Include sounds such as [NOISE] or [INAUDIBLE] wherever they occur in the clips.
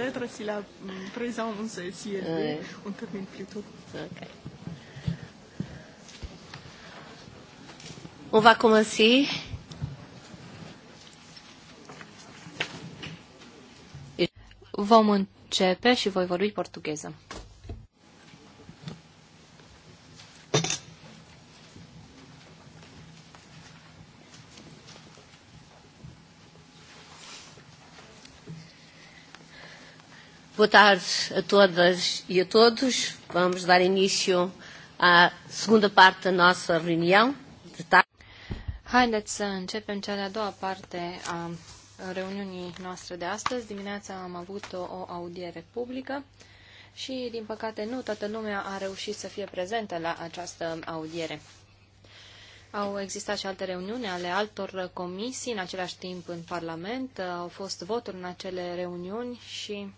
peut-être si la mm, présence est eh. si élevée, ouais. on termine plus tôt. Okay. On va commencer. Vom începe și voi vorbi portugheză. Boa tarde a todas e a todos. Vamos dar início à segunda parte da nossa reunião de tarde. Haideți să începem cea de-a doua parte a reuniunii noastre de astăzi. Dimineața am avut o, o audiere publică și, din păcate, nu toată lumea a reușit să fie prezentă la această audiere. Au existat și alte reuniuni ale altor comisii în același timp în Parlament, au fost voturi în acele reuniuni și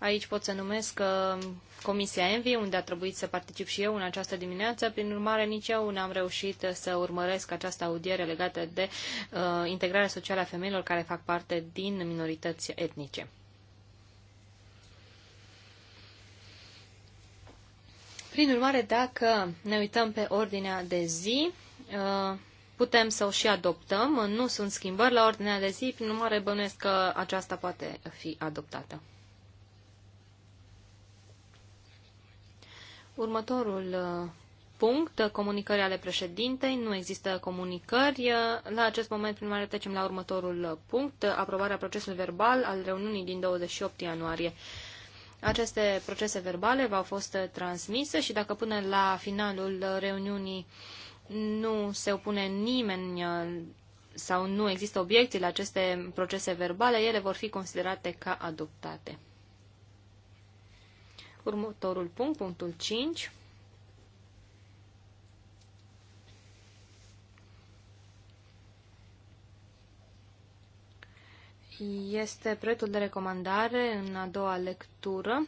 Aici pot să numesc uh, Comisia Envi, unde a trebuit să particip și eu în această dimineață. Prin urmare, nici eu n-am reușit să urmăresc această audiere legată de uh, integrarea socială a femeilor care fac parte din minorități etnice. Prin urmare, dacă ne uităm pe ordinea de zi, uh, putem să o și adoptăm. Nu sunt schimbări la ordinea de zi, prin urmare bănuiesc că aceasta poate fi adoptată. Următorul uh, punct, comunicări ale președintei. Nu există comunicări. Uh, la acest moment, prima urmare, trecem la următorul uh, punct, aprobarea procesului verbal al reuniunii din 28 ianuarie. Aceste procese verbale v-au fost transmise și dacă până la finalul reuniunii nu se opune nimeni sau nu există obiecții la aceste procese verbale, ele vor fi considerate ca adoptate. Următorul punct, punctul 5. Este proiectul de recomandare în a doua lectură,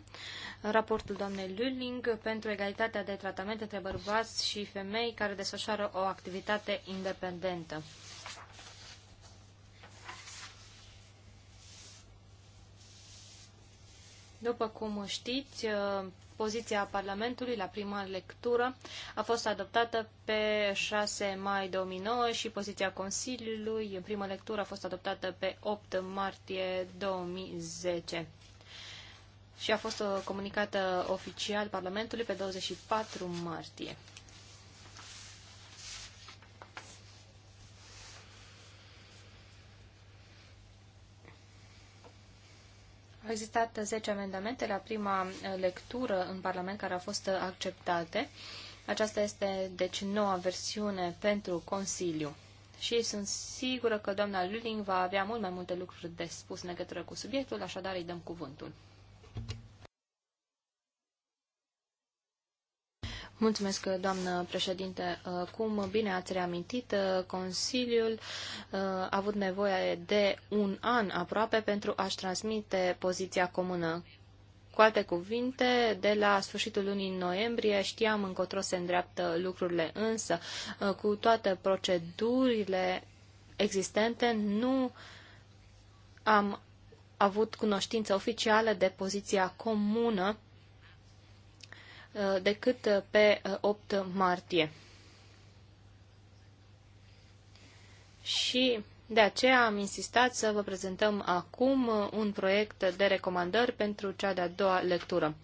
raportul doamnei Lulling pentru egalitatea de tratament între bărbați și femei care desfășoară o activitate independentă. După cum știți, uh, poziția Parlamentului la prima lectură a fost adoptată pe 6 mai 2009 și poziția Consiliului în prima lectură a fost adoptată pe 8 martie 2010 și a fost uh, comunicată oficial Parlamentului pe 24 martie. Au existat 10 amendamente la prima eh, lectură în Parlament care au fost eh, acceptate. Aceasta este, deci, noua versiune pentru Consiliu. Și sunt sigură că doamna Luling va avea mult mai multe lucruri de spus în legătură cu subiectul, așadar îi dăm cuvântul. Mulțumesc, doamnă președinte. Uh, cum bine ați reamintit, uh, Consiliul uh, a avut nevoie de un an aproape pentru a-și transmite poziția comună. Cu alte cuvinte, de la sfârșitul lunii noiembrie știam încotro se îndreaptă lucrurile, însă cu toate procedurile existente nu am avut cunoștință oficială de poziția comună Uh, decât uh, pe 8 uh, martie. Și de aceea am insistat să vă prezentăm acum un proiect de recomandări pentru cea de-a doua lectură.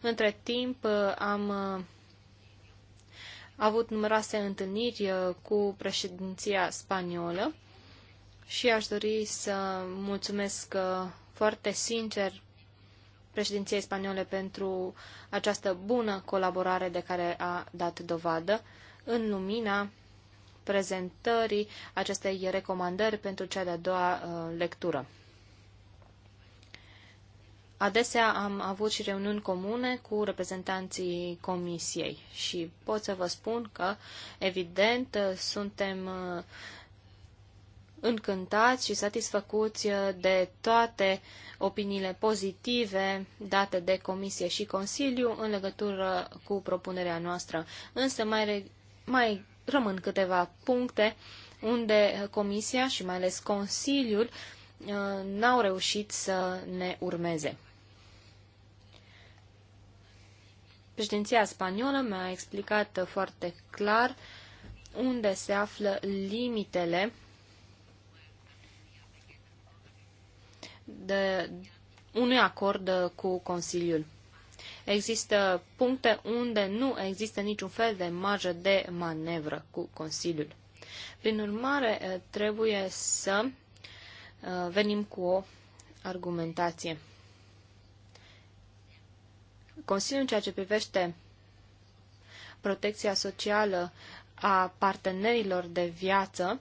Între timp am avut numeroase întâlniri cu președinția spaniolă și aș dori să mulțumesc foarte sincer președinției spaniole pentru această bună colaborare de care a dat dovadă în lumina prezentării acestei recomandări pentru cea de-a doua uh, lectură. Adesea am avut și reuniuni comune cu reprezentanții comisiei și pot să vă spun că, evident, suntem uh, încântați și satisfăcuți uh, de toate opiniile pozitive date de Comisie și Consiliu în legătură cu propunerea noastră. Însă mai, mai rămân câteva puncte unde Comisia și mai ales Consiliul uh, n-au reușit să ne urmeze. Președinția spaniolă mi-a explicat foarte clar unde se află limitele de unui acord cu Consiliul. Există puncte unde nu există niciun fel de marjă de manevră cu Consiliul. Prin urmare, trebuie să uh, venim cu o argumentație. Consiliul în ceea ce privește protecția socială a partenerilor de viață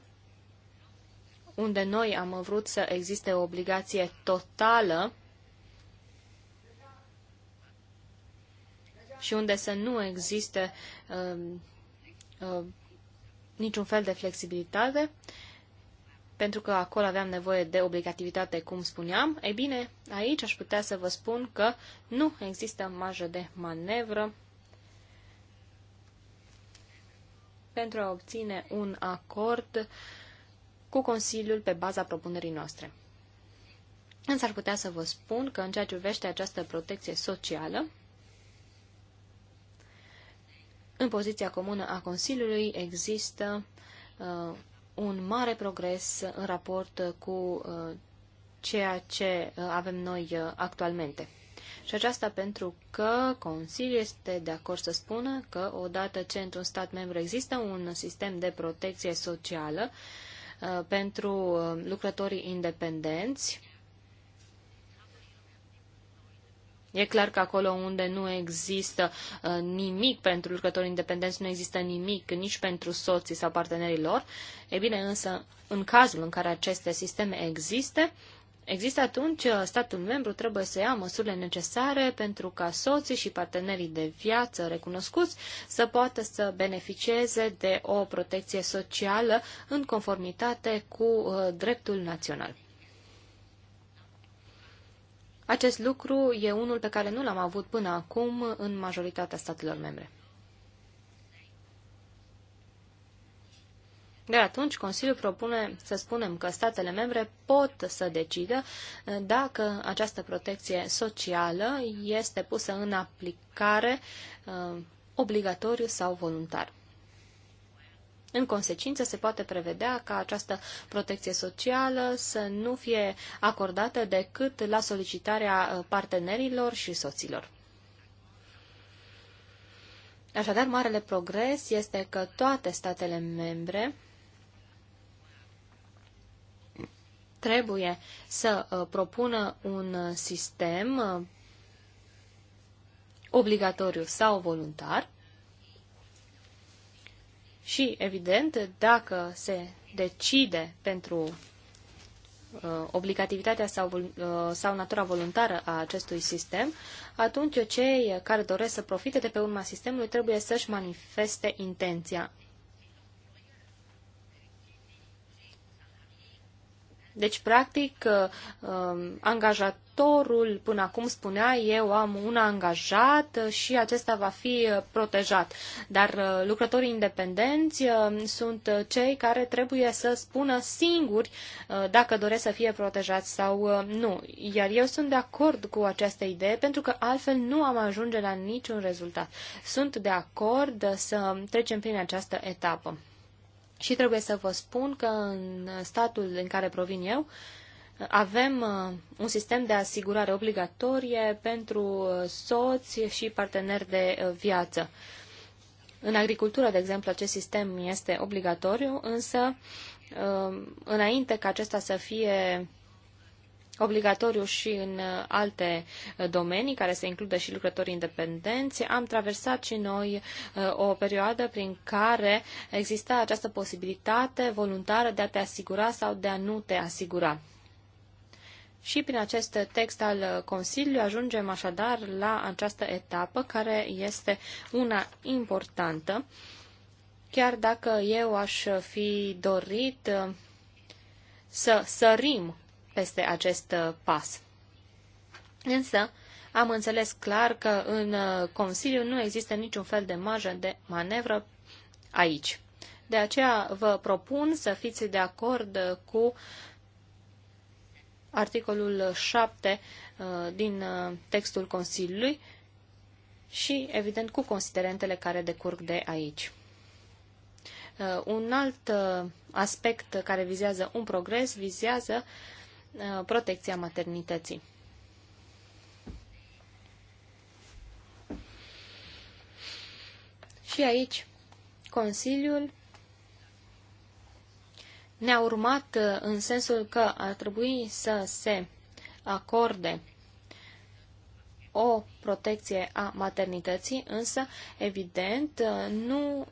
unde noi am vrut să existe o obligație totală și unde să nu existe uh, uh, niciun fel de flexibilitate, pentru că acolo aveam nevoie de obligativitate, cum spuneam, ei bine, aici aș putea să vă spun că nu există marjă de manevră pentru a obține un acord cu Consiliul pe baza propunerii noastre. Însă ar putea să vă spun că în ceea ce privește această protecție socială, în poziția comună a Consiliului există uh, un mare progres în raport cu uh, ceea ce uh, avem noi uh, actualmente. Și aceasta pentru că Consiliul este de acord să spună că odată ce într-un stat membru există un sistem de protecție socială, uh, Uh, pentru uh, lucrătorii independenți. E clar că acolo unde nu există uh, nimic pentru lucrători independenți, nu există nimic nici pentru soții sau partenerii lor. E bine, însă, în cazul în care aceste sisteme există, există, atunci uh, statul membru trebuie să ia măsurile necesare pentru ca soții și partenerii de viață recunoscuți să poată să beneficieze de o protecție socială în conformitate cu uh, dreptul național. Acest lucru e unul pe care nu l-am avut până acum în majoritatea statelor membre. De atunci, Consiliul propune să spunem că statele membre pot să decidă eh, dacă această protecție socială este pusă în aplicare eh, obligatoriu sau voluntar. În consecință, se poate prevedea ca această protecție socială să nu fie acordată decât la solicitarea eh, partenerilor și soților. Așadar, marele progres este că toate statele membre trebuie să uh, propună un uh, sistem uh, obligatoriu sau voluntar și, evident, dacă se decide pentru obligativitatea sau, sau natura voluntară a acestui sistem, atunci cei care doresc să profite de pe urma sistemului trebuie să-și manifeste intenția Deci, practic, uh, um, angajatorul până acum spunea eu am un angajat și acesta va fi uh, protejat. Dar uh, lucrătorii independenți sunt cei care trebuie să spună singuri dacă doresc să fie protejați sau nu. Iar eu sunt de acord cu această idee pentru că altfel nu am ajunge la niciun rezultat. Sunt de acord să trecem prin această etapă. Și trebuie să vă spun că în statul în care provin eu, avem uh, un sistem de asigurare obligatorie pentru uh, soți și parteneri de uh, viață. În agricultură, de exemplu, acest sistem este obligatoriu, însă înainte ca acesta să fie obligatoriu și în uh, alte uh, domenii, care se includă și lucrătorii independenți, am traversat și noi uh, o perioadă prin care exista această posibilitate voluntară de a te asigura sau de a nu te asigura. Și prin acest text al Consiliului ajungem așadar la această etapă care este una importantă, chiar dacă eu aș fi dorit să sărim peste acest uh, pas. Însă, am înțeles clar că în uh, Consiliu nu există niciun fel de marjă de manevră aici. De aceea vă propun să fiți de acord uh, cu articolul 7 din textul Consiliului și, evident, cu considerentele care decurg de aici. Un alt aspect care vizează un progres vizează Uh, protecția maternității. Și aici Consiliul ne-a urmat uh, în sensul că ar trebui să se acorde o protecție a maternității, însă, evident, uh, nu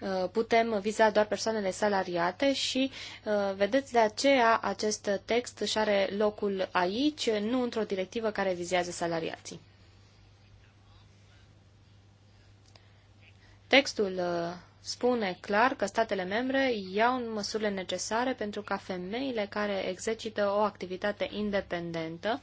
Uh, putem viza doar persoanele salariate și, uh, vedeți, de aceea acest text își are locul aici, nu într-o directivă care vizează salariații. Textul uh, spune clar că statele membre iau măsurile necesare pentru ca femeile care exercită o activitate independentă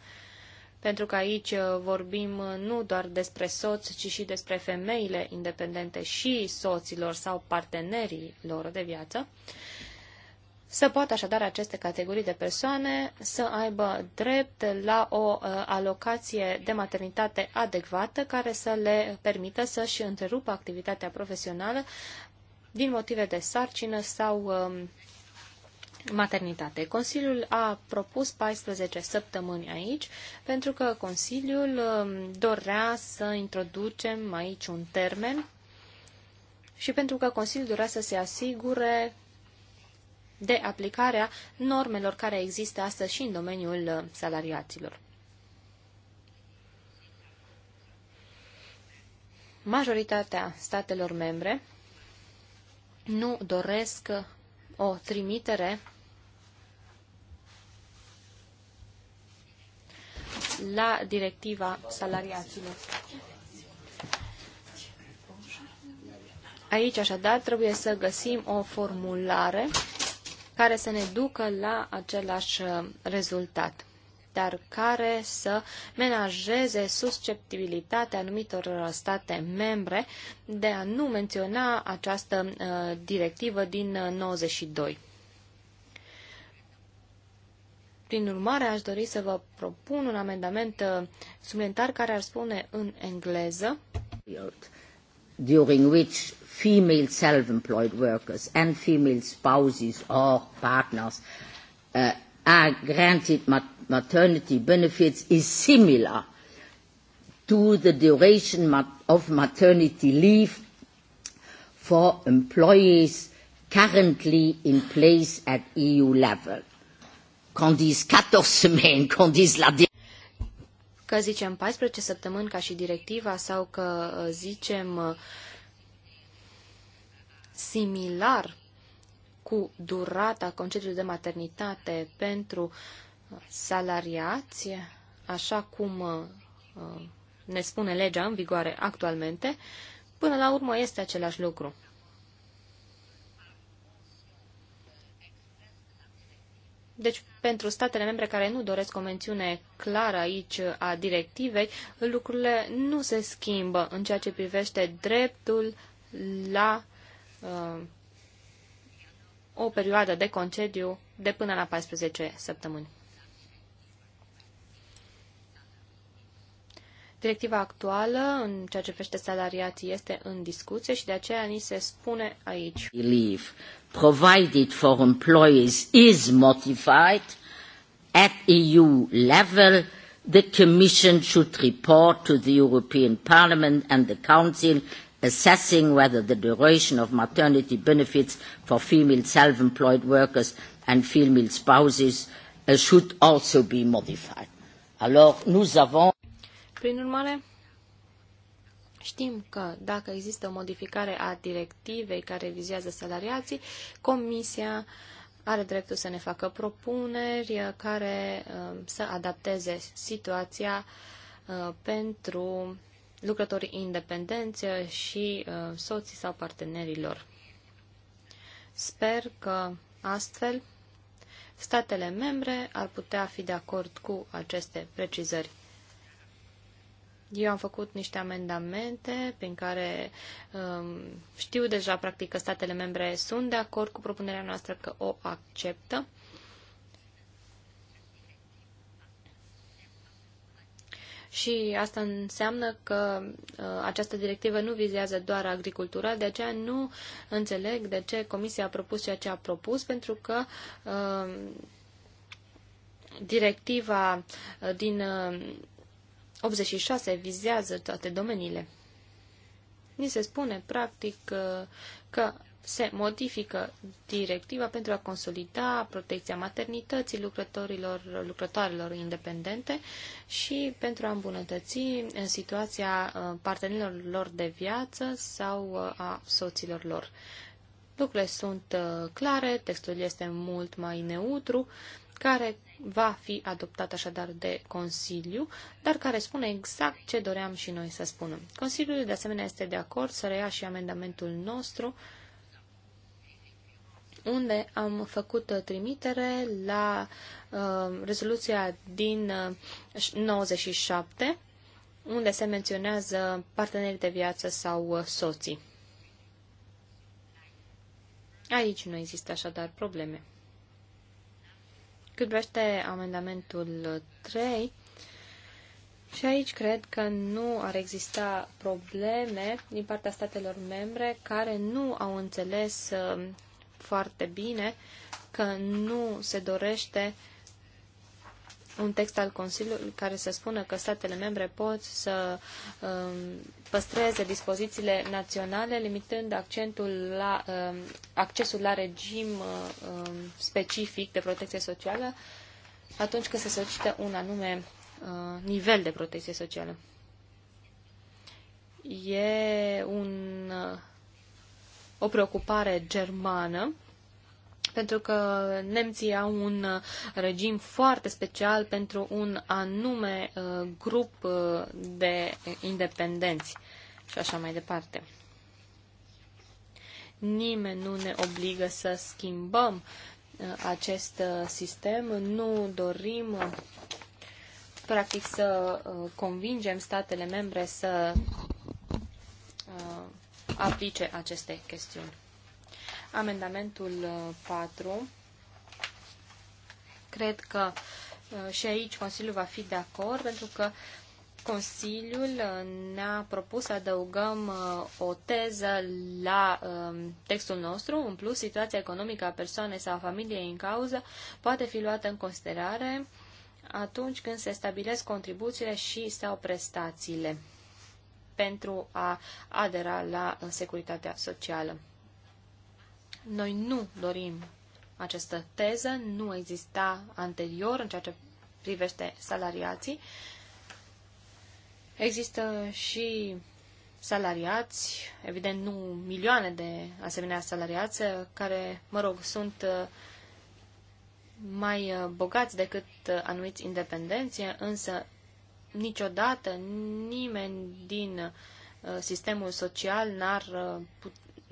pentru că aici uh, vorbim uh, nu doar despre soți, ci și despre femeile independente și soților sau partenerii lor de viață, să poată așadar aceste categorii de persoane să aibă drept la o uh, alocație de maternitate adecvată care să le permită să-și întrerupă activitatea profesională din motive de sarcină sau um, maternitate. Consiliul a propus 14 săptămâni aici, pentru că Consiliul um, dorea să introducem aici un termen și pentru că Consiliul dorea să se asigure de aplicarea normelor care există astăzi și în domeniul uh, salariaților. Majoritatea statelor membre nu doresc o trimitere la directiva salariaților. Aici, așadar, trebuie să găsim o formulare care să ne ducă la același uh, rezultat, dar care să menajeze susceptibilitatea anumitor uh, state membre de a nu menționa această uh, directivă din 92. Prin urmare, aș dori să vă propun un amendament uh, suplimentar care ar spune în engleză during which female self-employed workers and female spouses or partners uh, are granted mat maternity benefits is similar to the duration mat of maternity leave for employees currently in place at EU level. Qu'on dise 14 semaines, qu'on dise la că zicem 14 săptămâni ca și directiva sau că uh, zicem uh, similar cu durata concediului de maternitate pentru uh, salariați, așa cum ne spune legea în vigoare actualmente, până la urmă este același lucru. Deci, pentru statele membre care nu doresc o mențiune clară aici a directivei, lucrurile nu se schimbă în ceea ce privește dreptul la uh, o perioadă de concediu de până la 14 săptămâni. Directiva actuală, în ceea ce privește salariații, este în discuție și de aceea ni se spune aici. Leave provided for employees is modified at EU level, the Commission should report to the European Parliament and the Council assessing whether the duration of maternity benefits for female self-employed workers and female spouses uh, should also be modified. Alors, nous avons... Prin urmare, Știm că dacă există o modificare a directivei care vizează salariații, Comisia are dreptul să ne facă propuneri uh, care uh, să adapteze situația uh, pentru lucrătorii independenți și soții sau partenerilor. Sper că astfel statele membre ar putea fi de acord cu aceste precizări. Eu am făcut niște amendamente prin care um, știu deja, practic, că statele membre sunt de acord cu propunerea noastră, că o acceptă. Și asta înseamnă că uh, această directivă nu vizează doar agricultura, de aceea nu înțeleg de ce Comisia a propus ceea ce a propus, pentru că uh, directiva uh, din. Uh, 86 vizează toate domeniile. Ni se spune, practic, că se modifică directiva pentru a consolida protecția maternității lucrătorilor, lucrătoarelor independente și pentru a îmbunătăți eh, situația eh, partenerilor lor de viață sau eh, a soților lor. Lucrurile sunt clare, textul este mult mai neutru, care va fi adoptat așadar de Consiliu, dar care spune exact ce doream și noi să spunem. Consiliul de asemenea este de acord să reia și amendamentul nostru unde am făcut trimitere la uh, rezoluția din uh, 97, unde se menționează partenerii de viață sau uh, soții. Aici nu există așadar probleme. Cât privește amendamentul 3, și aici cred că nu ar exista probleme din partea statelor membre care nu au înțeles uh, foarte bine că nu se dorește uh, un text al Consiliului care să spună că statele membre pot să um, păstreze dispozițiile naționale, limitând accentul la, um, accesul la regim uh, um, specific de protecție socială atunci când se solicită un anume uh, nivel de protecție socială. E un, uh, o preocupare germană pentru că nemții au un uh, regim foarte special pentru un anume uh, grup uh, de independenți și așa mai departe. Nimeni nu ne obligă să schimbăm acest sistem, nu dorim practic să convingem statele membre să aplice aceste chestiuni. Amendamentul 4. Uh, Cred că uh, și aici Consiliul va fi de acord, pentru că Consiliul uh, ne-a propus să adăugăm o teză la um, textul nostru. În plus, situația economică a persoanei sau a familiei în cauză poate fi luată în considerare atunci când se stabilesc contribuțiile și sau prestațiile pentru a adera la securitatea socială. Noi nu dorim această teză, nu exista anterior în ceea ce privește salariații. Există și salariați, evident nu milioane de asemenea salariați, care, mă rog, sunt uh, mai uh, bogați decât uh, anumiți independenți, însă niciodată nimeni din sistemul social n-ar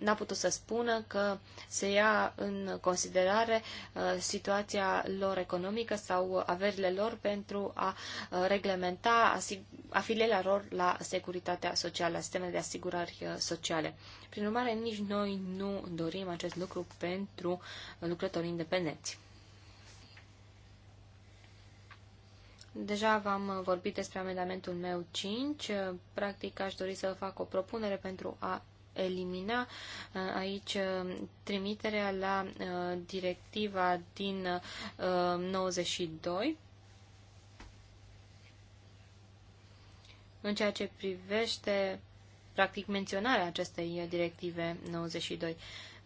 n-a putut să spună că se ia în considerare uh, situația lor economică sau averile lor pentru a uh, reglementa afilierea lor la securitatea socială, la sistemele de asigurări uh, sociale. Prin urmare, nici noi nu dorim acest lucru pentru lucrătorii independenți. Deja v-am vorbit despre amendamentul meu 5. Practic, aș dori să fac o propunere pentru a elimina uh, aici uh, trimiterea la uh, directiva din 92 în ceea ce privește practic menționarea acestei directive 92.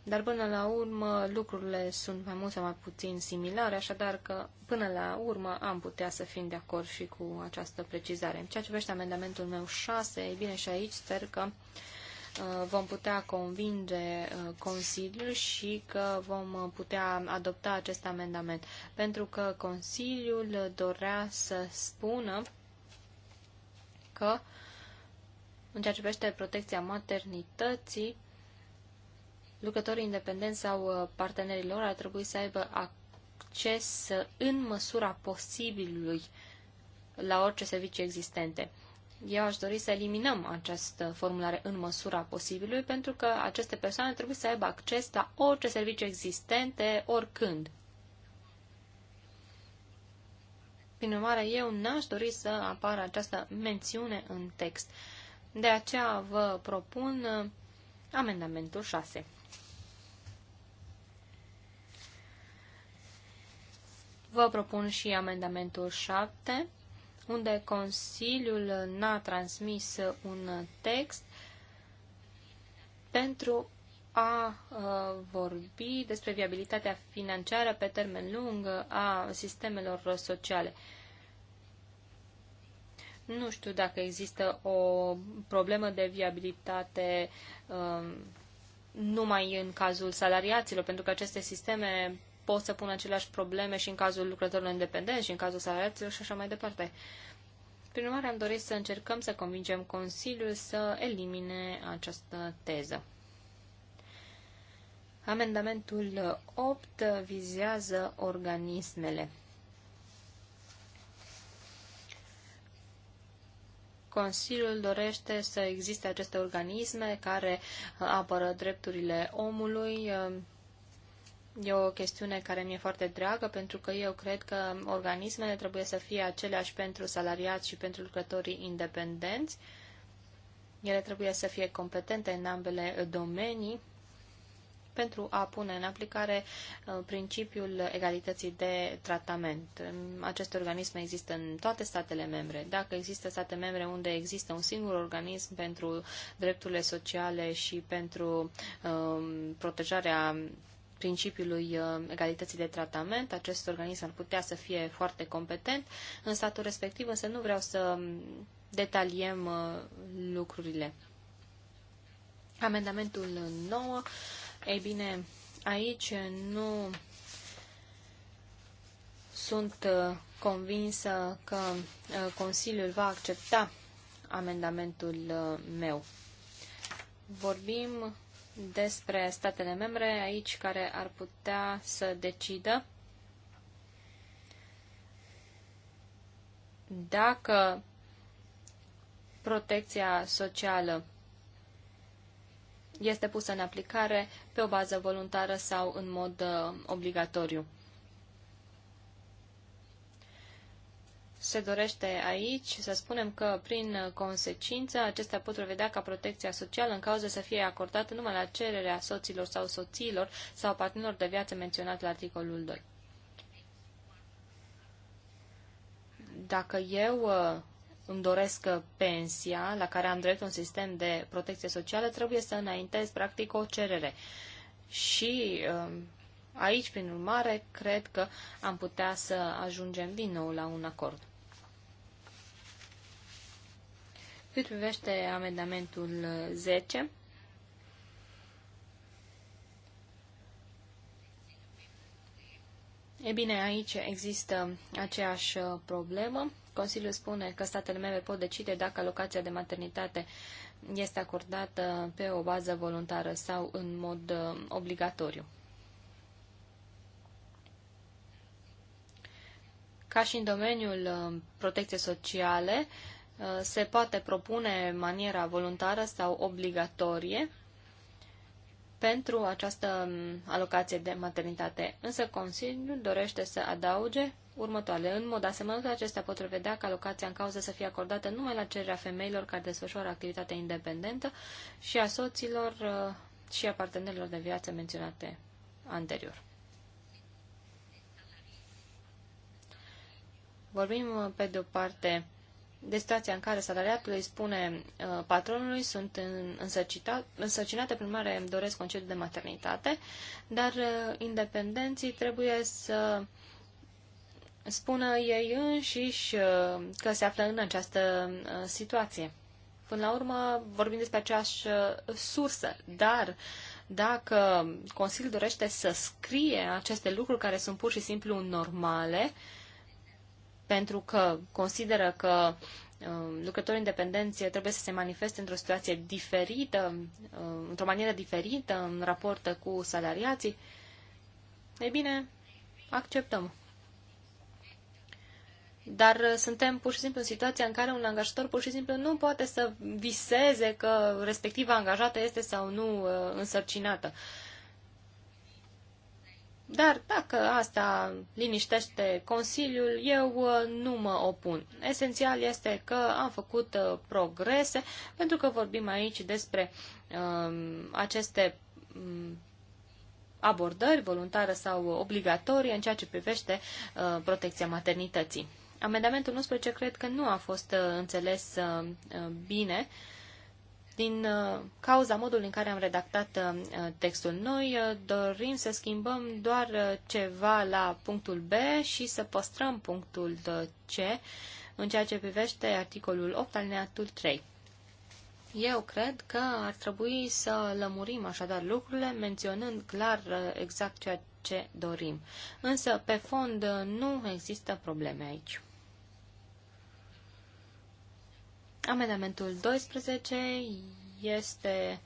Dar până la urmă lucrurile sunt mai mult sau mai puțin similare, așadar că până la urmă am putea să fim de acord și cu această precizare. În ceea ce privește amendamentul meu 6, e bine și aici sper că uh, Uh, vom putea convinge uh, Consiliul și că vom putea adopta acest amendament. Pentru că Consiliul dorea să spună că în ceea ce privește protecția maternității, lucrătorii independenți sau uh, partenerii lor ar trebui să aibă acces în măsura posibilului la orice servicii existente. Eu aș dori să eliminăm această formulare în măsura posibilului, pentru că aceste persoane trebuie să aibă acces la orice serviciu existente, oricând. Prin urmare, eu n-aș dori să apară această mențiune în text. De aceea vă propun uh, amendamentul 6. Vă propun și amendamentul 7 unde Consiliul n-a transmis un text pentru a vorbi despre viabilitatea financiară pe termen lung a sistemelor sociale. Nu știu dacă există o problemă de viabilitate um, numai în cazul salariaților, pentru că aceste sisteme pot să pună aceleași probleme și în cazul lucrătorilor independenți și în cazul salariaților și așa mai departe. Prin urmare, am dorit să încercăm să convingem Consiliul să elimine această teză. Amendamentul 8 vizează organismele. Consiliul dorește să existe aceste organisme care apără drepturile omului, E o chestiune care mi-e foarte dragă pentru că eu cred că organismele trebuie să fie aceleași pentru salariați și pentru lucrătorii independenți. Ele trebuie să fie competente în ambele domenii pentru a pune în aplicare uh, principiul egalității de tratament. Aceste organisme există în toate statele membre. Dacă există state membre unde există un singur organism pentru drepturile sociale și pentru um, protejarea principiului uh, egalității de tratament. Acest organism ar putea să fie foarte competent în statul respectiv, însă nu vreau să um, detaliem uh, lucrurile. Amendamentul 9. Ei bine, aici nu sunt uh, convinsă că Consiliul va accepta amendamentul meu. Vorbim despre statele membre aici care ar putea să decidă dacă protecția socială este pusă în aplicare pe o bază voluntară sau în mod uh, obligatoriu. se dorește aici să spunem că, prin consecință, acestea pot vedea ca protecția socială în cauză să fie acordată numai la cererea soților sau soțiilor sau partenerilor de viață menționat la articolul 2. Dacă eu uh, îmi doresc uh, pensia la care am drept un sistem de protecție socială, trebuie să înaintez practic o cerere. Și uh, Aici, prin urmare, cred că am putea să ajungem din nou la un acord. Cât privește amendamentul 10, E bine, aici există aceeași problemă. Consiliul spune că statele membre pot decide dacă locația de maternitate este acordată pe o bază voluntară sau în mod uh, obligatoriu. Ca și în domeniul uh, protecției sociale, uh, se poate propune maniera voluntară sau obligatorie pentru această um, alocație de maternitate. Însă Consiliul dorește să adauge următoarele. În mod asemănător, acestea pot prevedea că alocația în cauză să fie acordată numai la cererea femeilor care desfășoară activitatea independentă și a soților uh, și a partenerilor de viață menționate anterior. Vorbim, uh, pe de-o parte, de situația în care salariatul îi spune uh, patronului, sunt însărcinate, prin mare îmi doresc concediu de maternitate, dar uh, independenții trebuie să spună ei înșiși că se află în această situație. Până la urmă, vorbim despre aceeași sursă, dar dacă Consiliul dorește să scrie aceste lucruri care sunt pur și simplu normale, uh, pentru că consideră că um, lucrătorii independenți trebuie să se manifeste într-o situație diferită, um, într-o manieră diferită în raport cu salariații, ei bine, acceptăm. Dar suntem pur și simplu în situația în care un angajator pur și simplu nu poate să viseze că respectiva angajată este sau nu uh, însărcinată. Uh, dar dacă asta liniștește Consiliul, eu uh, nu mă opun. Esențial este că am făcut uh, progrese, pentru că vorbim aici despre um, aceste um, abordări voluntară sau obligatorie în ceea ce privește uh, protecția maternității. Amendamentul 11 cred că nu a fost uh, înțeles uh, uh bine. Uh, din uh, cauza modului în care am redactat uh, textul. Noi uh, dorim să schimbăm doar ceva la punctul B și să păstrăm punctul C în ceea ce privește articolul 8 alineatul 3. Eu cred că ar trebui să lămurim așadar lucrurile, menționând clar exact ceea ce dorim. Însă, pe fond, nu există probleme aici. Amendamentul 12 este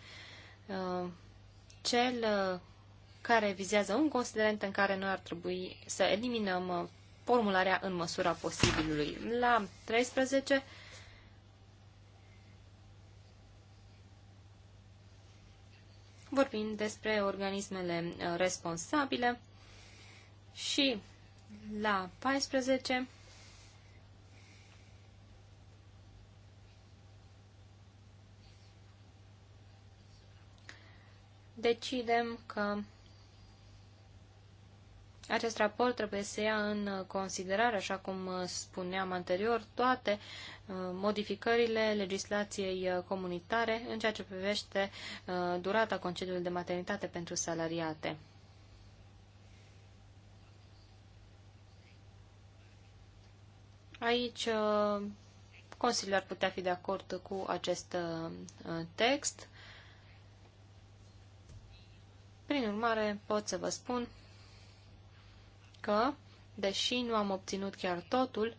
uh, cel uh, care vizează un considerent în care noi ar trebui să eliminăm uh, formularea în măsura posibilului. La 13 vorbim despre organismele responsabile și la 14 decidem că acest raport trebuie să ia în considerare, așa cum uh, spuneam anterior, toate uh, modificările legislației uh, comunitare în ceea ce privește durata concediului de maternitate pentru salariate. Aici Consiliul ar putea fi de acord cu acest text prin urmare, pot să vă spun că, deși nu am obținut chiar totul,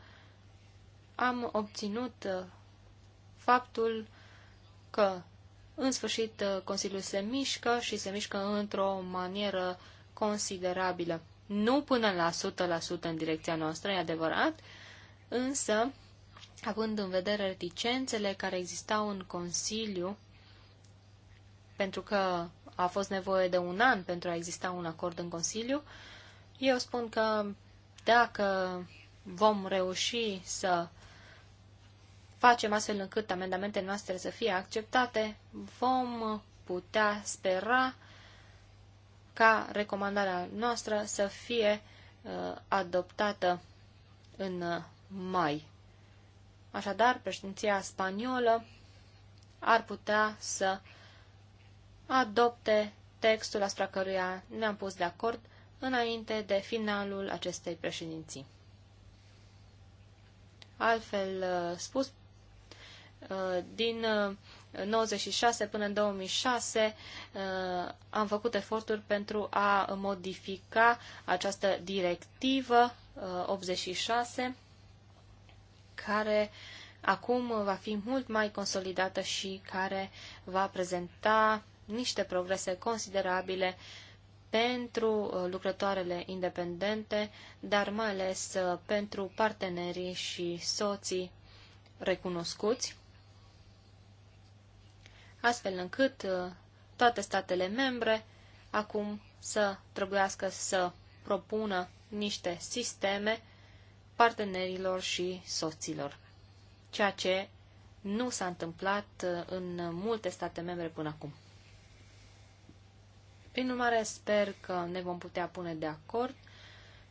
am obținut uh, faptul că, în sfârșit, uh, Consiliul se mișcă și se mișcă într-o manieră considerabilă. Nu până la 100% în direcția noastră, e adevărat, însă, având în vedere reticențele care existau în Consiliu, pentru că a fost nevoie de un an pentru a exista un acord în Consiliu, eu spun că dacă vom reuși să facem astfel încât amendamentele noastre să fie acceptate, vom putea spera ca recomandarea noastră să fie uh, adoptată în uh, mai. Așadar, președinția spaniolă ar putea să uh, adopte textul asupra căruia ne-am pus de acord înainte de finalul acestei președinții. Altfel uh, spus, uh, din 96 uh, până în 2006 am făcut eforturi pentru a modifica această directivă 86 care acum va fi mult mai consolidată și care va prezenta niște progrese considerabile pentru uh, lucrătoarele independente, dar mai ales uh, pentru partenerii și soții recunoscuți, astfel încât uh, toate statele membre acum să trebuiască să propună niște sisteme partenerilor și soților, ceea ce nu s-a întâmplat în multe state membre până acum. Prin urmare, sper că ne vom putea pune de acord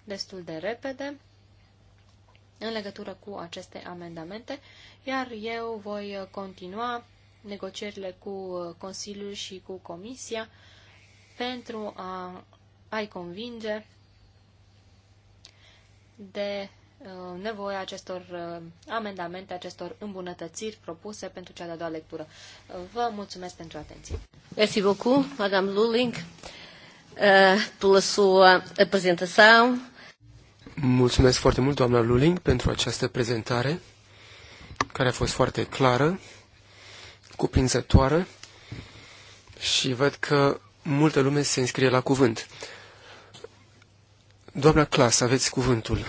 destul de repede în legătură cu aceste amendamente, iar eu voi continua negocierile cu Consiliul și cu Comisia pentru a, a-i convinge de Uh, nevoia acestor uh, amendamente, acestor îmbunătățiri propuse pentru cea de-a doua lectură. Uh, vă mulțumesc pentru atenție. Merci beaucoup, Madame Luling, pentru sua apresentação. Mulțumesc foarte mult, doamna Luling, pentru această prezentare, care a fost foarte clară, cuprinzătoare și văd că multă lume se înscrie la cuvânt. Doamna Clas, aveți cuvântul.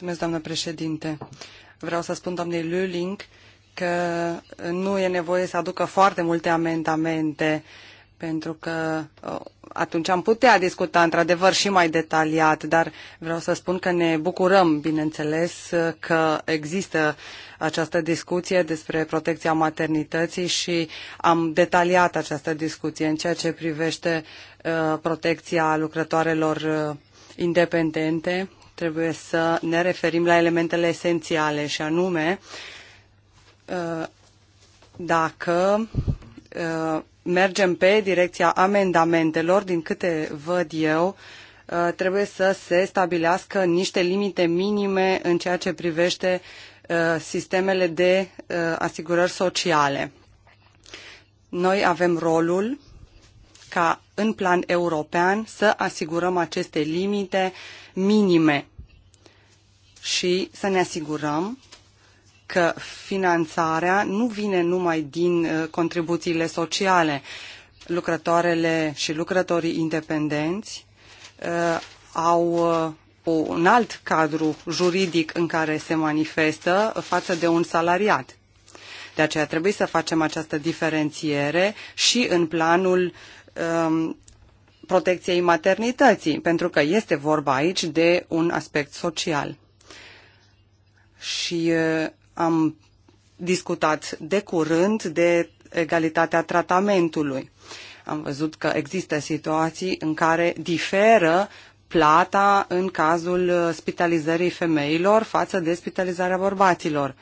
Mulțumesc, doamnă președinte. Vreau să spun doamnei lulling că nu e nevoie să aducă foarte multe amendamente pentru că atunci am putea discuta într-adevăr și mai detaliat, dar vreau să spun că ne bucurăm, bineînțeles, că există această discuție despre protecția maternității și am detaliat această discuție în ceea ce privește uh, protecția lucrătoarelor uh, independente, trebuie să ne referim la elementele esențiale și anume uh, dacă uh, mergem pe direcția amendamentelor, din câte văd eu, uh, trebuie să se stabilească niște limite minime în ceea ce privește sistemele de asigurări sociale. Noi avem rolul ca în plan european să asigurăm aceste limite minime și să ne asigurăm că finanțarea nu vine numai din uh, contribuțiile sociale. Lucrătoarele și lucrătorii independenți uh, au uh, un alt cadru juridic în care se manifestă față de un salariat. De aceea trebuie să facem această diferențiere și în planul um, protecției maternității, pentru că este vorba aici de un aspect social. Și uh, am discutat de curând de egalitatea tratamentului. Am văzut că există situații în care diferă plata în cazul uh, spitalizării femeilor față de spitalizarea bărbaților.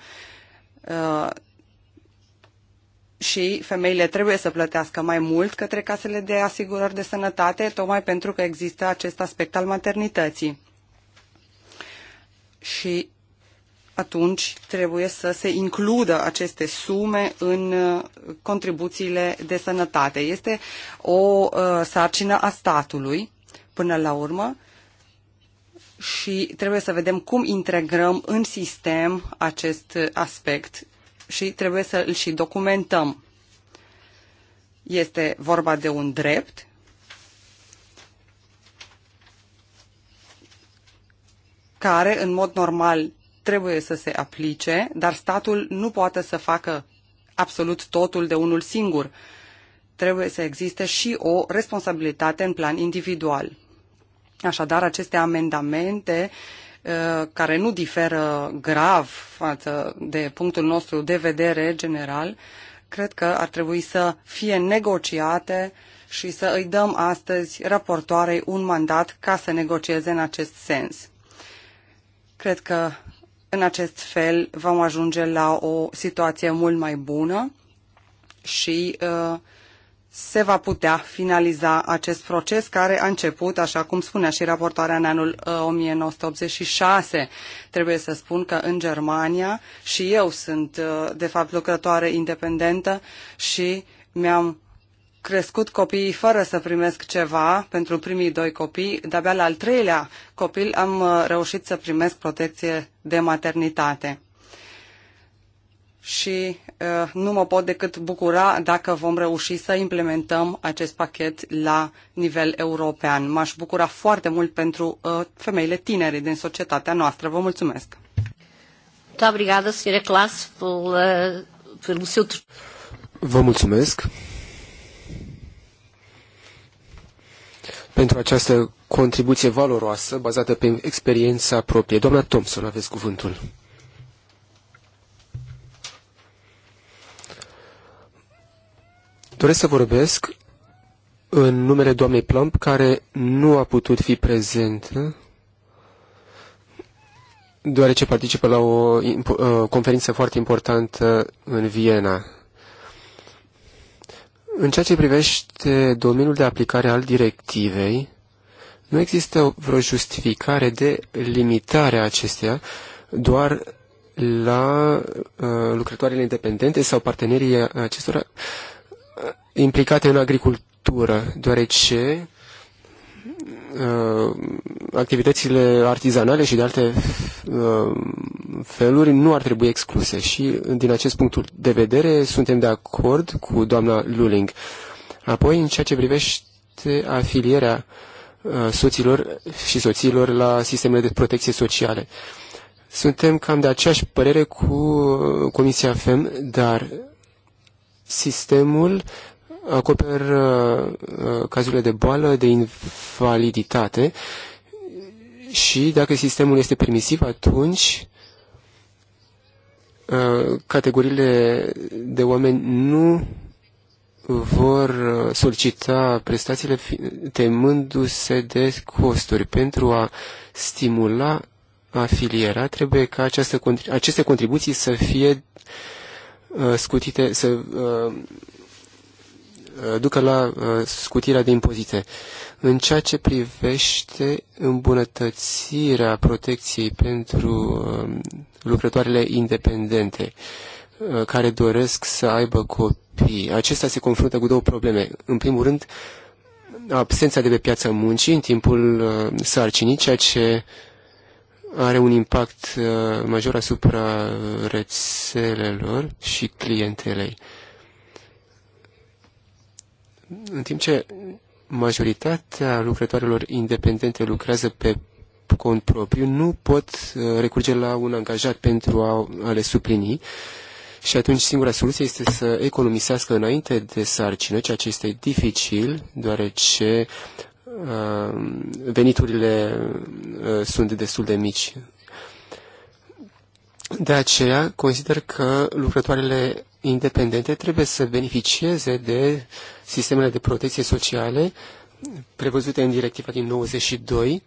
Uh, și femeile trebuie să plătească mai mult către casele de asigurări de sănătate, tocmai pentru că există acest aspect al maternității. Și atunci trebuie să se includă aceste sume în uh, contribuțiile de sănătate. Este o uh, sarcină a statului, până la urmă, și trebuie să vedem cum integrăm în sistem acest aspect și trebuie să îl și documentăm. Este vorba de un drept care, în mod normal, trebuie să se aplice, dar statul nu poate să facă absolut totul de unul singur. Trebuie să existe și o responsabilitate în plan individual. Așadar, aceste amendamente uh, Uh, care nu diferă grav față de punctul nostru de vedere general, cred că ar trebui să fie negociate și să îi dăm astăzi raportoarei un mandat ca să negocieze în acest sens. Cred că în acest fel vom ajunge la o situație mult mai bună și uh, se va putea finaliza acest proces care a început, așa cum spunea și raportoarea în anul 1986. Uh, Trebuie să spun că în Germania și eu sunt, uh, de fapt, lucrătoare independentă și mi-am crescut copiii fără să primesc ceva pentru primii doi copii, de-abia la al treilea copil am uh, reușit să primesc protecție de maternitate și uh, nu mă pot decât bucura dacă vom reuși să implementăm acest pachet la nivel european. M-aș bucura foarte mult pentru uh, femeile tinere din societatea noastră. Vă mulțumesc! Vă mulțumesc pentru această contribuție valoroasă bazată pe experiența proprie. Doamna Thompson, aveți cuvântul. Doresc să vorbesc în numele doamnei Plump, care nu a putut fi prezentă, deoarece participă la o uh, conferință foarte importantă în Viena. În ceea ce privește domeniul de aplicare al directivei, nu există vreo justificare de limitare a acesteia doar la uh, lucrătoarele independente sau partenerii acestora implicate în agricultură, deoarece uh, activitățile artizanale și de alte uh, feluri nu ar trebui excluse și din acest punct de vedere suntem de acord cu doamna Luling. Apoi, în ceea ce privește afilierea uh, soților și soților la sistemele de protecție sociale. Suntem cam de aceeași părere cu Comisia FEM, dar sistemul acoper uh, uh, cazurile de boală, de invaliditate și dacă sistemul este permisiv, atunci uh, categoriile de oameni nu vor solicita prestațiile temându-se de costuri. Pentru a stimula afilierea, trebuie ca această, aceste contribuții să fie scutite, să Uh, ducă la uh, scutirea de impozite. În ceea ce privește îmbunătățirea protecției pentru um, lucrătoarele independente uh, care doresc să aibă copii, acesta se confruntă cu două probleme. În primul rând, absența de pe piața muncii în timpul sarcinii, ceea ce are un impact major asupra rețelelor și clientelei în timp ce majoritatea lucrătoarelor independente lucrează pe cont propriu, nu pot uh, recurge la un angajat pentru a le suplini și atunci singura soluție este să economisească înainte de sarcină, ceea ce este dificil, deoarece uh, veniturile uh, sunt destul de mici de aceea, consider că lucrătoarele independente trebuie să beneficieze de sistemele de protecție sociale prevăzute în directiva din 92,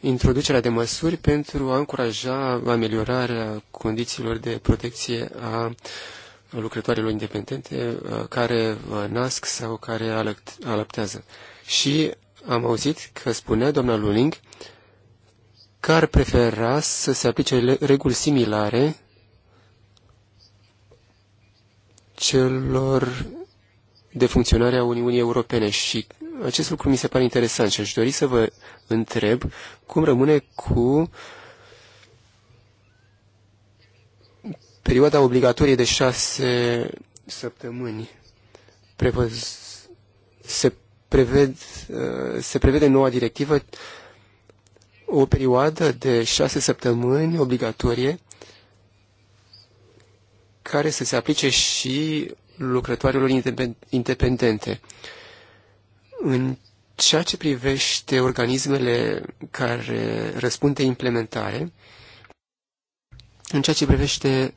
introducerea de măsuri pentru a încuraja ameliorarea condițiilor de protecție a lucrătoarelor independente uh, care uh, nasc sau care alăptează. Și am auzit că spunea doamna Luling că ar prefera să se aplice reguli similare celor de funcționare a Uniunii Europene și acest lucru mi se pare interesant și aș dori să vă întreb cum rămâne cu perioada obligatorie de șase săptămâni. Prevăz, se, preved, uh, se prevede noua directivă o perioadă de șase săptămâni obligatorie care să se aplice și lucrătoarelor independente. În ceea ce privește organismele care răspund de implementare, în ceea ce privește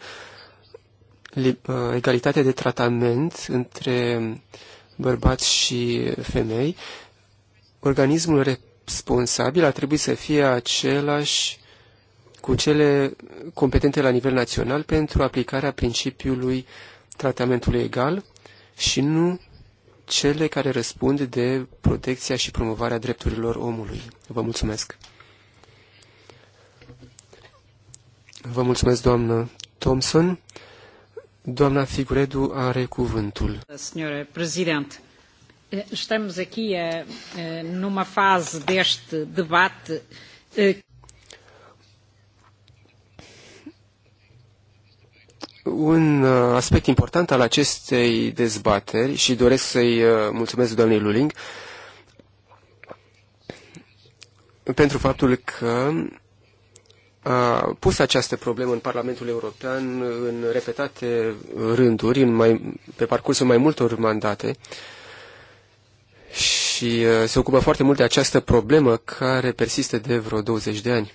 uh, egalitatea de tratament între bărbați și femei, organismul responsabil ar trebui să fie același cu cele competente la nivel național pentru aplicarea principiului tratamentului egal și nu cele care răspund de protecția și promovarea drepturilor omului. Vă mulțumesc! Vă mulțumesc, doamnă Thompson. Doamna Figuredu are cuvântul. Domnule președinte, Estamos aqui a, eh, a, eh, numa fase deste debate. Eh, Un aspect important al acestei dezbateri și doresc să-i mulțumesc doamnei Luling pentru faptul că a pus această problemă în Parlamentul European în repetate rânduri, în mai, pe parcursul mai multor mandate. Uh, și uh, se ocupă foarte mult de această problemă care persistă de vreo 20 de ani.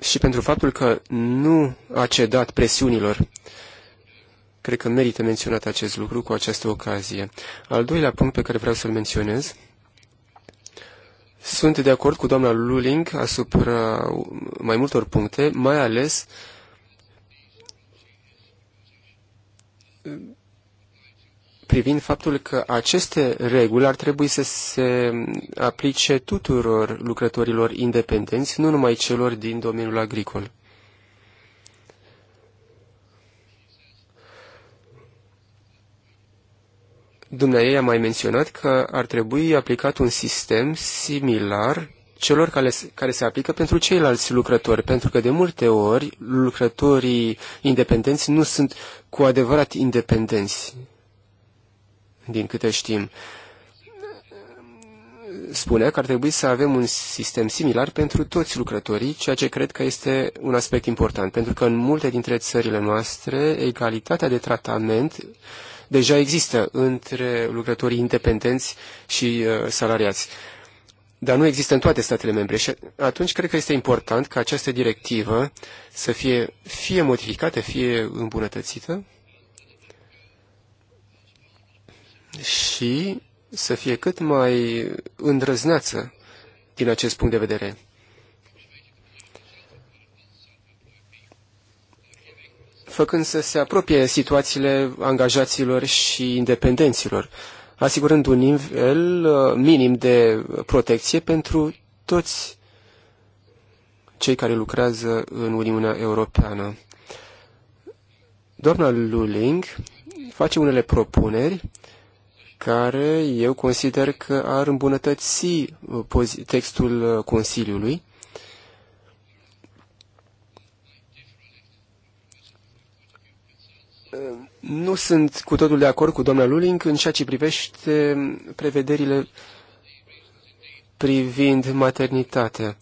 Și pentru faptul că nu a cedat presiunilor, cred că merită menționat acest lucru cu această ocazie. Al doilea punct pe care vreau să-l menționez, sunt de acord cu doamna Luling asupra mai multor puncte, mai ales uh, privind faptul că aceste reguli ar trebui să se aplice tuturor lucrătorilor independenți, nu numai celor din domeniul agricol. Dumnezeu a mai menționat că ar trebui aplicat un sistem similar celor care, care se aplică pentru ceilalți lucrători, pentru că de multe ori lucrătorii independenți nu sunt cu adevărat independenți, din câte știm. Spunea că ar trebui să avem un sistem similar pentru toți lucrătorii, ceea ce cred că este un aspect important, pentru că în multe dintre țările noastre egalitatea de tratament deja există între lucrătorii independenți și uh, salariați. Uh, dar nu există în toate statele membre. Și atunci cred că este important ca această directivă să fie fie modificată, fie îmbunătățită și să fie cât mai îndrăznață din acest punct de vedere. Făcând să se apropie situațiile angajaților și independenților asigurând un nivel uh, minim de protecție pentru toți cei care lucrează în Uniunea Europeană. Doamna Luling face unele propuneri care eu consider că ar îmbunătăți uh, textul uh, Consiliului. Nu sunt cu totul de acord cu doamna Luling în ceea ce privește prevederile privind maternitatea.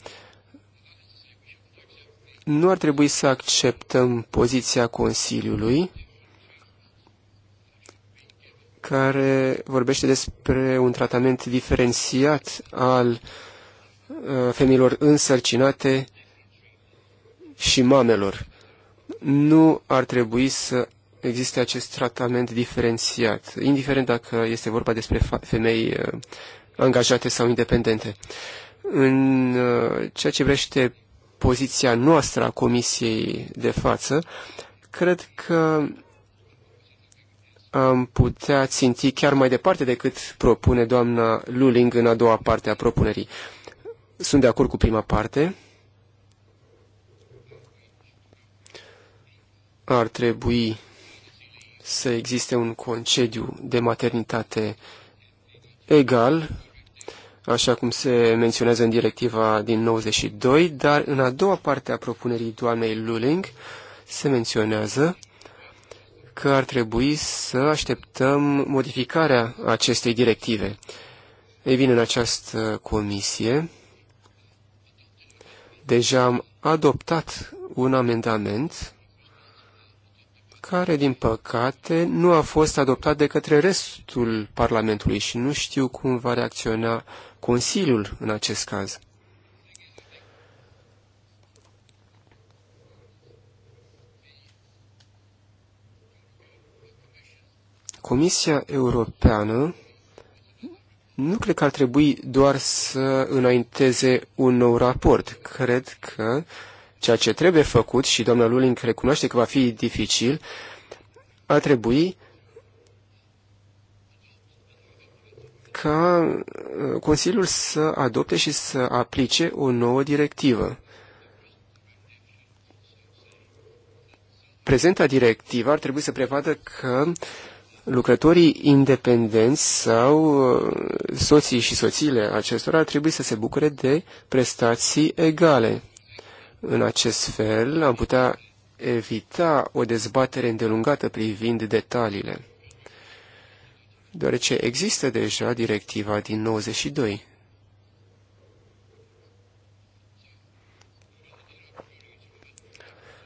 Nu ar trebui să acceptăm poziția Consiliului care vorbește despre un tratament diferențiat al uh, femeilor însărcinate și mamelor. Nu ar trebui să existe acest tratament diferențiat, indiferent dacă este vorba despre femei uh, angajate sau independente. În uh, ceea ce vrește poziția noastră a comisiei de față, cred că am putea ținti chiar mai departe decât propune doamna Luling în a doua parte a propunerii. Sunt de acord cu prima parte. Ar trebui să existe un concediu de maternitate egal, așa cum se menționează în directiva din 92, dar în a doua parte a propunerii doamnei Luling se menționează că ar trebui să așteptăm modificarea acestei directive. Ei bine, în această comisie deja am adoptat un amendament care, din păcate, nu a fost adoptat de către restul Parlamentului și nu știu cum va reacționa Consiliul în acest caz. Comisia Europeană nu cred că ar trebui doar să înainteze un nou raport. Cred că uh, Ceea ce trebuie făcut, și doamna Luling recunoaște că va fi dificil, a trebui ca uh, Consiliul să adopte și să aplice o nouă directivă. Prezenta directivă ar trebui să prevadă că lucrătorii independenți sau uh, soții și soțiile acestora ar trebui să se bucure de prestații egale. În acest fel am putea evita o dezbatere îndelungată privind detaliile, deoarece există deja directiva din 92.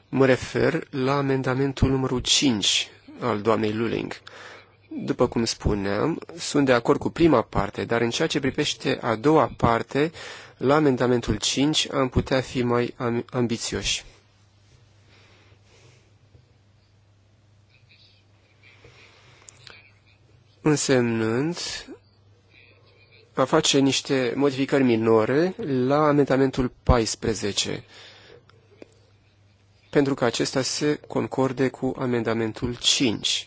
Mă refer la amendamentul numărul 5 al doamnei Luling. După cum spuneam, sunt de acord cu prima parte, dar în ceea ce privește a doua parte, la amendamentul 5 am putea fi mai ambițioși. Însemnând a face niște modificări minore la amendamentul 14, pentru că acesta se concorde cu amendamentul 5.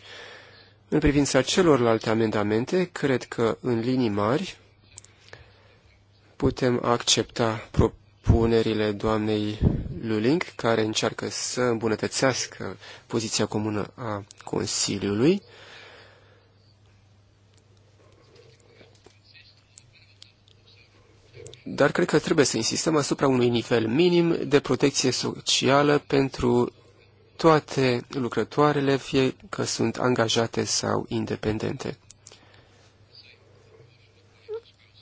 În privința celorlalte amendamente, cred că în linii mari Putem accepta propunerile doamnei Luling, care încearcă să îmbunătățească poziția comună a Consiliului. Dar cred că trebuie să insistăm asupra unui nivel minim de protecție socială pentru toate lucrătoarele, fie că sunt angajate sau independente.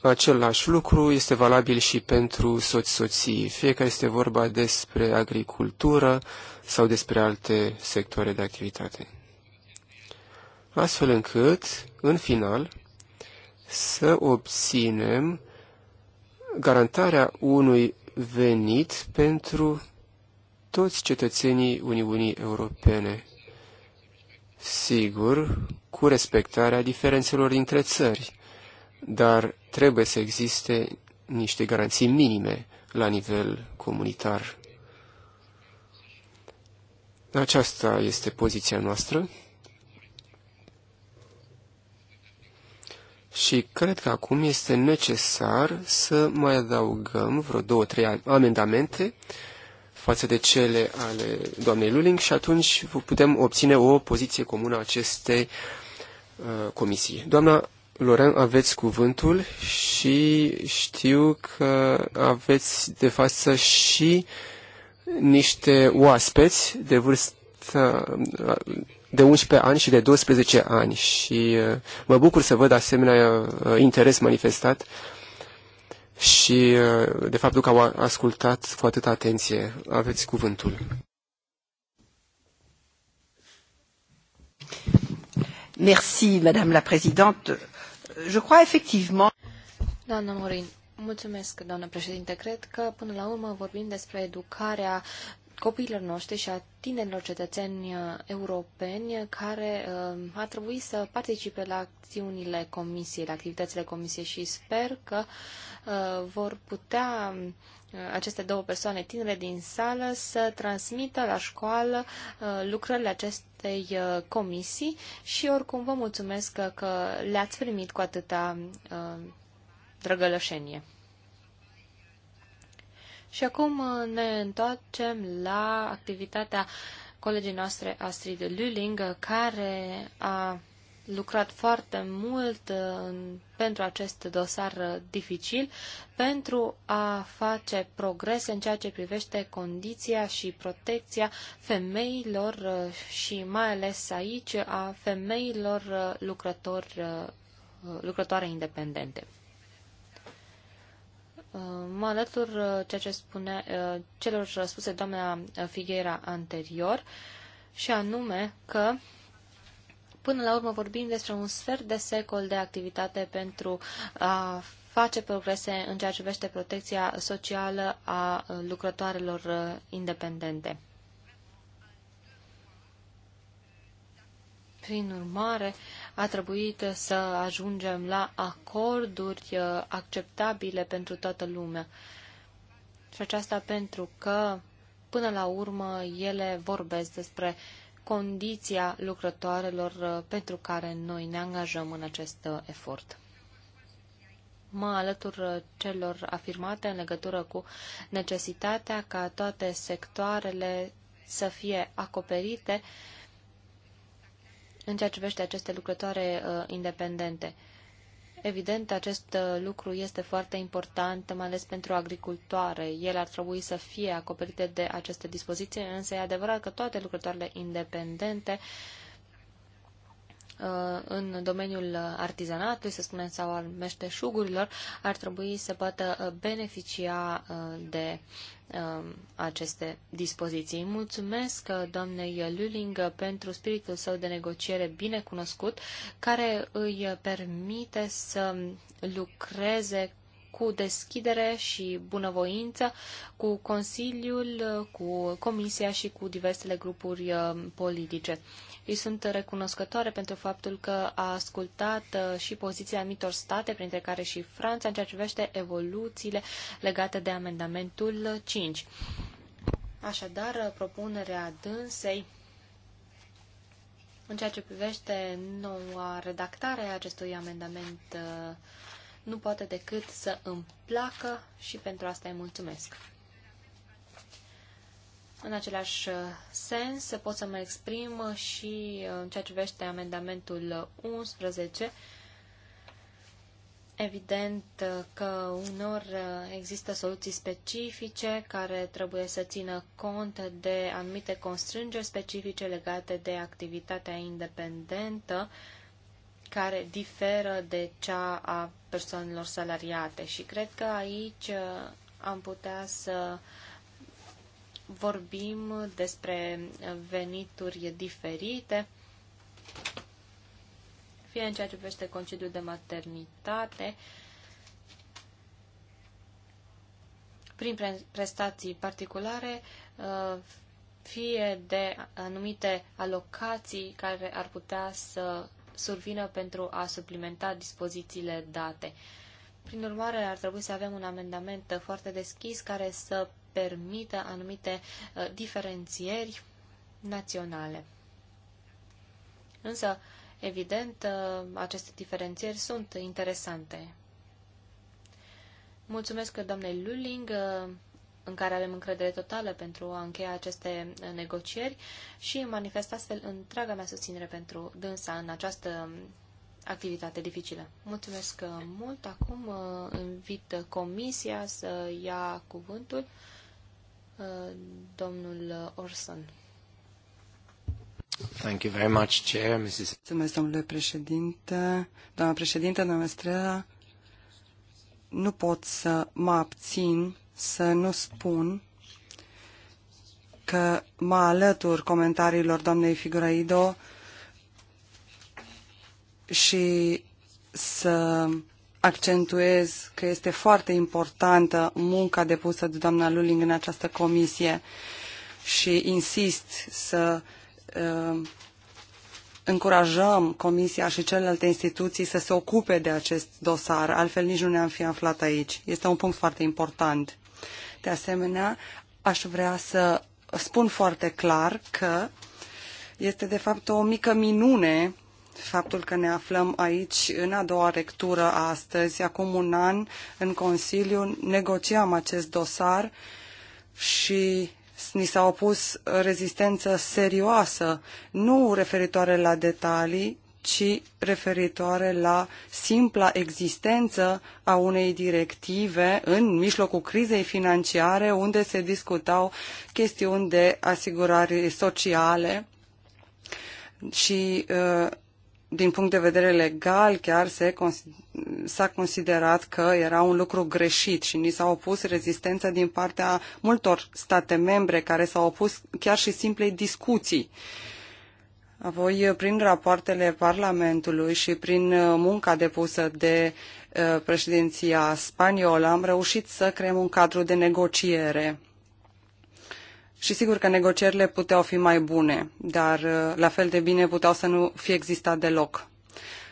Același lucru este valabil și pentru soți-soții, fie că este vorba despre agricultură sau despre alte sectoare de activitate. Astfel încât, în final, să obținem garantarea unui venit pentru toți cetățenii Uniunii Europene. Sigur, cu respectarea diferențelor dintre țări, dar trebuie să existe niște garanții minime la nivel comunitar. Aceasta este poziția noastră și cred că acum este necesar să mai adaugăm vreo două, trei amendamente față de cele ale doamnei Luling și atunci putem obține o poziție comună acestei uh, comisii. Doamna Loren, aveți cuvântul și știu că aveți de față și niște oaspeți de vârstă de 11 ani și de 12 ani și uh, mă bucur să văd asemenea uh, interes manifestat și uh, de faptul că au ascultat cu atâta atenție. Aveți cuvântul. Merci, Madame la Présidente je crois effectivement... Doamna Morin, mulțumesc, doamnă președinte. Cred că, până la urmă, vorbim despre educarea copiilor noștri și a tinerilor cetățeni uh, europeni care uh, ar trebui să participe la acțiunile comisiei, la activitățile comisiei și sper că uh, vor putea uh, aceste două persoane tinere din sală să transmită la școală uh, lucrările acestei uh, comisii și oricum vă mulțumesc că, le-ați primit cu atâta uh, drăgălășenie. Și acum ne întoarcem la activitatea colegii noastre Astrid Lüling, care a lucrat foarte mult uh, în, pentru acest dosar uh, dificil, pentru a face progrese în ceea ce privește condiția și protecția femeilor uh, și mai ales aici a femeilor lucrători, lucrătoare independente. Mă alătur ceea ce spune, celor spuse doamna Figuera anterior, și anume că Până la urmă vorbim despre un sfert de secol de activitate pentru a face progrese în ceea ce privește protecția socială a lucrătoarelor uh, independente. Prin urmare, a trebuit să ajungem la acorduri uh, acceptabile pentru toată lumea. Și aceasta pentru că, până la urmă, ele vorbesc despre uh, condiția lucrătoarelor uh, pentru care noi ne angajăm în acest uh, efort. Mă alătur uh, celor afirmate în legătură cu necesitatea ca toate sectoarele să fie acoperite în ceea ce privește aceste lucrătoare independente. Evident, acest uh, lucru este foarte important, mai ales pentru agricultoare. Ele ar trebui să fie acoperite de aceste dispoziții, însă e adevărat că toate lucrătoarele independente uh, Uh, în domeniul artizanatului, să spunem, sau al meșteșugurilor, ar trebui să poată uh, beneficia uh, de um, aceste dispoziții. Mulțumesc doamnei Luling pentru spiritul său de negociere bine cunoscut, care îi permite să lucreze cu deschidere și bunăvoință cu Consiliul, cu Comisia și cu diversele grupuri uh, politice. Îi sunt recunoscătoare pentru faptul că a ascultat uh, și poziția anumitor state, printre care și Franța, în ceea ce privește evoluțiile legate de amendamentul 5. Așadar, uh, propunerea dânsei în ceea ce privește noua redactare a acestui amendament nu poate decât să îmi placă și pentru asta îi mulțumesc. În același uh, sens, pot să mă exprim și uh, în ceea ce privește amendamentul 11. Evident uh, că unor există soluții specifice care trebuie să țină cont de anumite constrângeri specifice legate de activitatea independentă, care diferă de cea a persoanelor salariate și cred că aici uh, am putea să vorbim despre venituri diferite, fie în ceea ce privește concediul de maternitate, prin prestații particulare, uh, fie de anumite alocații care ar putea să survină pentru a suplimenta dispozițiile date. Prin urmare, ar trebui să avem un amendament foarte deschis care să permită anumite uh, diferențieri naționale. Însă, evident, uh, aceste diferențieri sunt interesante. Mulțumesc, doamne Luling. Uh, în care avem încredere totală pentru a încheia aceste negocieri și manifest astfel întreaga mea susținere pentru dânsa în această activitate dificilă. Mulțumesc uh, mult. Acum uh, invit comisia să ia cuvântul uh, domnul Orson. Thank you very much, Chair, Mrs. Mulțumesc, domnule președinte, doamna președinte, doamna Estrela. Nu pot să mă abțin să nu spun că mă alătur comentariilor doamnei Figuraido și să accentuez că este foarte importantă munca depusă de doamna Luling în această comisie și insist să uh, încurajăm Comisia și celelalte instituții să se ocupe de acest dosar, altfel nici nu ne-am fi aflat aici. Este un punct foarte important. De asemenea, aș vrea să spun foarte clar că este de fapt o mică minune faptul că ne aflăm aici în a doua lectură astăzi. Acum un an în Consiliu negociam acest dosar și ni s-a opus rezistență serioasă, nu referitoare la detalii, ci referitoare la simpla existență a unei directive în mijlocul crizei financiare unde se discutau chestiuni de asigurare sociale și uh, din punct de vedere legal chiar se, s-a considerat că era un lucru greșit și ni s-a opus rezistența din partea multor state membre care s-au opus chiar și simplei discuții uh, Apoi, prin rapoartele Parlamentului și prin uh, munca depusă de uh, președinția spaniolă, am reușit să creăm un cadru de negociere. Și sigur că negocierile puteau fi mai bune, dar uh, la fel de bine puteau să nu fi existat deloc.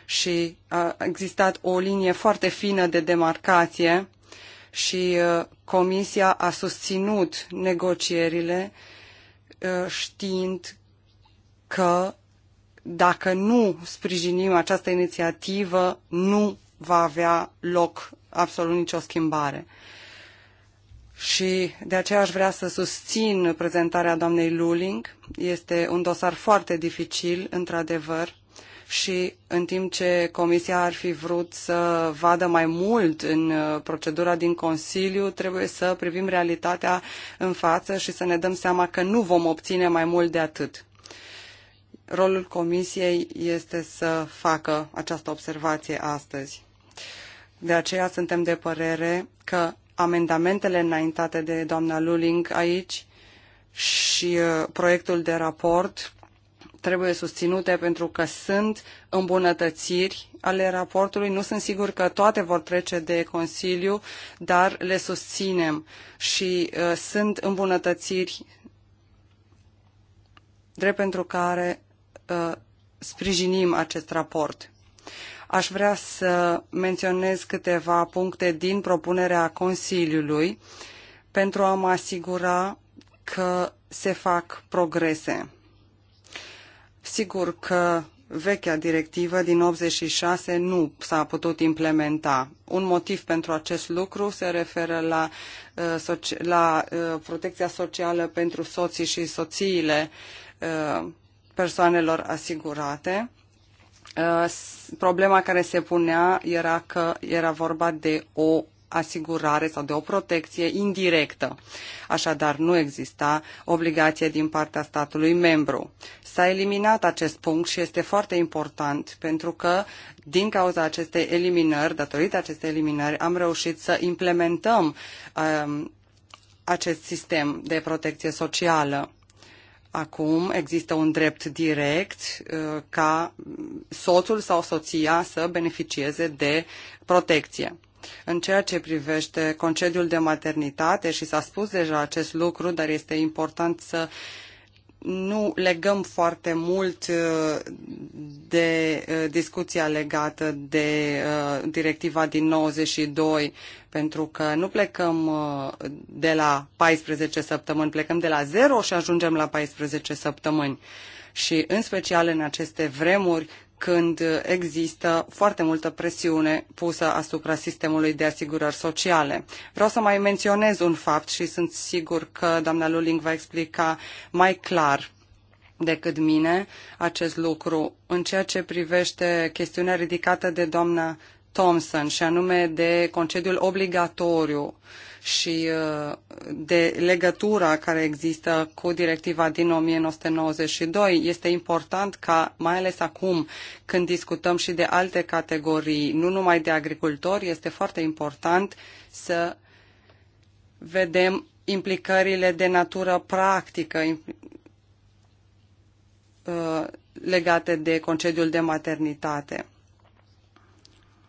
Și a existat o linie foarte fină de demarcație și Comisia a susținut negocierile știind că dacă nu sprijinim această inițiativă, nu va avea loc absolut nicio schimbare. Și de aceea aș vrea să susțin prezentarea doamnei Luling. Este un dosar foarte dificil, într-adevăr, și în timp ce Comisia ar fi vrut să vadă mai mult în uh, procedura din Consiliu, trebuie să privim realitatea în față și să ne dăm seama că nu vom obține mai mult de atât rolul comisiei este să facă această observație astăzi. De aceea suntem de părere că amendamentele înaintate de doamna Luling aici și uh, proiectul de raport trebuie susținute pentru că sunt îmbunătățiri ale raportului. Nu sunt sigur că toate vor trece de Consiliu, dar le susținem și uh, sunt îmbunătățiri drept pentru care Uh, sprijinim acest raport. Aș vrea să menționez câteva puncte din propunerea Consiliului pentru a mă asigura că se fac progrese. Sigur că vechea directivă din 86 nu s-a putut implementa. Un motiv pentru acest lucru se referă la, uh, la uh, protecția socială pentru soții și soțiile persoanelor asigurate. Uh, problema care se punea era că era vorba de o asigurare sau de o protecție indirectă. Așadar, nu exista obligație din partea statului membru. S-a eliminat acest punct și este foarte important pentru că din cauza acestei eliminări, datorită acestei eliminări, am reușit să implementăm um, acest sistem de protecție socială. Acum există un drept direct uh, ca soțul sau soția să beneficieze de protecție. În ceea ce privește concediul de maternitate, și s-a spus deja acest lucru, dar este important să uh, nu legăm foarte mult uh, de uh, discuția legată de uh, directiva din 92, pentru că nu plecăm de la 14 săptămâni, plecăm de la 0 și ajungem la 14 săptămâni. Și în special în aceste vremuri când există foarte multă presiune pusă asupra sistemului de asigurări sociale. Vreau să mai menționez un fapt și sunt sigur că doamna Luling va explica mai clar decât mine acest lucru în ceea ce privește chestiunea ridicată de doamna Thompson și anume de concediul obligatoriu uh, și uh, de legătura care există cu directiva din 1992. Este important ca, mai ales acum, când discutăm și de alte categorii, nu numai de agricultori, este foarte important să vedem implicările de natură practică uh, legate de concediul de maternitate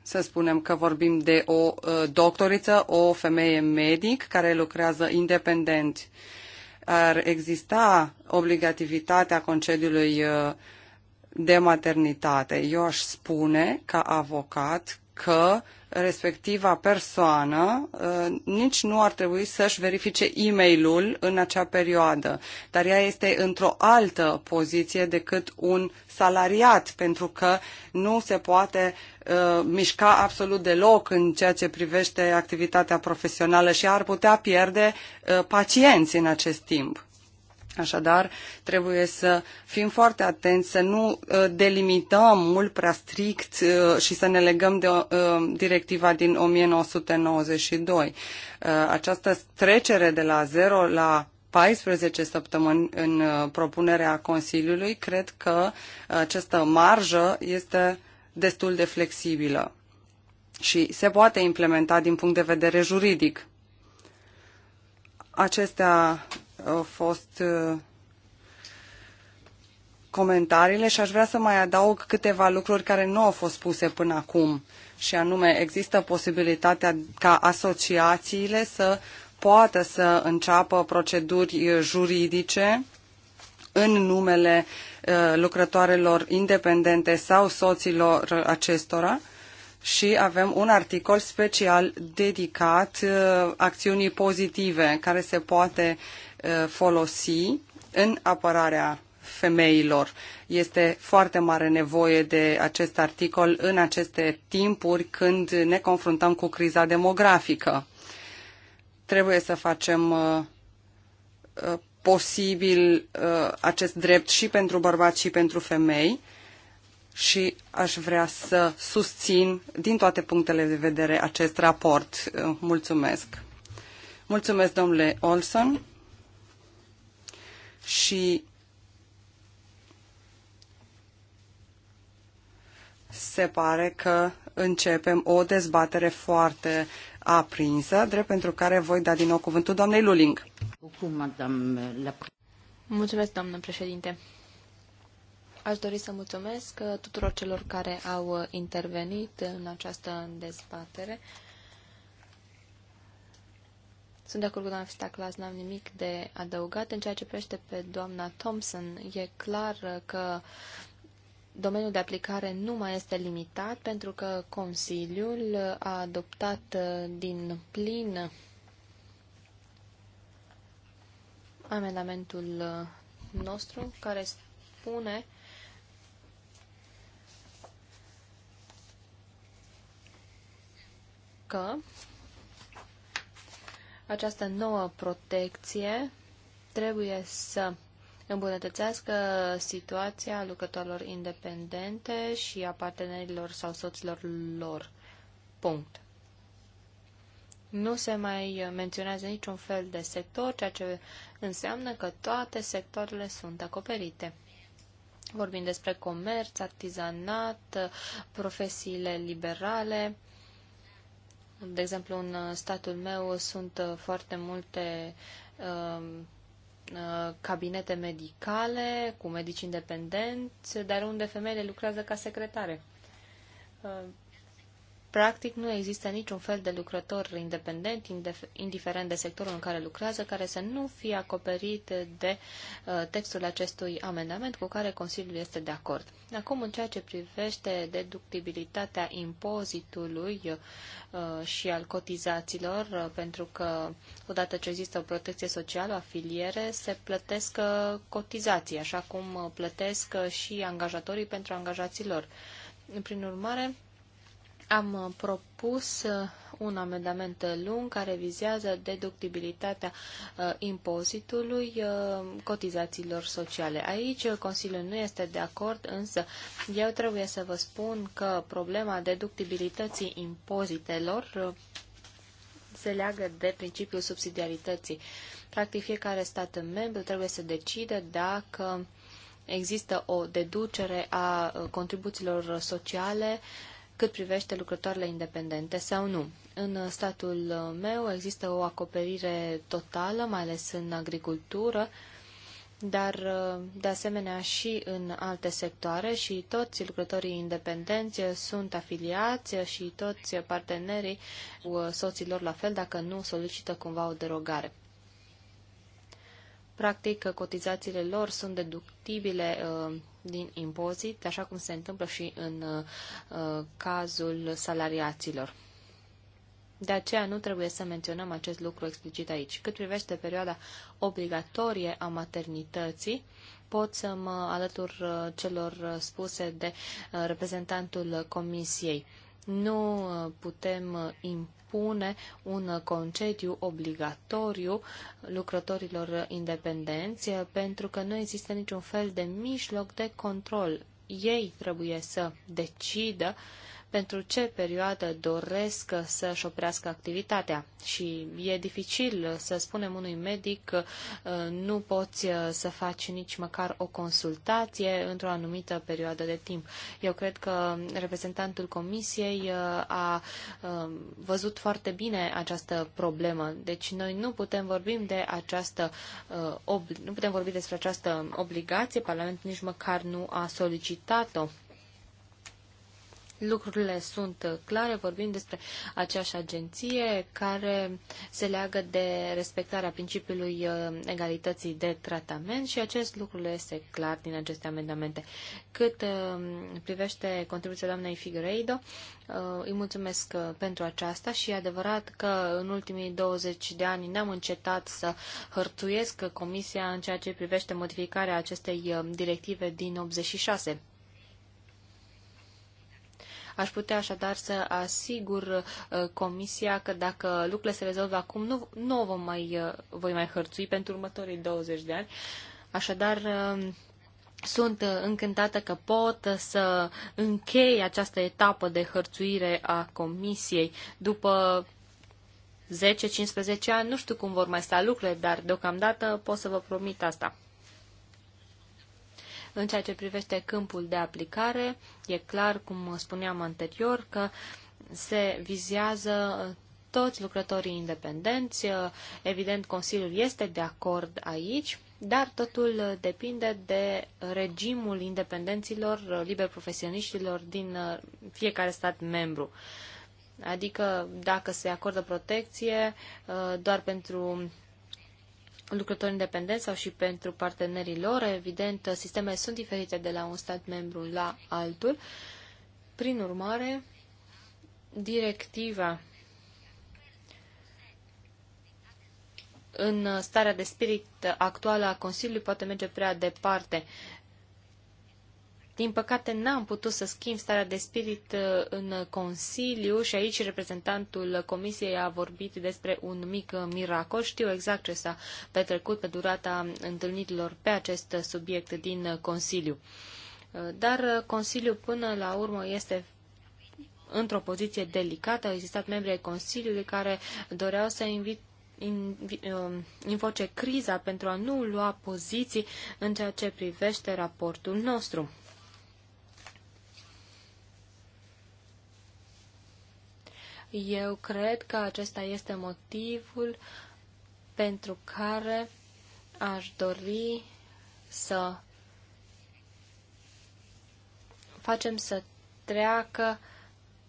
să spunem că vorbim de o uh, doctoriță, o femeie medic care lucrează independent. Ar exista obligativitatea concediului uh, de maternitate. Eu aș spune, ca avocat, că respectiva persoană uh, nici nu ar trebui să-și verifice e mail în acea perioadă, dar ea este într-o altă poziție decât un salariat, pentru că nu se poate uh, mișca absolut deloc în ceea ce privește activitatea profesională și ar putea pierde uh, pacienți în acest timp. Așadar, trebuie să fim foarte atenți, să nu uh, delimităm mult prea strict uh, și să ne legăm de uh, directiva din 1992. Această trecere de la 0 la 14 săptămâni în propunerea Consiliului, cred că această marjă este destul de flexibilă și se poate implementa din punct de vedere juridic. Acestea fost uh, comentariile și aș vrea să mai adaug câteva lucruri care nu au fost puse până acum. Și anume, există posibilitatea ca asociațiile să poată să înceapă proceduri juridice în numele uh, lucrătoarelor independente sau soților acestora și avem un articol special dedicat uh, acțiunii pozitive care se poate uh, Uh, folosi în apărarea femeilor. Este foarte mare nevoie de acest articol în aceste timpuri când ne confruntăm cu criza demografică. Trebuie să facem uh, uh, posibil acest drept și pentru bărbați și pentru femei și aș vrea să susțin din toate punctele de vedere acest raport. Mulțumesc! Mulțumesc, domnule Olson! și se pare că începem o dezbatere foarte aprinsă, drept pentru care voi da din nou cuvântul doamnei Luling. Mulțumesc, doamnă președinte. Aș dori să mulțumesc tuturor celor care au intervenit în această dezbatere sunt de acord cu doamna Fistaclas, n-am nimic de adăugat. În ceea ce privește pe doamna Thompson, e clar că domeniul de aplicare nu mai este limitat pentru că Consiliul a adoptat uh, din plin amendamentul uh, nostru care spune că această nouă protecție trebuie să îmbunătățească situația lucrătorilor independente și a partenerilor sau soților lor. Punct. Nu se mai menționează niciun fel de sector, ceea ce înseamnă că toate sectoarele sunt acoperite. Vorbim despre comerț, artizanat, profesiile liberale, de exemplu, în uh, statul meu sunt uh, foarte multe um, uh, cabinete medicale cu medici independenți, dar unde femeile lucrează ca secretare. Practic, nu există niciun fel de lucrător independent, indiferent de sectorul în care lucrează, care să nu fie acoperit de uh, textul acestui amendament cu care Consiliul este de acord. Acum, în ceea ce privește deductibilitatea impozitului uh, și al cotizațiilor, uh, pentru că odată ce există o protecție socială, o afiliere, se plătesc cotizații, așa cum plătesc și angajatorii pentru angajații lor. Prin urmare, am uh, propus uh, un amendament lung care vizează deductibilitatea uh, impozitului cotizațiilor sociale. Aici Consiliul nu este de acord, însă eu trebuie să vă spun că problema deductibilității impozitelor se leagă de principiul subsidiarității. Practic, fiecare stat membru trebuie să decide dacă există o deducere a contribuțiilor sociale uh, cât privește lucrătoarele independente sau nu. În statul meu există o acoperire totală, mai ales în agricultură, dar de asemenea și în alte sectoare și toți lucrătorii independenți sunt afiliați și toți partenerii soților la fel dacă nu solicită cumva o derogare. Practic, cotizațiile lor sunt deductibile uh, din impozit, așa cum se întâmplă și în uh, cazul salariaților. De aceea nu trebuie să menționăm acest lucru explicit aici. Cât privește perioada obligatorie a maternității, pot să mă alătur uh, celor spuse de uh, reprezentantul Comisiei. Nu putem impune impune un concediu obligatoriu lucrătorilor independenți, eh, pentru că nu există niciun fel de mijloc de control. Ei trebuie să decidă uh, pentru ce perioadă doresc să-și oprească activitatea. Și e dificil să spunem unui medic uh, nu poți uh, să faci nici măcar o consultație într-o anumită perioadă de timp. Eu cred că reprezentantul comisiei uh, a um, văzut foarte bine această problemă. Deci noi nu putem vorbi de această nu putem vorbi despre această obligație, Parlamentul nici măcar nu a solicitat-o lucrurile sunt uh, clare, vorbim despre aceeași agenție care se leagă de respectarea principiului uh, egalității de tratament și acest lucru este clar din aceste amendamente. Cât uh, privește contribuția doamnei Figueiredo, îi mulțumesc pentru aceasta și e adevărat că în ultimii 20 de ani n-am încetat să hărțuiesc Comisia în ceea ce privește modificarea acestei directive din 86. Aș putea așadar să asigur uh, Comisia că dacă lucrurile se rezolvă acum, nu, nu o vom mai, uh, voi mai hărțui pentru următorii 20 de ani. Așadar, uh, sunt încântată că pot să închei această etapă de hărțuire a comisiei după 10-15 ani. Nu știu cum vor mai sta lucrurile, dar deocamdată pot să vă promit asta. În ceea ce privește câmpul de aplicare, e clar, cum spuneam anterior, că se vizează toți lucrătorii independenți. Evident, Consiliul este de acord aici, dar totul depinde de regimul independenților, liber profesioniștilor din fiecare stat membru. Adică dacă se acordă protecție doar pentru lucrători independenți sau și pentru partenerii lor. Evident, sistemele sunt diferite de la un stat membru la altul. Prin urmare, directiva în starea de spirit actuală a Consiliului poate merge prea departe din păcate, n-am putut să schimb starea de spirit uh, în Consiliu și aici reprezentantul Comisiei a vorbit despre un mic miracol. Știu exact ce s-a petrecut pe durata întâlnirilor pe acest subiect din Consiliu. Uh, dar Consiliul până la urmă este într-o poziție delicată. Au existat membri ai Consiliului care doreau să invit um, invoce criza pentru a nu lua poziții în ceea ce privește raportul nostru. Eu cred că acesta este motivul pentru care aș dori să facem să treacă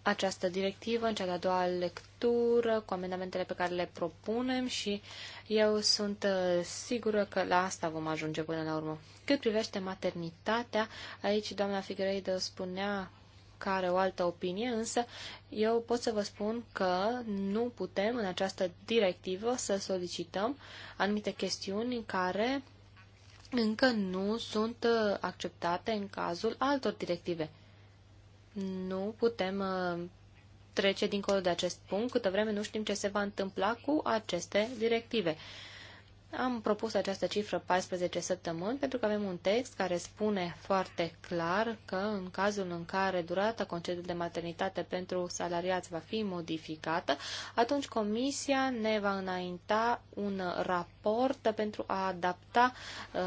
această directivă în cea de-a doua lectură, cu amendamentele pe care le propunem și eu sunt uh, sigură că la asta vom ajunge până la urmă. Cât privește maternitatea, aici doamna Figueiredo spunea care o altă opinie, însă eu pot să vă spun că nu putem în această directivă să solicităm anumite chestiuni care încă nu sunt uh, acceptate în cazul altor directive. Nu putem uh, trece dincolo de acest punct câtă vreme nu știm ce se va întâmpla cu aceste directive. Am propus această cifră 14 săptămâni pentru că avem un text care spune foarte clar că în cazul în care durata concediului de maternitate pentru salariați va fi modificată, atunci comisia ne va înainta un raport pentru a adapta uh,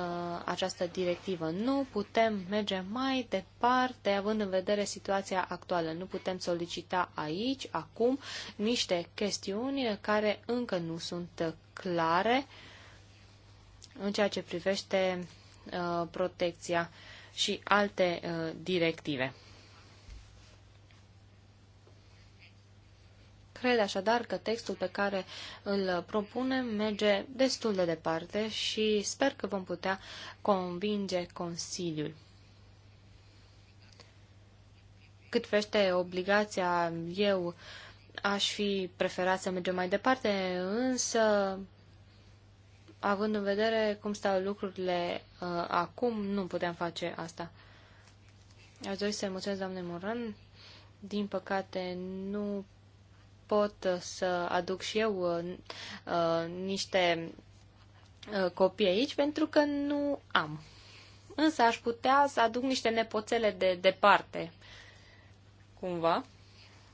această directivă. Nu putem merge mai departe având în vedere situația actuală. Nu putem solicita aici, acum, niște chestiuni care încă nu sunt clare în ceea ce privește uh, protecția și alte uh, directive. Cred așadar că textul pe care îl propunem merge destul de departe și sper că vom putea convinge Consiliul. Cât vește obligația, eu aș fi preferat să mergem mai departe, însă având în vedere cum stau lucrurile uh, acum, nu putem face asta. Aș dori să-i mulțumesc, doamne Moran. Din păcate, nu pot uh, să aduc și eu uh, uh, niște uh, copii aici, pentru că nu am. Însă aș putea să aduc niște nepoțele de departe, cumva.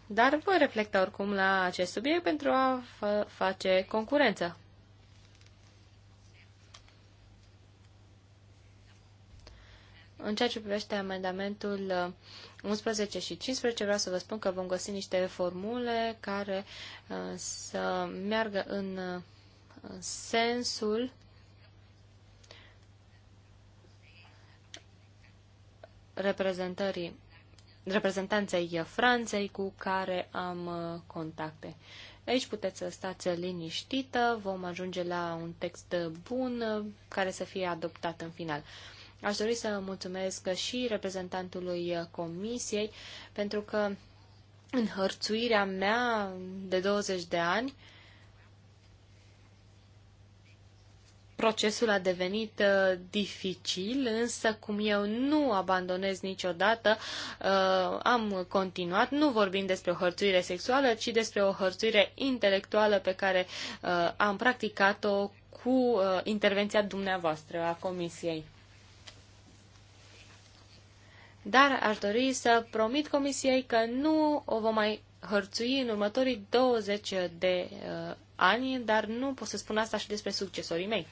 Dar voi reflecta oricum la acest subiect pentru a face concurență. În ceea ce privește amendamentul 11 uh, și 15, vreau să vă spun că vom găsi niște formule care uh, să meargă uh, în sensul reprezentării reprezentanței Franței cu care am contacte. Aici puteți să stați liniștită, vom ajunge la un text bun care să fie adoptat în final. Aș dori să mulțumesc și reprezentantului Comisiei, pentru că în hărțuirea mea de 20 de ani, procesul a devenit uh, dificil, însă cum eu nu abandonez niciodată, uh, am continuat, nu vorbim despre o hărțuire sexuală, ci despre o hărțuire intelectuală pe care uh, am practicat-o cu uh, intervenția dumneavoastră a Comisiei. Dar aș dori să promit Comisiei că nu o vom mai hărțui în următorii 20 de uh, ani, dar nu pot să spun asta și despre succesorii mei.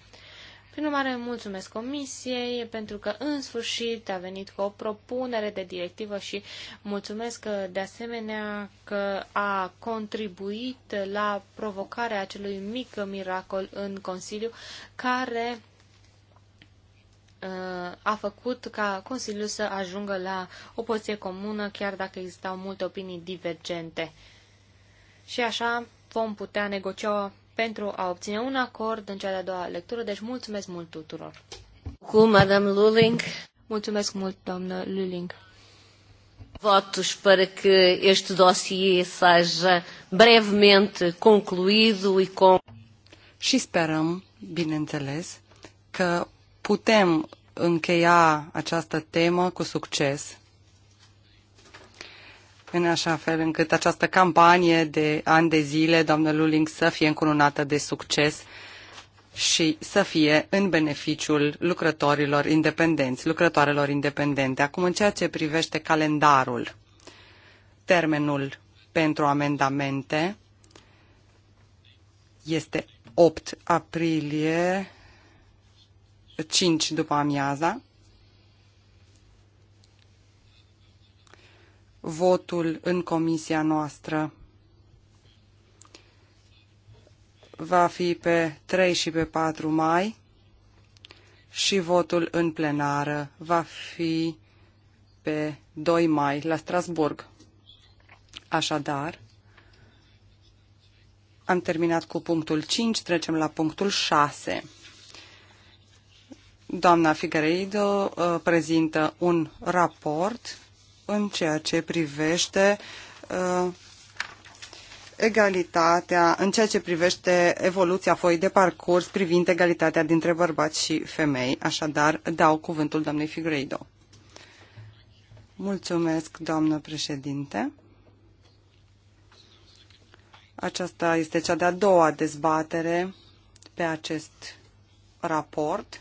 Prin urmare, mulțumesc Comisiei pentru că în sfârșit a venit cu o propunere de directivă și mulțumesc uh, de asemenea că a contribuit la provocarea acelui mic miracol în Consiliu care Uh, a făcut ca Consiliul să ajungă la o poziție comună, chiar dacă existau multe opinii divergente. Și așa vom putea negocia pentru a obține un acord în cea de-a doua lectură, deci mulțumesc mult tuturor. Cu Madame Luling. Mulțumesc mult, doamnă Luling. Votos para que este dossiê seja brevemente concluído e com... Și sperăm, bineînțeles, că putem încheia această temă cu succes, în așa fel încât această campanie de ani de zile, doamnă Luling, să fie încununată de succes și să fie în beneficiul lucrătorilor independenți, lucrătoarelor independente. Acum, în ceea ce privește calendarul, termenul pentru amendamente este 8 aprilie 5 după amiaza. Votul în comisia noastră va fi pe 3 și pe 4 mai și votul în plenară va fi pe 2 mai la Strasburg. Așadar, am terminat cu punctul 5, trecem la punctul 6. Doamna Figueiredo uh, prezintă un raport în ceea ce privește uh, egalitatea, în ceea ce privește evoluția foii de parcurs privind egalitatea dintre bărbați și femei. Așadar, dau cuvântul doamnei Figueiredo. Mulțumesc, doamnă președinte. Aceasta este cea de-a doua dezbatere pe acest raport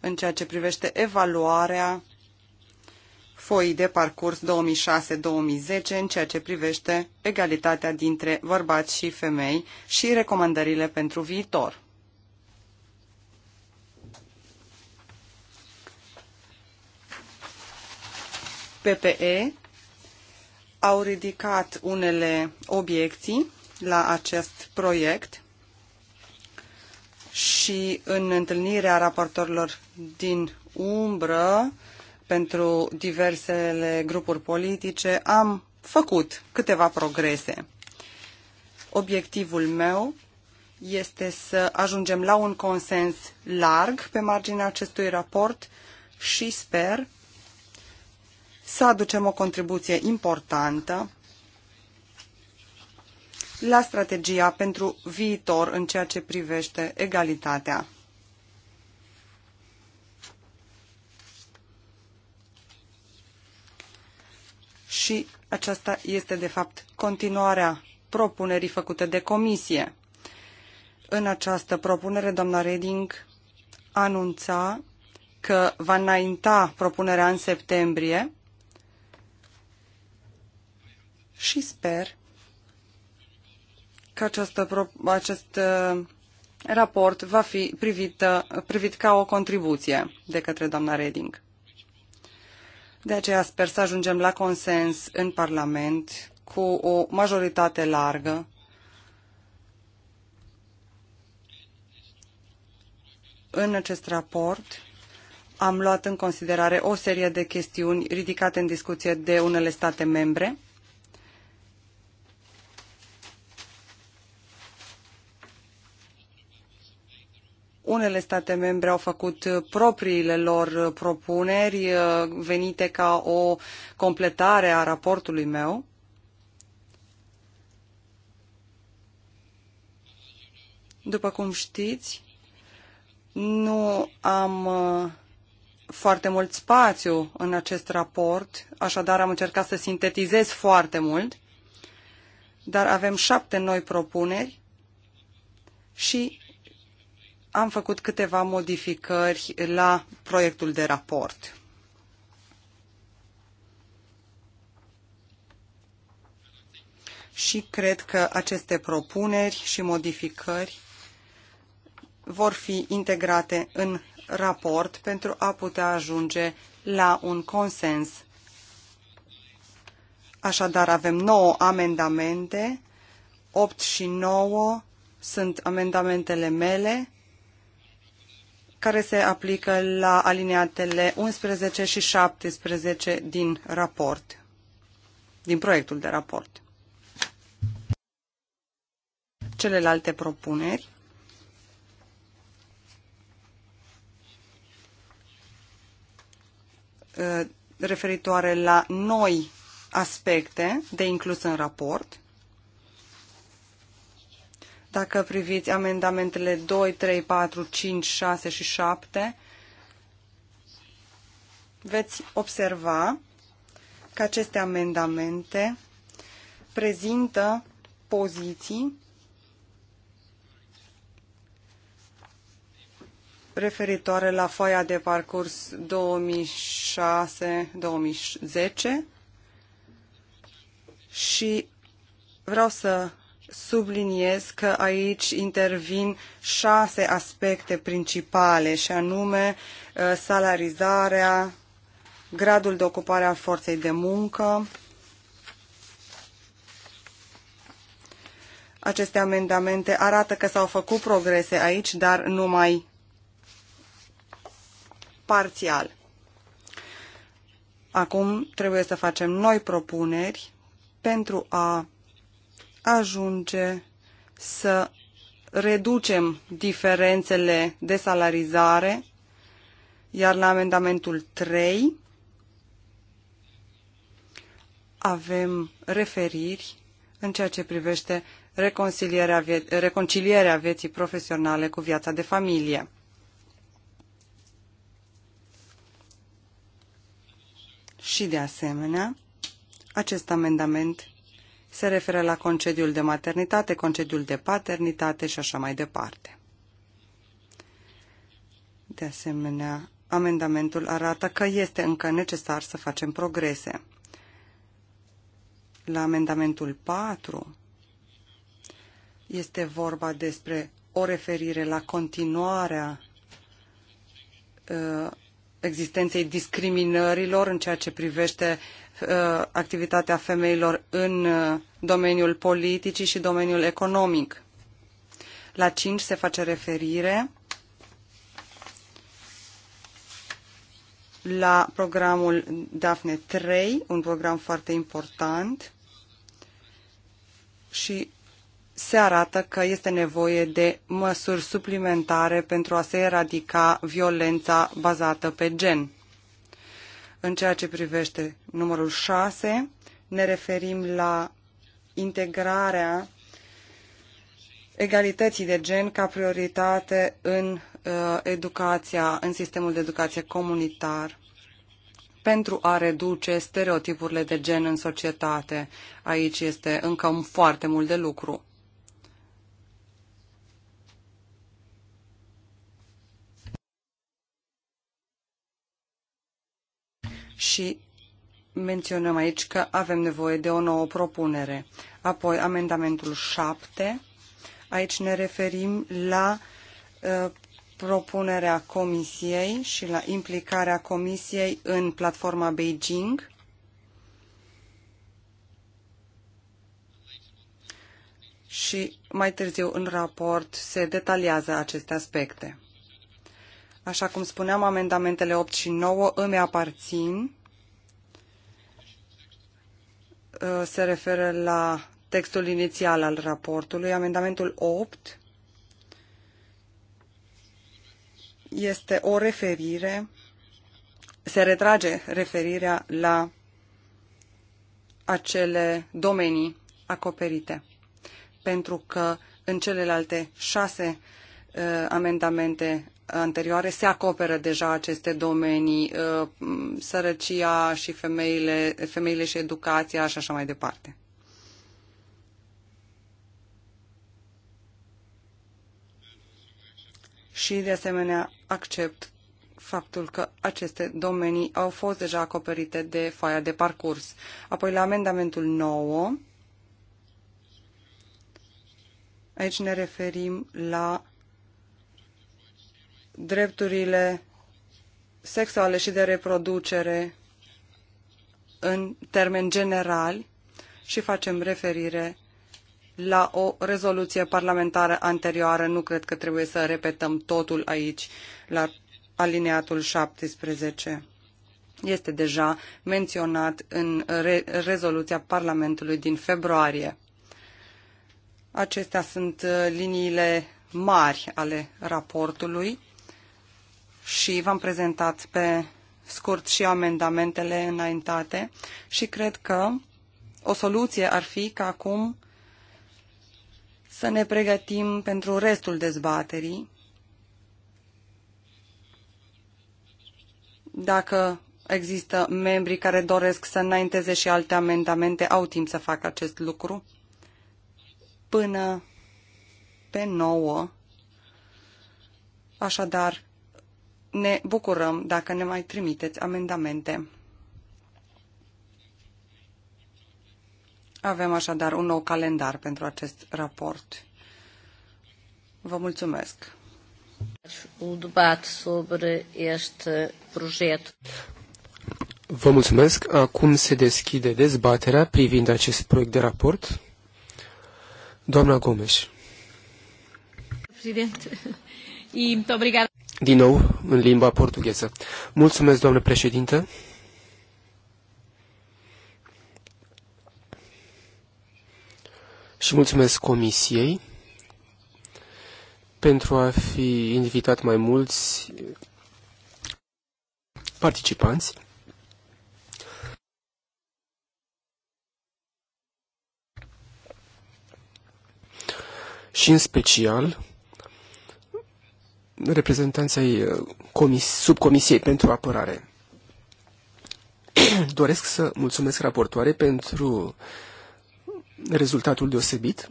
în ceea ce privește evaluarea foii de parcurs 2006-2010 în ceea ce privește egalitatea dintre bărbați și femei și recomandările pentru viitor. PPE au ridicat unele obiecții la acest proiect și în întâlnirea raportorilor din umbră pentru diversele grupuri politice am făcut câteva progrese. Obiectivul meu este să ajungem la un consens larg pe marginea acestui raport și sper să aducem o contribuție importantă la strategia pentru viitor în ceea ce privește egalitatea. Și aceasta este, de fapt, continuarea propunerii făcute de comisie. În această propunere, doamna Reding anunța că va înainta propunerea în septembrie și sper că această, acest uh, raport va fi privit, uh, privit ca o contribuție de către doamna Reding. De aceea sper să ajungem la consens în Parlament cu o majoritate largă în acest raport am luat în considerare o serie de chestiuni ridicate în discuție de unele state membre Unele state membre au făcut uh, propriile lor uh, propuneri uh, venite ca o completare a raportului meu. După cum știți, nu am foarte mult spațiu în acest raport, așadar am încercat să sintetizez foarte mult, dar avem șapte noi propuneri și am făcut câteva modificări la proiectul de raport. Și cred că aceste propuneri și modificări vor fi integrate în raport pentru a putea ajunge la un consens. Așadar, avem 9 amendamente, 8 și 9 sunt amendamentele mele, care se aplică la alineatele 11 și 17 din raport, din proiectul de raport. Celelalte propuneri referitoare la noi aspecte de inclus în raport, dacă priviți amendamentele 2, 3, 4, 5, 6 și 7, veți observa că aceste amendamente prezintă poziții referitoare la foaia de parcurs 2006-2010 și vreau să subliniez că aici intervin șase aspecte principale, și anume uh, salarizarea, gradul de ocupare al forței de muncă. Aceste amendamente arată că s-au făcut progrese aici, dar numai parțial. Acum trebuie să facem noi propuneri pentru a ajunge să reducem diferențele de salarizare, iar la amendamentul 3 avem referiri în ceea ce privește reconcilierea, vie- reconcilierea vieții profesionale cu viața de familie. Și de asemenea, acest amendament se referă la concediul de maternitate, concediul de paternitate și așa mai departe. De asemenea, amendamentul arată că este încă necesar să facem progrese. La amendamentul 4 este vorba despre o referire la continuarea uh, existenței discriminărilor în ceea ce privește uh, activitatea femeilor în uh, domeniul politicii și domeniul economic. La 5 se face referire la programul Daphne 3, un program foarte important și se arată că este nevoie de măsuri suplimentare pentru a se eradica violența bazată pe gen. În ceea ce privește numărul 6, ne referim la integrarea egalității de gen ca prioritate în uh, educația, în sistemul de educație comunitar pentru a reduce stereotipurile de gen în societate. Aici este încă foarte mult de lucru. și menționăm aici că avem nevoie de o nouă propunere. Apoi, amendamentul 7. Aici ne referim la uh, propunerea Comisiei și la implicarea Comisiei în platforma Beijing. Și mai târziu în raport se detaliază aceste aspecte. Așa cum spuneam, amendamentele 8 și 9 îmi aparțin. Uh, se referă la textul inițial al raportului. Amendamentul 8 este o referire, se retrage referirea la acele domenii acoperite, pentru că în celelalte șase uh, amendamente anterioare se acoperă deja aceste domenii, uh, sărăcia și femeile, femeile și educația și așa mai departe. Și, de asemenea, accept faptul că aceste domenii au fost deja acoperite de foaia de parcurs. Apoi, la amendamentul 9, aici ne referim la drepturile sexuale și de reproducere în termen general și facem referire la o rezoluție parlamentară anterioară. Nu cred că trebuie să repetăm totul aici la alineatul 17. Este deja menționat în re- rezoluția Parlamentului din februarie. Acestea sunt uh, liniile mari ale raportului și v-am prezentat pe scurt și amendamentele înaintate și cred că o soluție ar fi ca acum să ne pregătim pentru restul dezbaterii. Dacă există membri care doresc să înainteze și alte amendamente, au timp să facă acest lucru până pe 9. Așadar, ne bucurăm dacă ne mai trimiteți amendamente. Avem așadar un nou calendar pentru acest raport. Vă mulțumesc. O sobre proiect. Vă mulțumesc. Acum se deschide dezbaterea privind acest proiect de raport. Doamna Gomes. Președinte, [LAUGHS] din nou în limba portugheză. Mulțumesc, doamnă președinte. Și mulțumesc comisiei pentru a fi invitat mai mulți participanți. Și în special reprezentanței uh, comis, subcomisiei pentru apărare. [CLEARS THROAT] Doresc să mulțumesc raportoare pentru rezultatul deosebit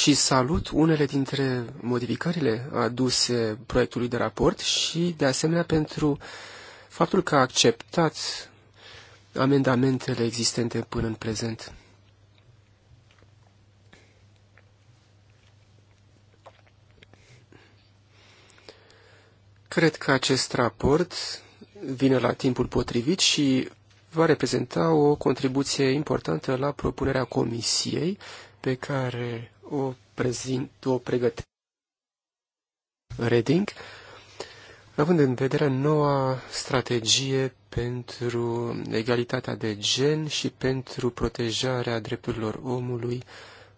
și salut unele dintre modificările aduse proiectului de raport și, de asemenea, pentru faptul că a acceptat amendamentele existente până în prezent. Cred că acest raport vine la timpul potrivit și va reprezenta o contribuție importantă la propunerea comisiei pe care o prezint, o pregătesc Reding, având în vedere noua strategie pentru egalitatea de gen și pentru protejarea drepturilor omului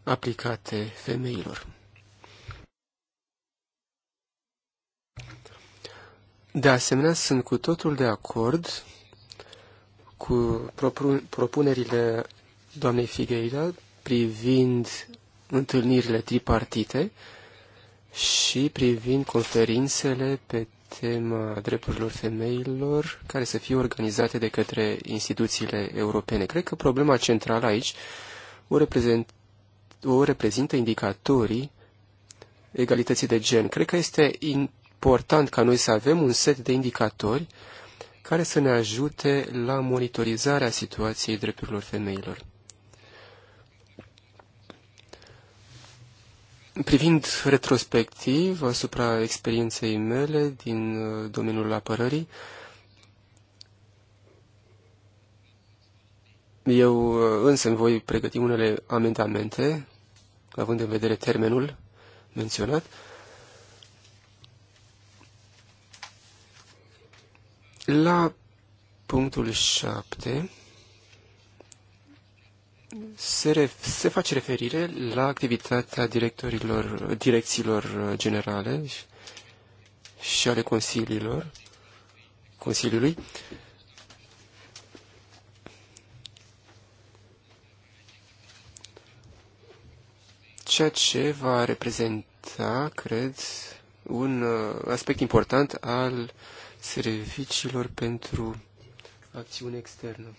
aplicate femeilor. De asemenea, sunt cu totul de acord cu propunerile doamnei Figueira privind întâlnirile tripartite și privind conferințele pe tema drepturilor femeilor care să fie organizate de către instituțiile europene. Cred că problema centrală aici o, reprezent, o reprezintă indicatorii egalității de gen. Cred că este important ca noi să avem un set de indicatori care să ne ajute la monitorizarea situației drepturilor femeilor. Privind retrospectiv asupra experienței mele din uh, domeniul apărării, eu uh, însă îmi voi pregăti unele amendamente, având în vedere termenul menționat, La punctul 7 se, ref, se face referire la activitatea directorilor, direcțiilor generale și ale consiliilor, Consiliului. Ceea ce va reprezenta, cred, un uh, aspect important al uh, serviciilor pentru acțiune externă.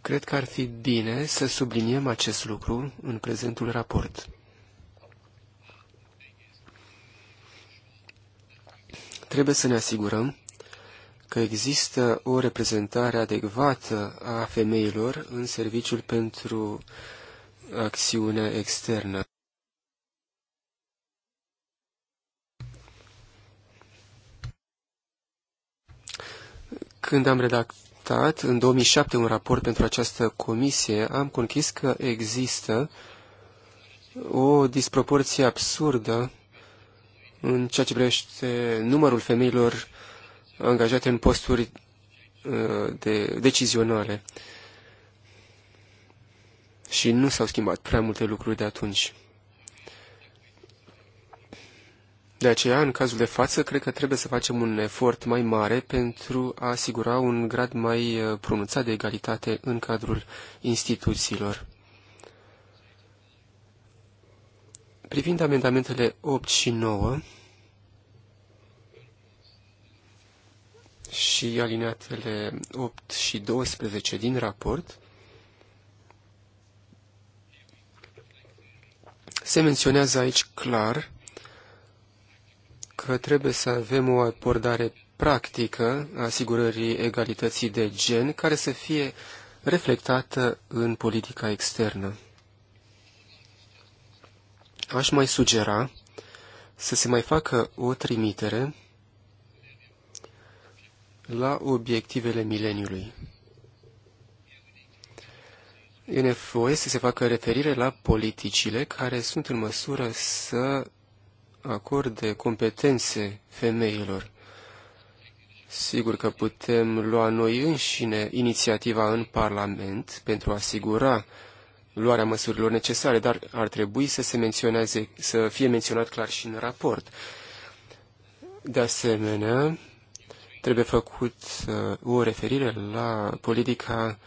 Cred că ar fi bine să subliniem acest lucru în prezentul raport. Trebuie să ne asigurăm că există o reprezentare adecvată a femeilor în serviciul pentru acțiune externă. Când am redactat în 2007 un raport pentru această comisie, am conchis că există o disproporție absurdă în ceea ce privește numărul femeilor angajate în posturi uh, de decizionale. Și nu s-au schimbat prea multe lucruri de atunci. De aceea, în cazul de față, cred că trebuie să facem un efort mai mare pentru a asigura un grad mai uh, pronunțat de egalitate în cadrul instituțiilor. Privind amendamentele 8 și 9 și alineatele 8 și 12 din raport, se menționează aici clar că trebuie să avem o abordare practică a asigurării egalității de gen care să fie reflectată în politica externă. Aș mai sugera să se mai facă o trimitere la obiectivele mileniului. E nevoie să se facă referire la politicile care sunt în măsură să acorde competențe femeilor. Sigur că putem lua noi înșine inițiativa în Parlament pentru a asigura luarea măsurilor necesare, dar ar trebui să, se menționeze, să fie menționat clar și în raport. De asemenea, trebuie făcut uh, o referire la politica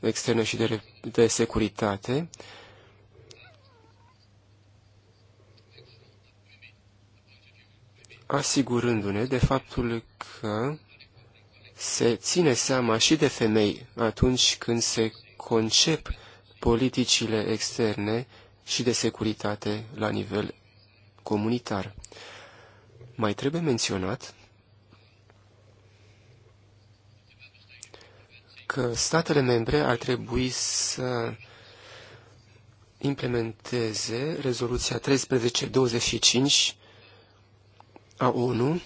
externă și de, de securitate, uh, asigurându-ne de faptul că se ține seama și de femei atunci când se concep politicile externe și de securitate la nivel comunitar. Mai trebuie menționat că statele membre ar trebui să implementeze rezoluția 1325 a ONU.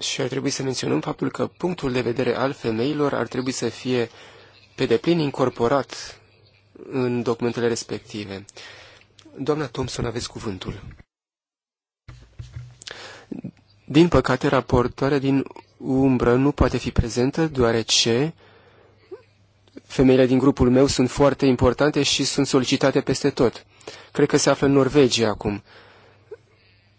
Și ar trebui să menționăm faptul că punctul de vedere al femeilor ar trebui să fie pe deplin incorporat în documentele respective. Doamna Thompson, aveți cuvântul. Din păcate, raportoarea din umbră nu poate fi prezentă, deoarece femeile din grupul meu sunt foarte importante și sunt solicitate peste tot. Cred că se află în Norvegia acum.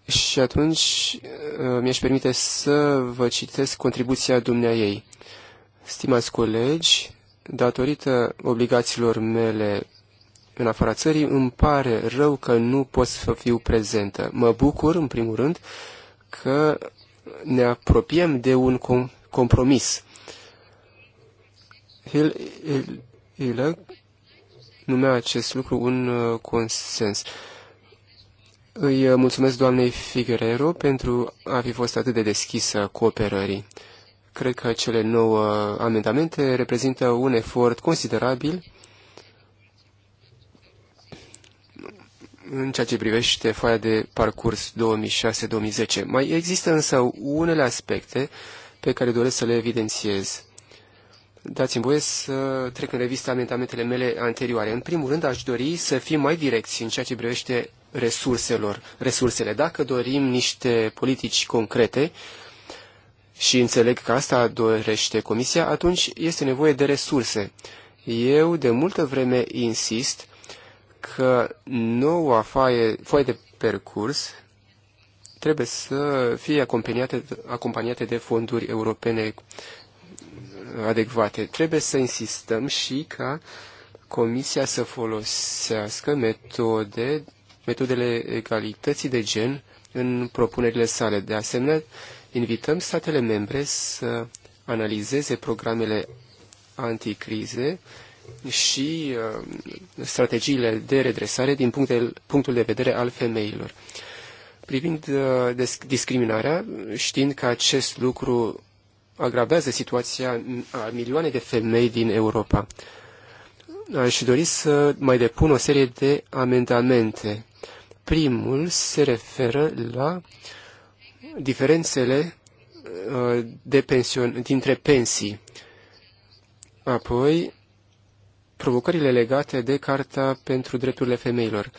Și atunci uh, mi-aș permite să vă citesc contribuția dumnea ei. Stimați colegi, datorită obligațiilor mele în afara țării, îmi pare rău că nu pot să fiu prezentă. Mă bucur, în primul rând, că ne apropiem de un compromis el, el, el numea acest lucru un uh, consens. Îi uh, mulțumesc doamnei Figuerero pentru a fi fost atât de deschisă cooperării. Cred că cele nouă amendamente reprezintă un efort considerabil în ceea ce privește foaia de parcurs 2006-2010. Mai există însă unele aspecte pe care doresc să le evidențiez dați-mi voie să trec în revistă amendamentele mele anterioare. În primul rând, aș dori să fim mai direcți în ceea ce privește resurselor, resursele. Dacă dorim niște politici concrete, și înțeleg că asta dorește Comisia, atunci este nevoie de resurse. Eu de multă vreme insist că noua foaie, foaie de percurs trebuie să fie acompaniate, acompaniate de fonduri europene adecvate. Trebuie să insistăm și ca Comisia să folosească metode, metodele egalității de gen în propunerile sale. De asemenea, invităm statele membre să analizeze programele anticrize și uh, strategiile de redresare din punctul de vedere al femeilor. Privind uh, discriminarea, știind că acest lucru agravează situația a milioane de femei din Europa. Aș dori să mai depun o serie de amendamente. Primul se referă la diferențele uh, de pension, dintre pensii. Apoi, provocările legate de Carta pentru Drepturile Femeilor.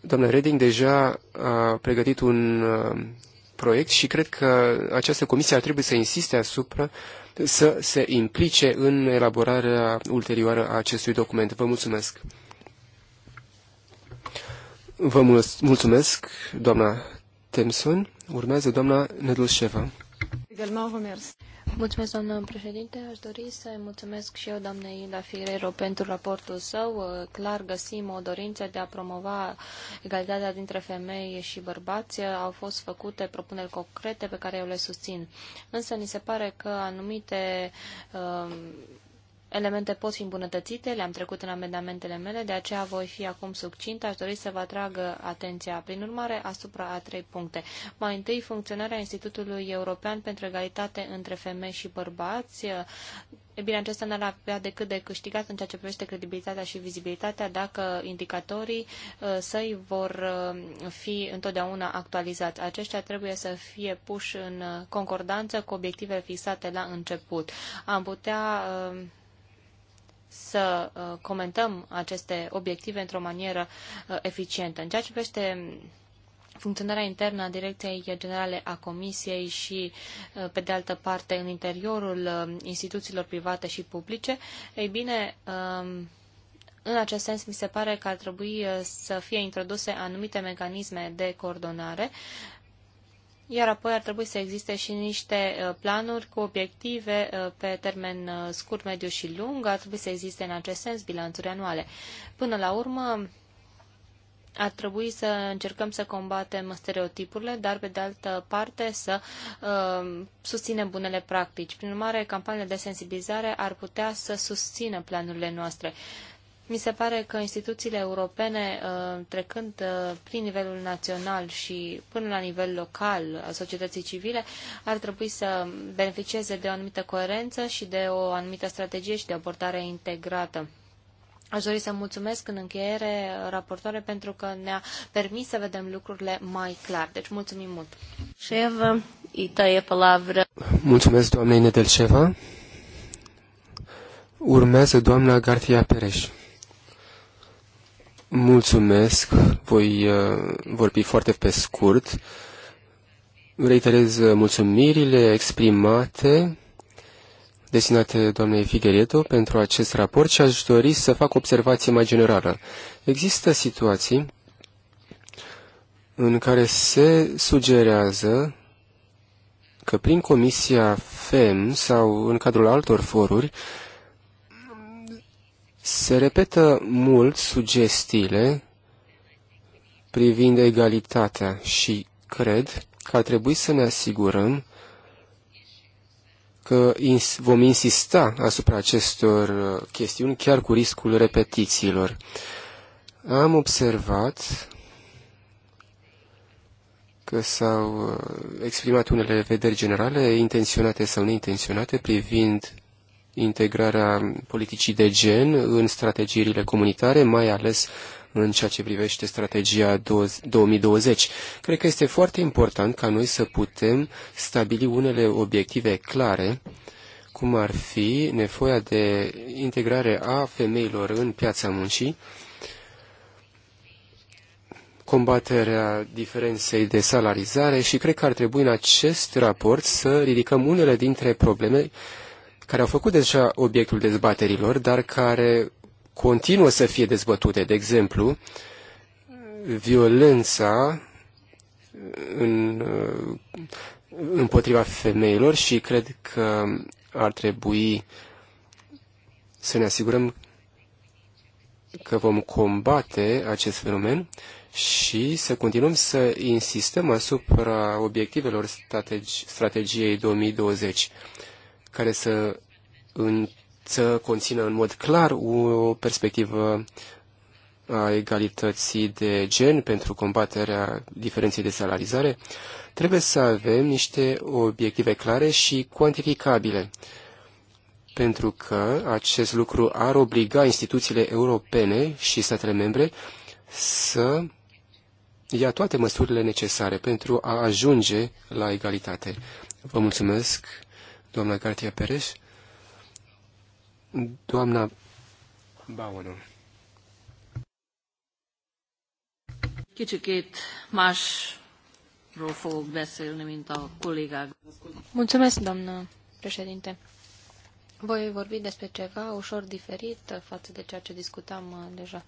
Doamna Reding deja a pregătit un uh, proiect și cred că această comisie ar trebui să insiste asupra să se implice în elaborarea ulterioară a acestui document. Vă mulțumesc! Vă mulțumesc, doamna Temson. Urmează doamna Nedulșeva. Mulțumesc, doamnă președinte. Aș dori să mulțumesc și eu, doamnei Ila Firero, pentru raportul său. Uh, clar găsim o dorință de a promova egalitatea dintre femei și bărbați. Uh, au fost făcute propuneri concrete pe care eu le susțin. Însă, ni se pare că anumite uh, elemente pot fi îmbunătățite, le-am trecut în amendamentele mele, de aceea voi fi acum succint. Aș dori să vă atragă atenția, prin urmare, asupra a trei puncte. Mai întâi, funcționarea Institutului European pentru Egalitate între Femei și Bărbați. E bine, acesta n-ar avea decât de câștigat în ceea ce privește credibilitatea și vizibilitatea dacă indicatorii uh, săi vor uh, fi întotdeauna actualizați. Aceștia trebuie să fie puși în concordanță cu obiectivele fixate la început. Am putea uh, să uh, comentăm aceste obiective într-o manieră uh, eficientă. În ceea ce privește funcționarea internă a Direcției Generale a Comisiei și, uh, pe de altă parte, în interiorul instituțiilor private și publice, ei bine, um, în acest sens, mi se pare că ar trebui să fie introduse anumite mecanisme de coordonare iar apoi ar trebui să existe și niște uh, planuri cu obiective uh, pe termen uh, scurt, mediu și lung. Ar trebui să existe în acest sens bilanțuri anuale. Până la urmă, ar trebui să încercăm să combatem stereotipurile, dar pe de altă parte să uh, susținem bunele practici. Prin urmare, campaniile de sensibilizare ar putea să susțină planurile noastre. Uh, mi se pare că instituțiile europene, uh, trecând uh, prin nivelul național și până la nivel local al societății civile, ar trebui să beneficieze de o anumită coerență și de o anumită strategie și de abordare integrată. Aș dori să mulțumesc în încheiere uh, raportoare pentru că ne-a permis să vedem lucrurile mai clar. Deci mulțumim mult. Șeva, itaie tăie palavra. Mulțumesc doamnei Nedelșeva. Urmează doamna Gartia Pereș. Mulțumesc, voi uh, vorbi foarte pe scurt. Reiterez uh, mulțumirile exprimate destinate doamnei Figueredo pentru acest raport și aș dori să fac o observație mai generală. Există situații în care se sugerează că prin Comisia FEM sau în cadrul altor foruri se repetă mult sugestiile privind egalitatea și cred că ar trebui să ne asigurăm că vom insista asupra acestor uh, chestiuni chiar cu riscul repetițiilor. Am observat că s-au uh, exprimat unele vederi generale, intenționate sau neintenționate, privind integrarea politicii de gen în strategiile comunitare, mai ales în ceea ce privește strategia 2020. Cred că este foarte important ca noi să putem stabili unele obiective clare, cum ar fi nevoia de integrare a femeilor în piața muncii, combaterea diferenței de salarizare și cred că ar trebui în acest raport să ridicăm unele dintre probleme care au făcut deja obiectul dezbaterilor, dar care continuă să fie dezbătute. De exemplu, violența în, uh, împotriva femeilor și cred că ar trebui să ne asigurăm că vom combate acest fenomen și să continuăm să insistăm asupra obiectivelor strategi, strategiei 2020 care să, în, să conțină în mod clar o perspectivă a egalității de gen pentru combaterea diferenței de salarizare, trebuie să avem niște obiective clare și cuantificabile, pentru că acest lucru ar obliga instituțiile europene și statele membre să ia toate măsurile necesare pentru a ajunge la egalitate. Vă mulțumesc, doamna Cartia Perez, doamna Bauno. Kicsikét másról fogok beszélni, mint a kollégák. Mulțumesc, doamnă președinte. Voi vorbi despre ceva ușor diferit față de ceea ce discutam uh, deja.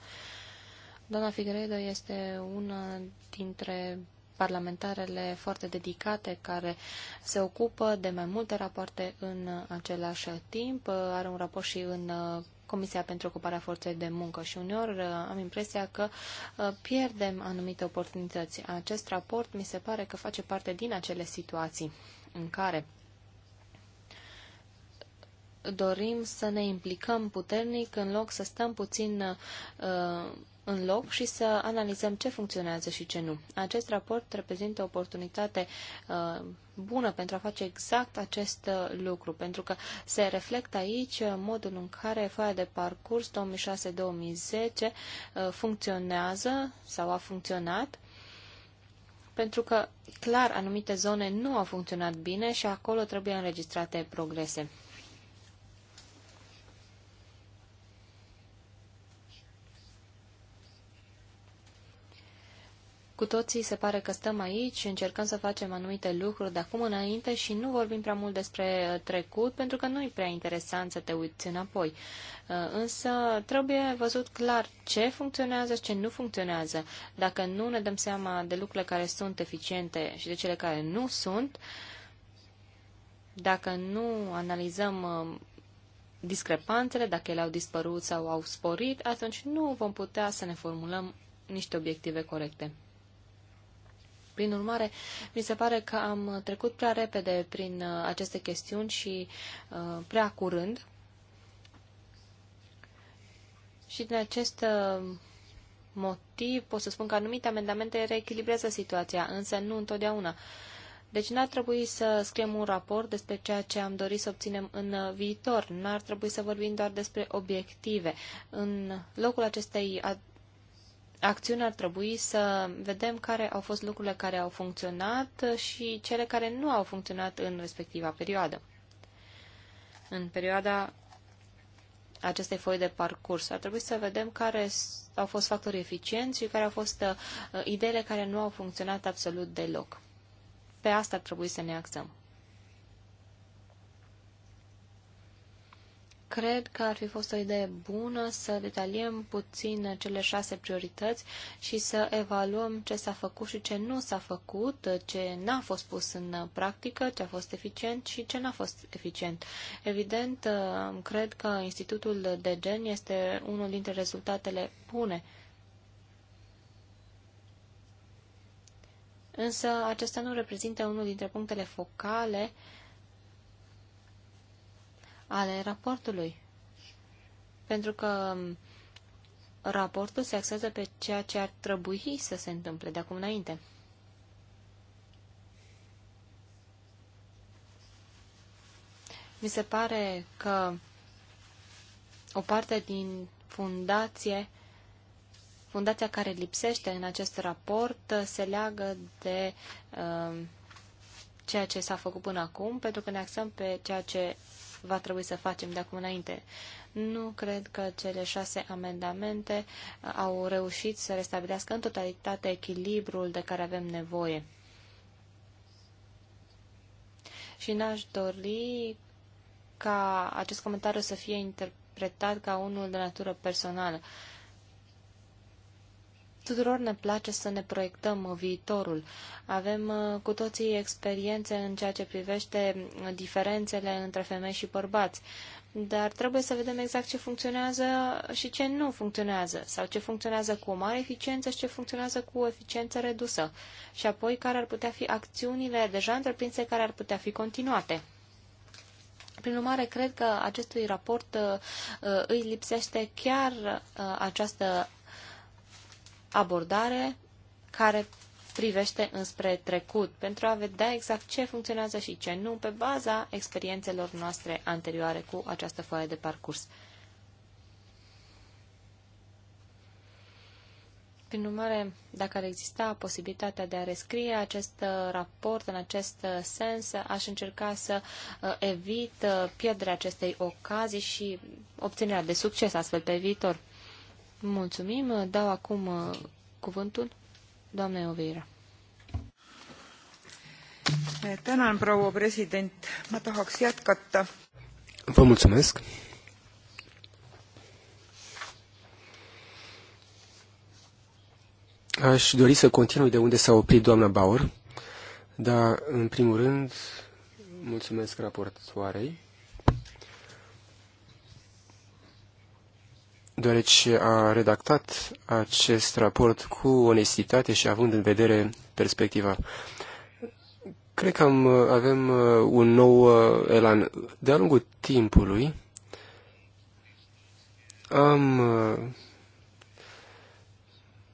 Doamna Figueredo este una dintre parlamentarele foarte dedicate care se ocupă de mai multe rapoarte în același timp. Are un raport și în uh, Comisia pentru Ocuparea Forței de Muncă și uneori uh, am impresia că uh, pierdem anumite oportunități. Acest raport mi se pare că face parte din acele situații în care dorim să ne implicăm puternic în loc să stăm puțin uh, în loc și să analizăm ce funcționează și ce nu. Acest raport reprezintă o oportunitate uh, bună pentru a face exact acest uh, lucru, pentru că se reflectă aici uh, modul în care foaia de parcurs 2006-2010 funcționează sau a funcționat pentru că, clar, anumite zone nu au funcționat bine și acolo trebuie înregistrate progrese. Cu toții se pare că stăm aici și încercăm să facem anumite lucruri de acum înainte și nu vorbim prea mult despre uh, trecut, pentru că nu e prea interesant să te uiți înapoi. Uh, însă trebuie văzut clar ce funcționează și ce nu funcționează. Dacă nu ne dăm seama de lucrurile care sunt eficiente și de cele care nu sunt, dacă nu analizăm uh, discrepanțele, dacă ele au dispărut sau au sporit, atunci nu vom putea să ne formulăm niște obiective corecte. Prin urmare, mi se pare că am trecut prea repede prin uh, aceste chestiuni și uh, prea curând. Și din acest uh, motiv pot să spun că anumite amendamente reechilibrează situația, însă nu întotdeauna. Deci n-ar trebui să scriem un raport despre ceea ce am dorit să obținem în viitor. N-ar trebui să vorbim doar despre obiective. În locul acestei acțiuni ar trebui să vedem care au fost lucrurile care au funcționat și cele care nu au funcționat în respectiva perioadă. În perioada acestei foi de parcurs. Ar trebui să vedem care au fost factorii eficienți și care au fost uh, ideile care nu au funcționat absolut deloc. Pe asta ar trebui să ne axăm. cred că ar fi fost o idee bună să detaliem puțin cele șase priorități și să evaluăm ce s-a făcut și ce nu s-a făcut, ce n-a fost pus în practică, ce a fost eficient și ce n-a fost eficient. Evident, cred că Institutul de Gen este unul dintre rezultatele bune. Însă acesta nu reprezintă unul dintre punctele focale uh, ale raportului. Pentru că raportul se axează pe ceea ce ar trebui să se întâmple de acum înainte. Mi se pare că o parte din fundație, fundația care lipsește în acest raport se leagă de uh, ceea ce s-a făcut până acum, pentru că ne axăm pe ceea ce va trebui să facem de acum înainte. Nu cred că cele șase amendamente uh, au reușit să restabilească în totalitate echilibrul de care avem nevoie. Și n-aș dori ca acest comentariu să fie interpretat ca unul de natură personală. Uh, Tuturor ne place să ne proiectăm uh, viitorul. Avem uh, cu toții experiențe în ceea ce privește uh, diferențele între femei și bărbați. Dar trebuie să vedem exact ce funcționează și ce nu funcționează, sau ce funcționează cu o mare eficiență și ce funcționează cu o eficiență redusă. Și apoi care ar putea fi acțiunile deja întreprinse care ar putea fi continuate. Prin urmare, cred că acestui raport îi lipsește chiar această abordare care privește înspre trecut, pentru a vedea exact ce funcționează și ce nu, pe baza experiențelor noastre anterioare cu această foaie de parcurs. Prin urmare, dacă ar exista posibilitatea de a rescrie acest uh, raport în acest uh, sens, aș încerca să uh, evit pierderea acestei ocazii și obținerea de succes astfel pe viitor. Mulțumim. Dau acum uh, cuvântul doamnei Oveira. Eh, tänan, proua president. Ma tahaks jätkata. Vă mulțumesc. Aș dori să continui de unde s-a oprit doamna Bauer, dar, în primul rând, mulțumesc raportoarei deoarece a redactat acest raport cu onestitate și având în vedere perspectiva. Cred că am, avem uh, un nou uh, elan. De-a lungul timpului am uh,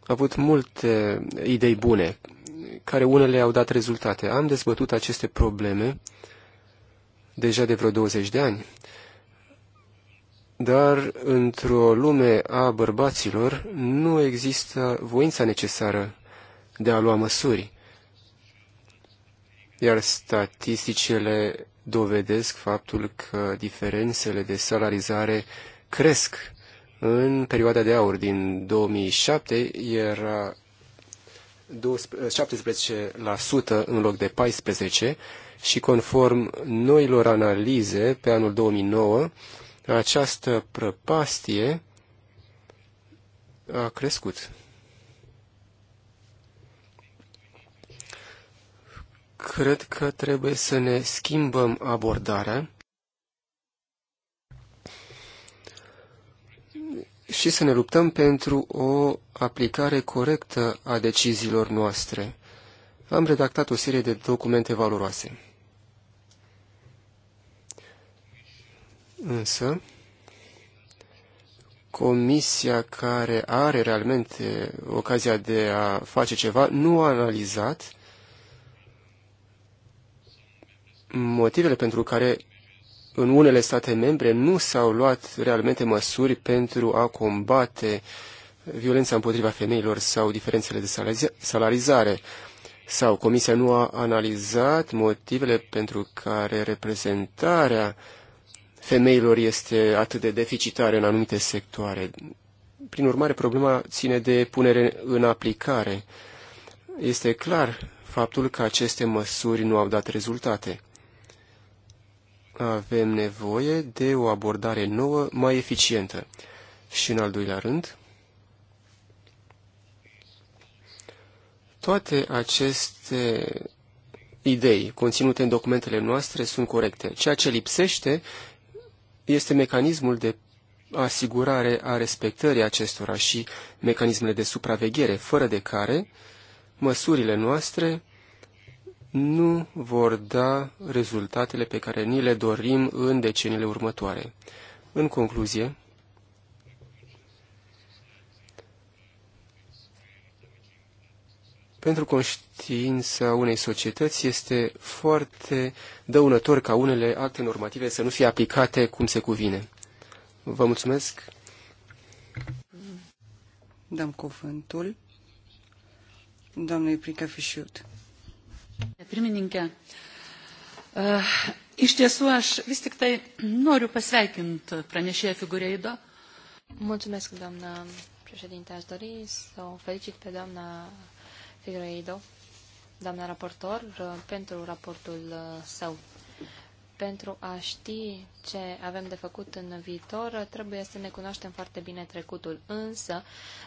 avut multe idei bune, care unele au dat rezultate. Am dezbătut aceste probleme deja de vreo 20 de ani dar într-o lume a bărbaților nu există voința necesară de a lua măsuri. Iar statisticele dovedesc faptul că diferențele de salarizare cresc. În perioada de aur din 2007 era 17% în loc de 14% și conform noilor analize pe anul 2009, această prăpastie a crescut. Cred că trebuie să ne schimbăm abordarea și să ne luptăm pentru o aplicare corectă a deciziilor noastre. Am redactat o serie de documente valoroase. Însă, comisia care are realmente ocazia de a face ceva nu a analizat motivele pentru care în unele state membre nu s-au luat realmente măsuri pentru a combate violența împotriva femeilor sau diferențele de salarizare. Sau Comisia nu a analizat motivele pentru care reprezentarea uh, femeilor este atât de deficitară în anumite sectoare. Prin urmare, problema ține de punere în aplicare. Este clar faptul că aceste măsuri nu au dat rezultate. Avem nevoie de o abordare nouă, mai eficientă. Și în al doilea rând, toate aceste idei conținute în documentele noastre sunt corecte. Ceea ce lipsește este mecanismul de asigurare a respectării acestora și mecanismele de supraveghere, fără de care măsurile noastre nu vor da rezultatele pe care ni le dorim în deceniile următoare. În concluzie, pentru conștiința unei societăți este foarte dăunător ca unele acte normative să nu fie aplicate cum se cuvine. Vă mulțumesc. Dăm cuvântul doamnei Prica Fișiut. Pirmininkė, eh, iš tiesų aš vis tik tai noriu pasveikinti pranešėją da? Mulțumesc, doamna președinte. Aș dori să o felicit pe doamna Figueiredo, doamna raportor, uh, pentru raportul uh, său. Pentru a ști ce avem de făcut în viitor, uh, trebuie să ne cunoaștem foarte bine trecutul, însă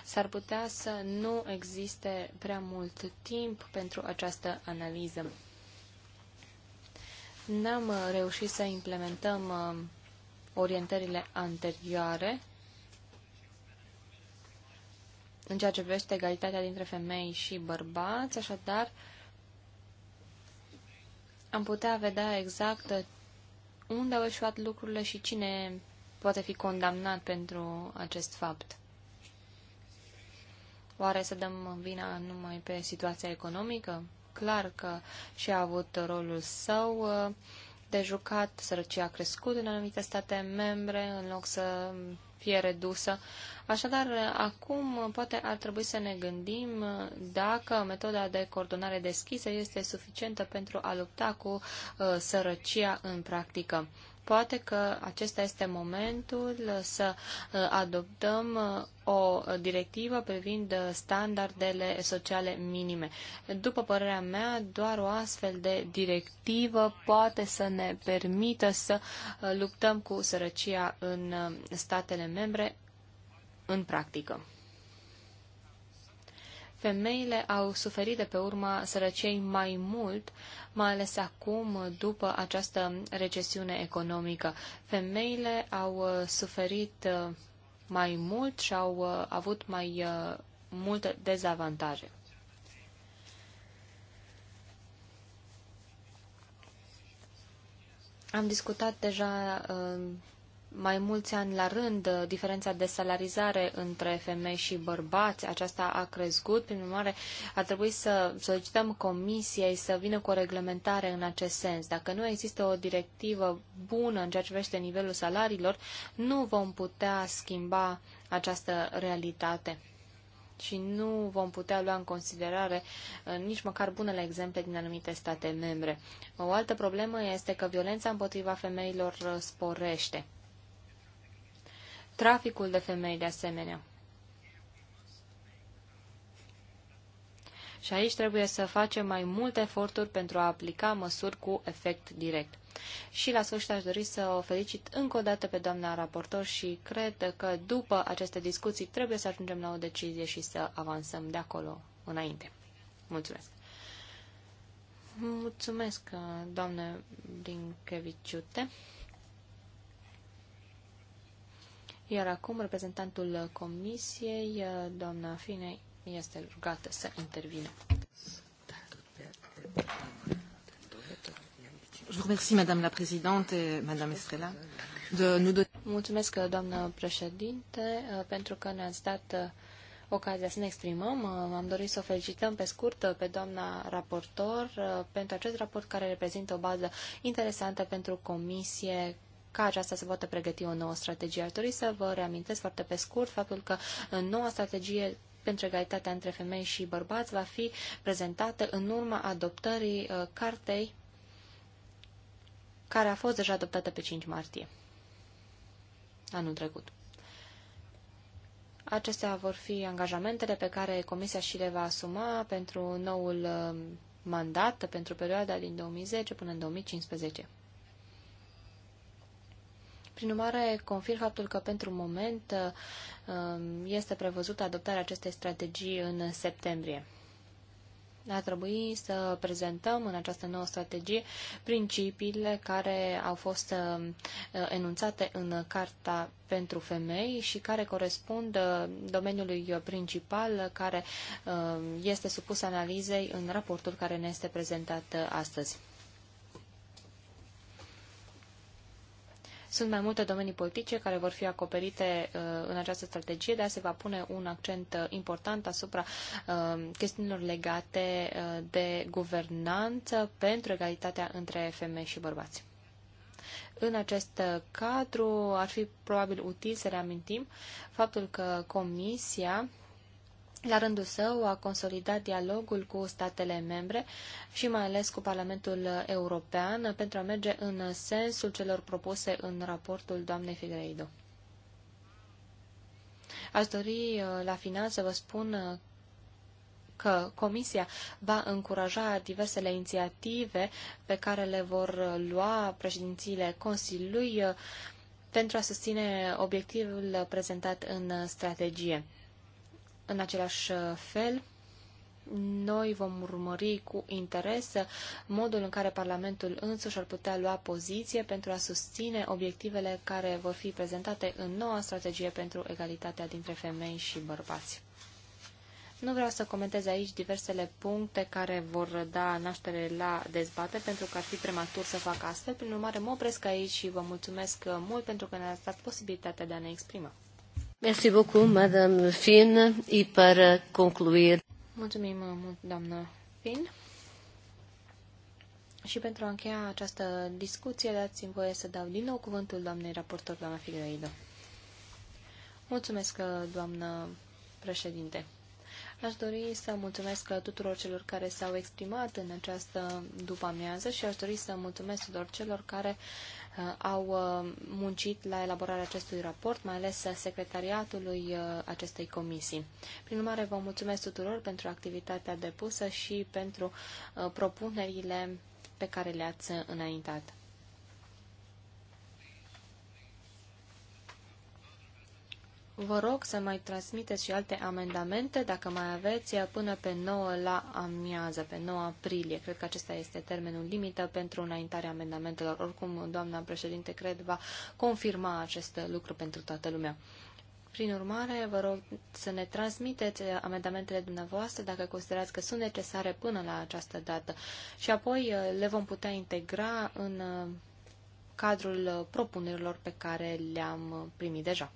s-ar putea să nu existe prea mult timp pentru această analiză. N-am reușit să implementăm orientările anterioare în ceea ce privește egalitatea dintre femei și bărbați, așadar am putea vedea exact unde au eșuat lucrurile și cine poate fi condamnat pentru acest fapt. Oare să dăm vina numai pe situația economică? Clar că și a avut rolul său uh, de jucat, sărăcia a crescut în anumite state membre, în loc să fie redusă. Așadar, acum poate ar trebui să ne gândim dacă metoda de coordonare deschisă este suficientă pentru a lupta cu uh, sărăcia în practică. Poate că acesta este momentul să uh, adoptăm uh, o directivă privind uh, standardele sociale minime. După părerea mea, doar o astfel de directivă poate să ne permită să luptăm cu sărăcia în statele membre în practică. Femeile au suferit de pe urma sărăciei mai mult, mai ales acum, după această recesiune economică. Femeile au uh, suferit uh, mai mult și au uh, avut mai multe dezavantaje. Am discutat deja mai mulți ani la rând, uh, diferența de salarizare între femei și bărbați, aceasta a crescut. Prin urmare, ar trebui să solicităm comisiei să vină cu o reglementare în acest sens. Dacă nu există o directivă bună în ceea ce privește nivelul salariilor, nu vom putea schimba această realitate și nu vom putea lua în considerare uh, nici măcar bunele exemple din anumite state membre. O altă problemă este că violența împotriva femeilor uh, sporește traficul de femei de asemenea. Și aici trebuie să facem mai multe eforturi pentru a aplica măsuri cu efect direct. Și la sfârșit aș dori să o felicit încă o dată pe doamna raportor și cred că după aceste discuții trebuie să ajungem la o decizie și să avansăm de acolo înainte. Mulțumesc! Mulțumesc, din Brinkeviciute. Iar acum reprezentantul comisiei, uh, doamna Finei, este rugată să intervină. Mulțumesc, uh, doamnă președinte, uh, pentru că ne-ați dat ocazia să ne exprimăm. Am dorit să o felicităm pe scurt pe doamna raportor pentru acest raport care reprezintă o bază interesantă pentru comisie ca aceasta se poată pregăti o nouă strategie. Ar trebui să vă reamintesc foarte pe scurt faptul că uh, noua strategie pentru egalitatea între femei și bărbați va fi prezentată în urma adoptării uh, cartei care a fost deja adoptată pe 5 martie anul trecut. Acestea vor fi angajamentele pe care Comisia și le va asuma pentru noul uh, mandat, pentru perioada din 2010 până în 2015. Prin urmare, confirm faptul că pentru moment uh, um, este prevăzută adoptarea acestei strategii în septembrie. Ar trebui să prezentăm în această nouă strategie principiile care au fost um, uh, enunțate în Carta pentru Femei și care corespund uh, domeniului principal care um, este supus analizei în raportul care ne este prezentat astăzi. Sunt mai multe domenii politice care vor fi acoperite uh, în această strategie, dar se va pune un accent uh, important asupra uh, chestiunilor legate de guvernanță pentru egalitatea între femei și bărbați. În acest cadru ar fi probabil util să reamintim faptul că Comisia la rândul său a consolidat dialogul cu statele membre și mai ales cu Parlamentul European pentru a merge în sensul celor propuse în raportul doamnei Figueiredo. Aș dori uh, la final să vă spun uh, că Comisia va încuraja diversele inițiative pe care le vor uh, lua președințiile Consiliului pentru a susține obiectivul prezentat în strategie. În același uh, fel, noi vom urmări cu interes modul în care Parlamentul însuși ar putea lua poziție pentru a susține obiectivele care vor fi prezentate în noua strategie pentru egalitatea dintre femei și bărbați. Nu vreau să comentez aici diversele puncte care vor da naștere la dezbatere, pentru că ar fi prematur să fac astfel. Prin urmare, mă opresc aici și vă mulțumesc mult pentru că ne-ați dat posibilitatea de a ne exprima. Merci beaucoup, Madame Finn, și para concluir. Mulțumim uh, mult, doamnă Finn. Și pentru a încheia această discuție, dați-mi voie să dau din nou cuvântul doamnei raportor, doamna Figueiredo. Mulțumesc, uh, doamnă președinte. Aș dori să mulțumesc tuturor celor care s-au exprimat în această după-amiază și aș dori să mulțumesc tuturor celor care uh, au uh, muncit la elaborarea acestui raport, mai ales secretariatului uh, acestei comisii. Prin urmare, vă mulțumesc tuturor pentru activitatea depusă și pentru propunerile pe care le-ați înaintat. Vă rog să mai transmiteți și alte amendamente, dacă mai aveți, până pe 9 la amiază, pe 9 aprilie. Cred că acesta este termenul limită pentru înaintarea amendamentelor. Oricum, doamna președinte, cred, va confirma acest lucru pentru toată lumea. Prin urmare, vă rog să ne transmiteți eh, amendamentele dumneavoastră dacă considerați că sunt necesare până la această dată și apoi eh, le vom putea integra în eh, cadrul propunerilor pe care le-am primit deja.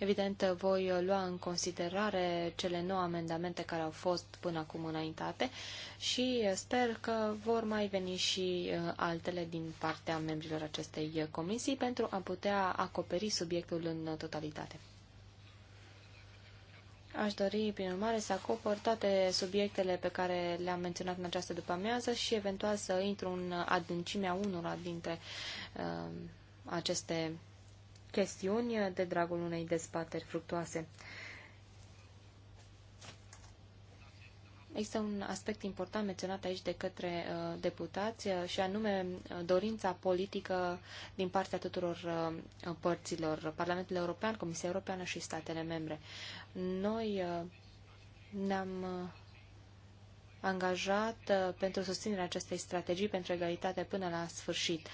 Evident, voi lua în considerare cele nouă amendamente care au fost până acum înaintate și sper că vor mai veni și uh, altele din partea membrilor acestei comisii pentru a putea acoperi subiectul în totalitate. Aș dori, prin urmare, să acopăr toate subiectele pe care le-am menționat în această după-amiază și, eventual, să intru în adâncimea unora dintre uh, aceste chestiuni de dragul unei dezbateri fructuoase. Există un aspect important menționat aici de către uh, deputați uh, și anume uh, dorința politică din partea tuturor uh, părților, Parlamentul European, Comisia Europeană și statele membre. Noi uh, ne-am uh, angajat uh, pentru susținerea acestei strategii pentru egalitate până la sfârșit.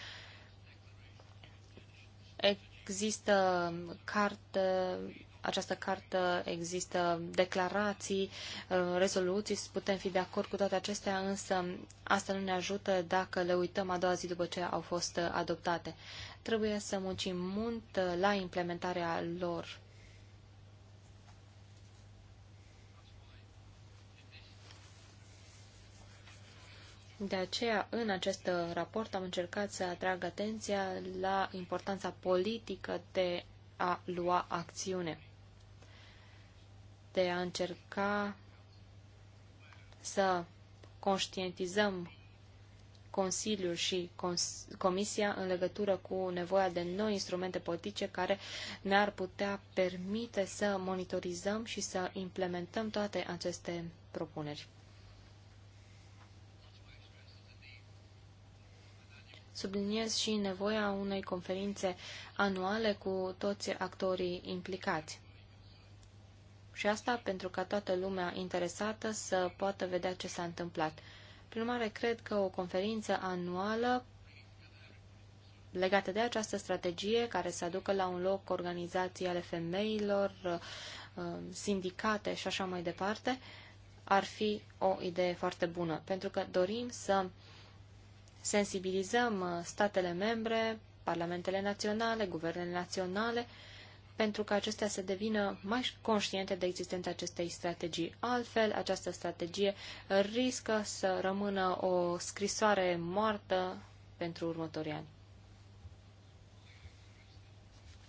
E Există carte, această carte există declarații, uh, rezoluții, putem fi de acord cu toate acestea, însă asta nu ne ajută dacă le uităm a doua zi după ce au fost adoptate. Trebuie să muncim mult uh, la implementarea lor De aceea, în acest raport am încercat să atrag atenția la importanța politică de a lua acțiune, de a încerca să conștientizăm Consiliul și Comisia în legătură cu nevoia de noi instrumente politice care ne-ar putea permite să monitorizăm și să implementăm toate aceste propuneri. subliniez și nevoia unei conferințe anuale cu toți actorii implicați. Și asta pentru ca toată lumea interesată să poată vedea ce s-a întâmplat. Prin urmare, cred că o conferință anuală legată de această strategie, care să aducă la un loc organizații ale femeilor, uh, sindicate și așa mai departe, ar fi o idee foarte bună, pentru că dorim să sensibilizăm uh, statele membre, parlamentele naționale, guvernele naționale, pentru ca acestea să devină mai conștiente de existența acestei strategii. Altfel, această strategie riscă să rămână o scrisoare moartă pentru următorii ani.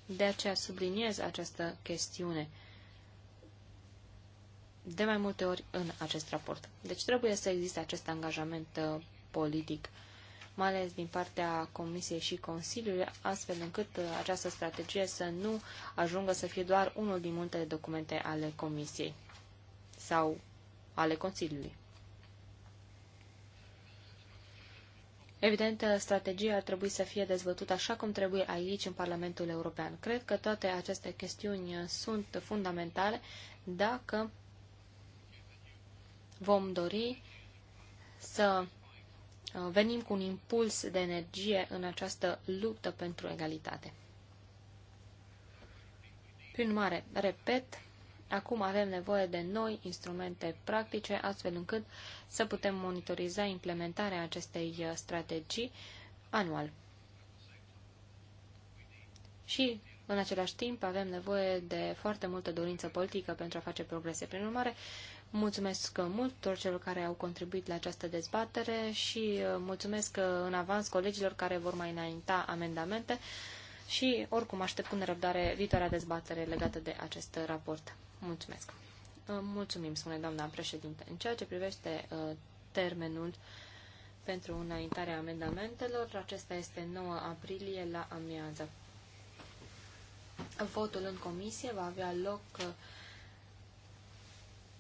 De aceea subliniez această chestiune de mai multe ori în acest raport. Deci trebuie să existe acest angajament uh, politic mai ales din partea Comisiei și Consiliului, astfel încât uh, această strategie să nu ajungă să fie doar unul din multele documente ale Comisiei sau ale Consiliului. Evident, uh, strategia ar trebui să fie dezvătută așa cum trebuie aici, în Parlamentul European. Cred că toate aceste chestiuni uh, sunt fundamentale dacă vom dori să Uh, venim cu un impuls de energie în această luptă pentru egalitate. Prin mare, repet, acum avem nevoie de noi instrumente practice, astfel încât să putem monitoriza implementarea acestei uh, strategii anual. Și în același timp, avem nevoie de foarte multă dorință politică pentru a face progrese. Prin urmare, Mulțumesc mult celor care au contribuit la această dezbatere și uh, mulțumesc uh, în avans colegilor care vor mai înainta amendamente și oricum aștept cu nerăbdare viitoarea dezbatere legată de acest raport. Mulțumesc. Uh, mulțumim, spune doamna președinte. În ceea ce privește termenul pentru înaintarea amendamentelor, acesta este 9 aprilie la amiază. Votul în comisie va avea loc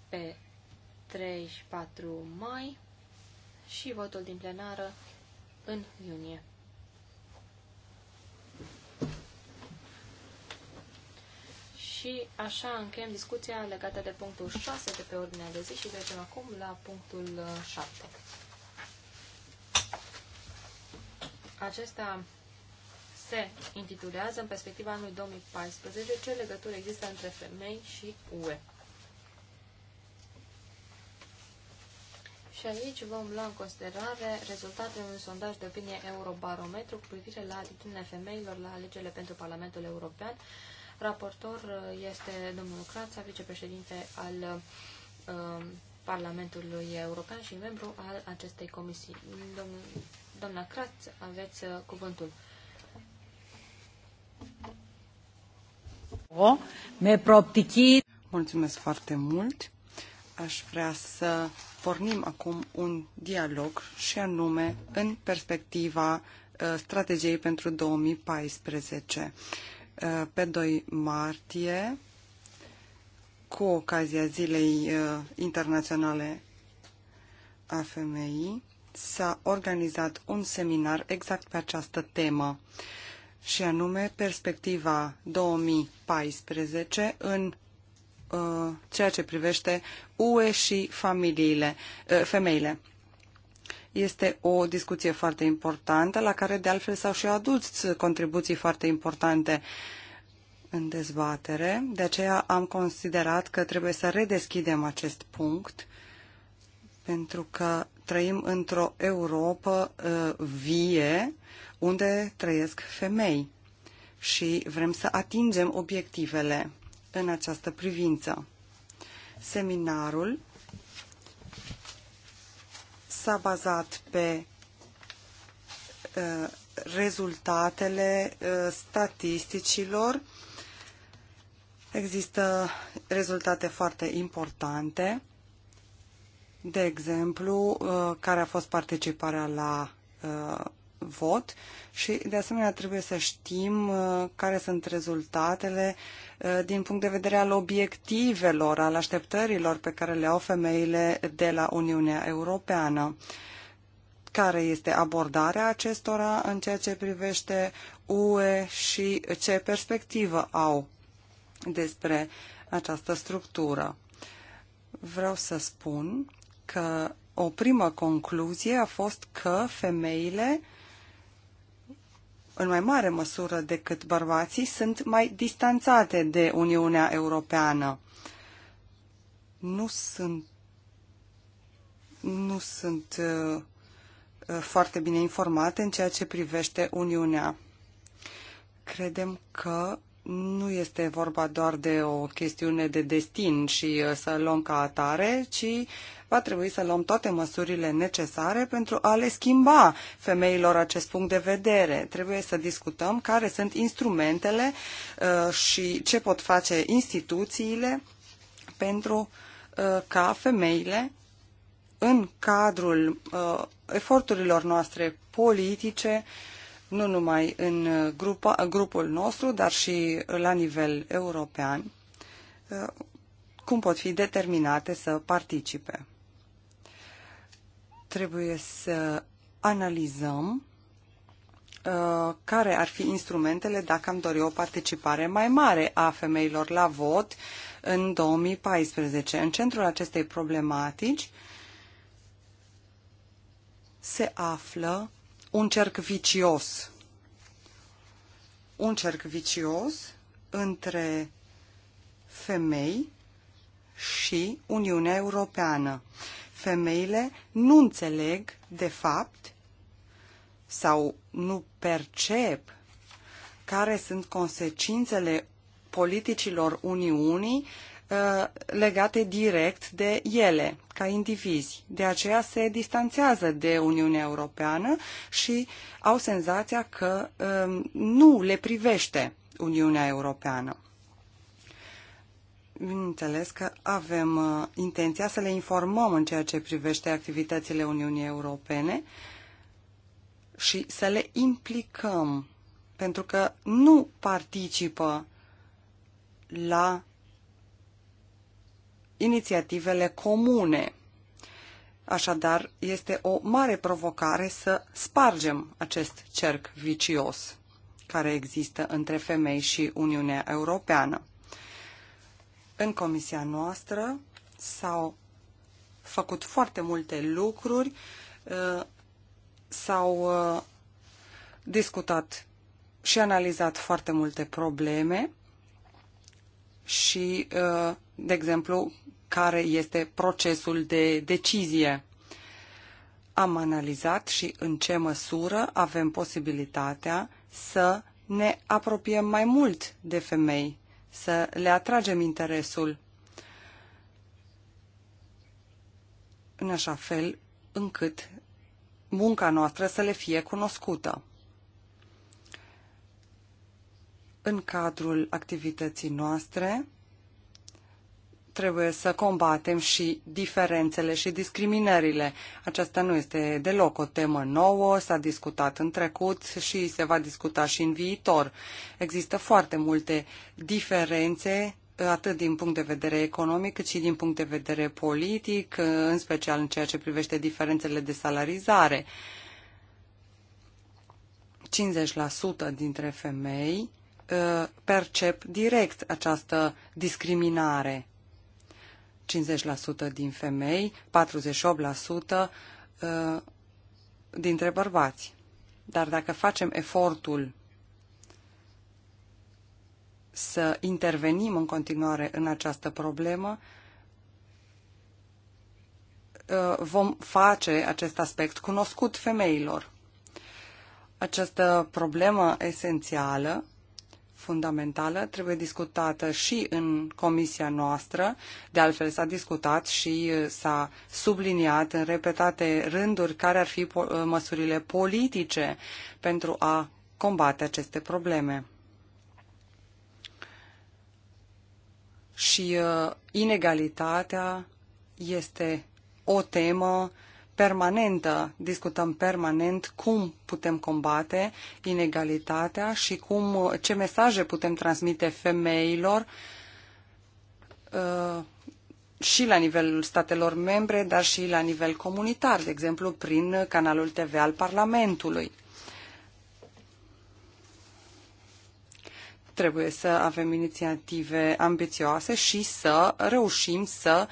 pe 34 mai și votul din plenară în iunie. Și așa încheiem discuția legată de punctul 6 de pe ordinea de zi și trecem acum la punctul 7. Uh, Acesta se intitulează în perspectiva anului 2014 ce legătură există între femei și UE. Și aici vom lua în considerare rezultatele unui sondaj de opinie Eurobarometru cu privire la atitudinea femeilor la alegerile pentru Parlamentul European. Raportor uh, este domnul Crața, vicepreședinte al uh, Parlamentului European și membru al acestei comisii. Doamna Craț, aveți uh, cuvântul. Mulțumesc foarte mult aș vrea să pornim acum un dialog și anume în perspectiva uh, strategiei pentru 2014. Uh, pe 2 martie, cu ocazia Zilei uh, Internaționale a Femeii, s-a organizat un seminar exact pe această temă și anume perspectiva 2014 în Uh, ceea ce privește UE și familiile, uh, femeile. Este o discuție foarte importantă, la care de altfel s-au și adus contribuții foarte importante în dezbatere. De aceea am considerat că trebuie să redeschidem acest punct, pentru că trăim într-o Europa uh, vie unde trăiesc femei și vrem să atingem obiectivele în această privință. Seminarul s-a bazat pe uh, rezultatele uh, statisticilor. Există rezultate foarte importante, de exemplu, uh, care a fost participarea la vot și, de asemenea, trebuie să știm uh, care sunt rezultatele uh, din punct de vedere al obiectivelor, al așteptărilor pe care le au femeile de la Uniunea Europeană care este abordarea acestora în ceea ce privește UE și ce perspectivă au despre această structură. Vreau să spun că o primă concluzie a fost că femeile uh, în mai mare măsură decât bărbații, sunt mai distanțate de Uniunea Europeană. Nu sunt, nu sunt uh, uh, foarte bine informate în ceea ce privește Uniunea. Credem că nu este vorba doar de o chestiune de destin și uh, să luăm ca atare, ci va trebui să luăm toate măsurile necesare pentru a le schimba femeilor acest punct de vedere. Trebuie să discutăm care sunt instrumentele uh, și ce pot face instituțiile pentru uh, ca femeile în cadrul uh, eforturilor noastre politice nu numai în grupa, grupul nostru, dar și la nivel european, cum pot fi determinate să participe. Trebuie să analizăm uh, care ar fi instrumentele dacă am dori o participare mai mare a femeilor la vot în 2014. În centrul acestei problematici se află un cerc vicios. Un cerc vicios între femei și Uniunea Europeană femeile nu înțeleg, de fapt, sau nu percep care sunt consecințele politicilor Uniunii uh, legate direct de ele, ca indivizi. De aceea se distanțează de Uniunea Europeană și au senzația că uh, nu le privește Uniunea Europeană. Bineînțeles că avem uh, intenția să le informăm în ceea ce privește activitățile Uniunii Europene și să le implicăm, pentru că nu participă la inițiativele comune. Așadar, este o mare provocare să spargem acest cerc vicios care există între femei și Uniunea Europeană. În comisia noastră s-au făcut foarte multe lucruri, uh, s-au uh, discutat și analizat foarte multe probleme și, uh, de exemplu, care este procesul de decizie. Am analizat și în ce măsură avem posibilitatea să ne apropiem mai mult de femei să le atragem interesul în așa fel încât munca noastră să le fie cunoscută. În cadrul activității noastre trebuie să combatem și diferențele și discriminările. Aceasta nu este deloc o temă nouă, s-a discutat în trecut și se va discuta și în viitor. Există foarte multe diferențe atât din punct de vedere economic, cât și din punct de vedere politic, în special în ceea ce privește diferențele de salarizare. 50% dintre femei uh, percep direct această discriminare. 50% din femei, 48% uh, dintre bărbați. Dar dacă facem efortul să intervenim în continuare în această problemă, uh, vom face acest aspect cunoscut femeilor. Această problemă esențială fundamentală trebuie discutată și în comisia noastră. De altfel, s-a discutat și uh, s-a subliniat în repetate rânduri care ar fi uh, măsurile politice pentru a combate aceste probleme. Și uh, inegalitatea este o temă uh, permanentă. Discutăm permanent cum putem combate inegalitatea și cum, ce mesaje putem transmite femeilor uh, și la nivelul statelor membre, dar și la nivel comunitar, de exemplu prin canalul TV al Parlamentului. Trebuie să avem inițiative ambițioase și să reușim să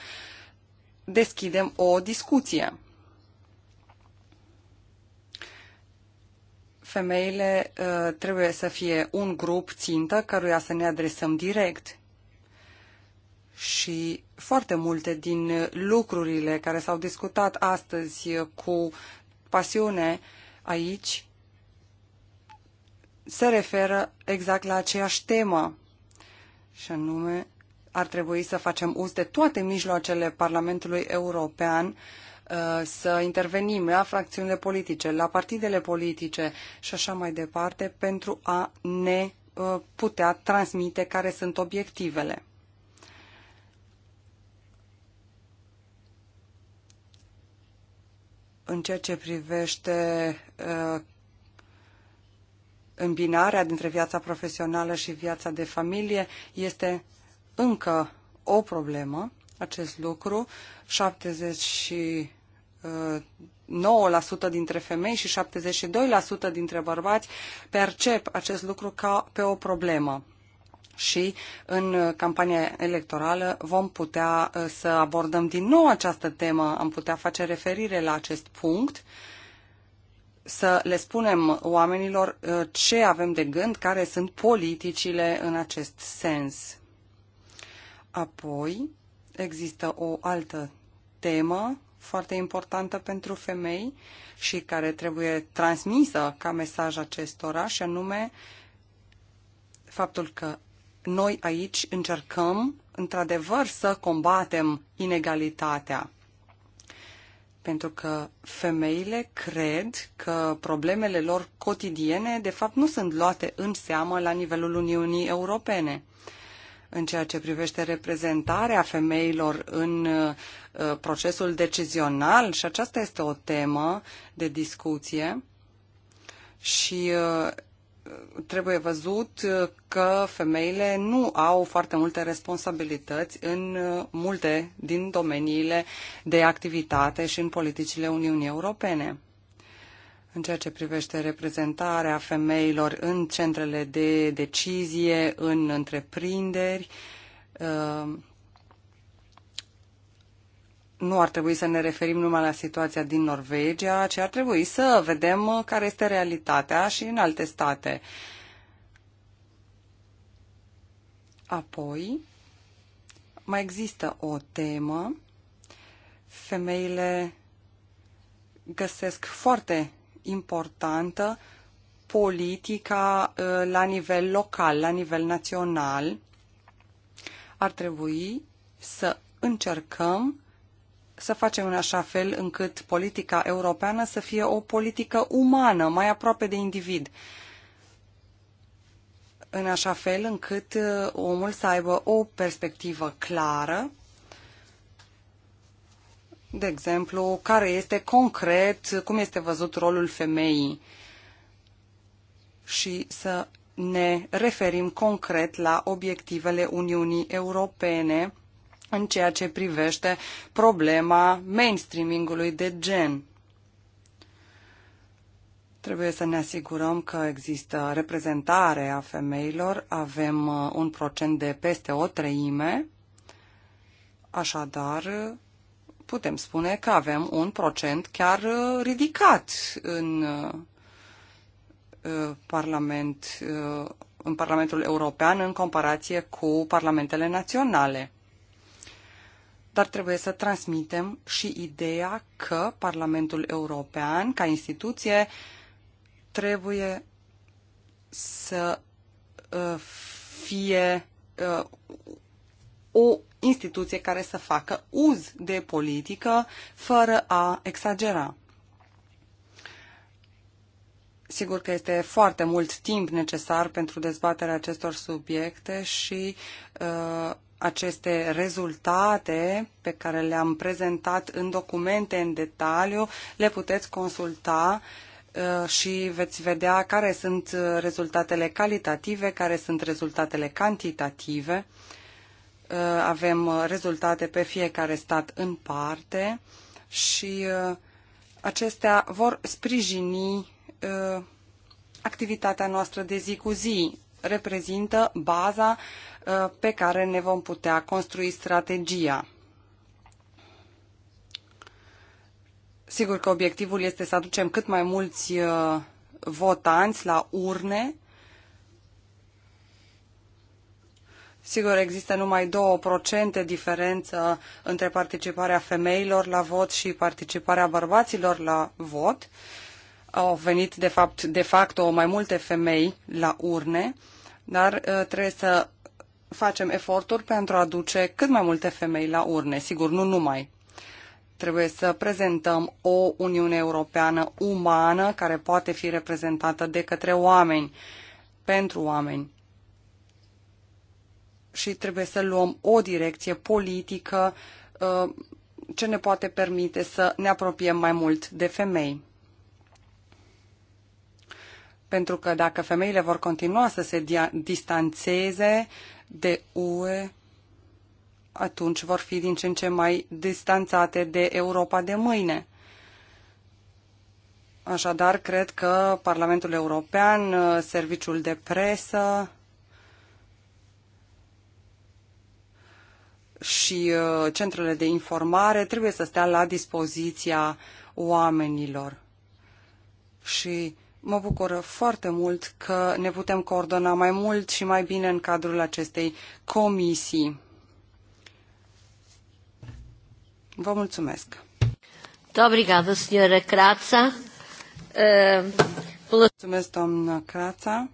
deschidem o discuție. Femeile uh, trebuie să fie un grup țintă căruia să ne adresăm direct. Și foarte multe din lucrurile care s-au discutat astăzi cu pasiune aici se referă exact la aceeași temă. Și anume, ar trebui să facem uz de toate mijloacele Parlamentului European uh, Uh, să intervenim la fracțiunile politice, la partidele politice și așa mai departe pentru a ne uh, putea transmite care sunt obiectivele. În ceea ce privește uh, îmbinarea dintre viața profesională și viața de familie este încă o problemă acest lucru. 79% uh, dintre femei și 72% dintre bărbați percep acest lucru ca pe o problemă. Și în uh, campania electorală vom putea uh, să abordăm din nou această temă, am putea face referire la acest punct să le spunem oamenilor ce avem de gând, care sunt politicile în acest sens. Apoi, Există o altă temă foarte importantă pentru femei și care trebuie transmisă ca mesaj acestora, și anume faptul că noi aici încercăm, într-adevăr, să combatem inegalitatea. Pentru că femeile cred că problemele lor cotidiene, de fapt, nu sunt luate în seamă la nivelul Uniunii Europene în ceea ce privește reprezentarea femeilor în uh, procesul decizional și aceasta este o temă de discuție și uh, trebuie văzut uh, că femeile nu au foarte multe responsabilități în multe din domeniile de activitate și în politicile Uniunii Europene în ceea ce privește reprezentarea femeilor în centrele de decizie, în întreprinderi. Uh, nu ar trebui să ne referim numai la situația din Norvegia, ci ar trebui să vedem uh, care este realitatea și în alte state. Apoi, mai există o temă. Femeile găsesc foarte importantă politica uh, la nivel local, la nivel național. Ar trebui să încercăm să facem în așa fel încât politica europeană să fie o politică umană, mai aproape de individ. În așa fel încât uh, omul să aibă o perspectivă clară de exemplu, care este concret, cum este văzut rolul femeii și să ne referim concret la obiectivele Uniunii Europene în ceea ce privește problema mainstreamingului de gen. Trebuie să ne asigurăm că există reprezentare a femeilor, avem uh, un procent de peste o treime, așadar putem spune că avem un procent chiar uh, ridicat în uh, Parlament, uh, în Parlamentul European în comparație cu parlamentele naționale. Dar trebuie să transmitem și ideea că Parlamentul European, ca instituție, trebuie să fie o instituție care să facă uz de politică fără a exagera. Sigur că este foarte mult timp necesar pentru dezbaterea acestor subiecte și uh, aceste rezultate pe care le-am prezentat în documente în detaliu le puteți consulta uh, și veți vedea care sunt uh, rezultatele calitative, care sunt rezultatele cantitative. Uh, avem uh, rezultate pe fiecare stat în parte și uh, acestea vor sprijini activitatea noastră de zi cu zi. Reprezintă baza pe care ne vom putea construi strategia. Sigur că obiectivul este să aducem cât mai mulți votanți la urne Sigur, există numai 2% diferență între participarea femeilor la vot și participarea bărbaților la vot. Au venit, de fapt, de fapt, o mai multe femei la urne, dar uh, trebuie să facem eforturi pentru a duce cât mai multe femei la urne. Sigur, nu numai. Trebuie să prezentăm o Uniune Europeană umană care poate fi reprezentată de către oameni, pentru oameni și trebuie să luăm o direcție politică uh, ce ne poate permite să ne apropiem mai mult de femei. Pentru că dacă femeile vor continua să se distanțeze de UE, atunci vor fi din ce în ce mai distanțate de Europa de mâine. Așadar, cred că Parlamentul European, uh, Serviciul de Presă, și uh, centrele de informare trebuie să stea la dispoziția oamenilor. Și mă bucur foarte mult că ne putem coordona mai mult și mai bine în cadrul acestei comisii. Vă mulțumesc! Obrigada, senhora uh, Mulțumesc, doamna Crața.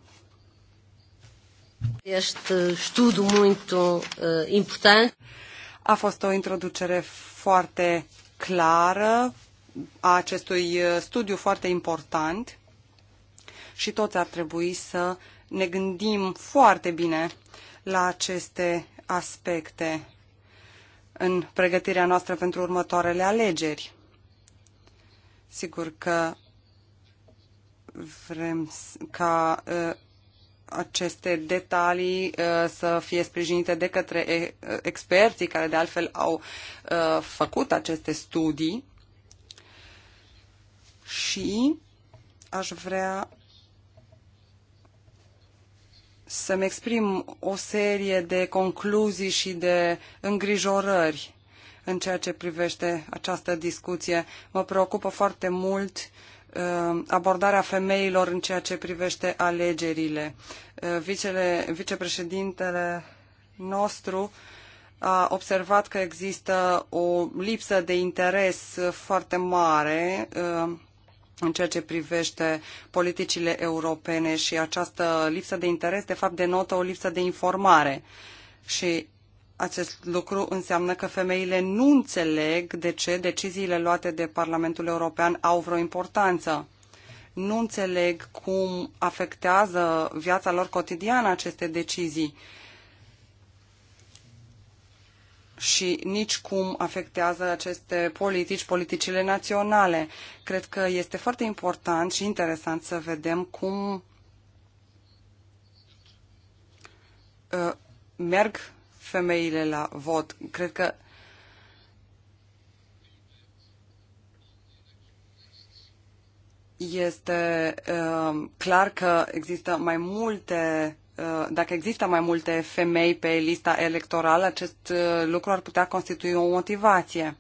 Este studiu muito important. Uh, importante. A fost o introducere foarte clară a acestui uh, studiu foarte important și toți ar trebui să ne gândim foarte bine la aceste aspecte în pregătirea noastră pentru următoarele alegeri. Sigur că vrem ca uh, aceste detalii uh, să fie sprijinite de către uh, experții care de altfel au uh, făcut aceste studii și aș vrea să-mi exprim o serie de concluzii și de îngrijorări în ceea ce privește această discuție. Mă preocupă foarte mult Uh, abordarea femeilor în ceea ce privește alegerile. Uh, vicele, vicepreședintele nostru a observat că există o lipsă de interes foarte mare uh, în ceea ce privește politicile europene și această lipsă de interes, de fapt, denotă o lipsă de informare. Și acest lucru înseamnă că femeile nu înțeleg de ce deciziile luate de Parlamentul European au vreo importanță. Nu înțeleg cum afectează viața lor cotidiană aceste decizii și nici cum afectează aceste politici, politicile naționale. Cred că este foarte important și interesant să vedem cum uh, merg femeile la vot. Cred că este uh, clar că există mai multe, uh, dacă există mai multe femei pe lista electorală, acest uh, lucru ar putea constitui o motivație.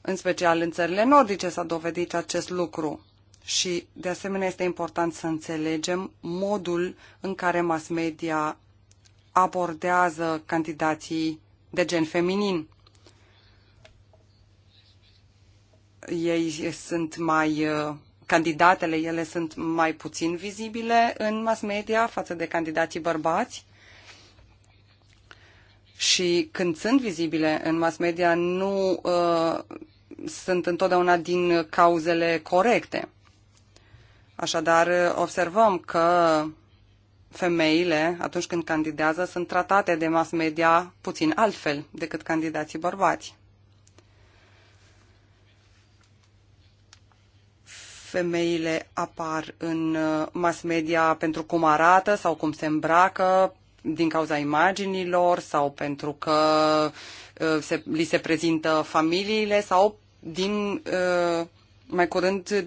În special în țările nordice s-a dovedit acest lucru. Și, de asemenea, este important să înțelegem modul în care mass media abordează candidații de gen feminin. Ei sunt mai, uh, candidatele, ele sunt mai puțin vizibile în mass media față de candidații bărbați și când sunt vizibile în mass media nu uh, sunt întotdeauna din cauzele corecte. Așadar, observăm că femeile, atunci când candidează, sunt tratate de mass media puțin altfel decât candidații bărbați. Femeile apar în uh, mass media pentru cum arată sau cum se îmbracă, din cauza imaginilor sau pentru că uh, se, li se prezintă familiile sau din uh, mai curând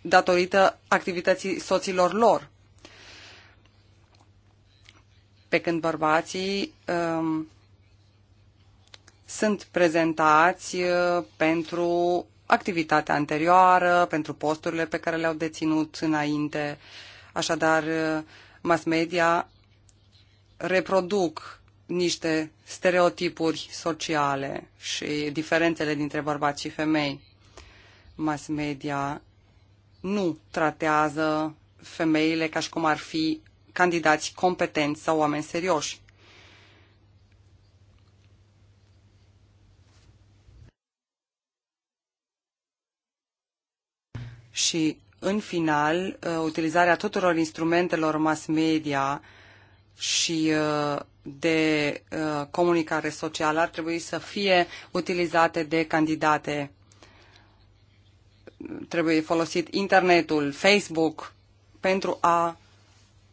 datorită activității soților lor pe când bărbații um, sunt prezentați uh, pentru activitatea anterioară, pentru posturile pe care le-au deținut înainte. Așadar, uh, mass media reproduc niște stereotipuri sociale și diferențele dintre bărbați și femei. Mass media nu tratează femeile ca și cum ar fi candidați competenți sau oameni serioși. Și, în final, uh, utilizarea tuturor instrumentelor mass media și uh, de uh, comunicare socială ar trebui să fie utilizate de candidate trebuie folosit internetul, Facebook, pentru a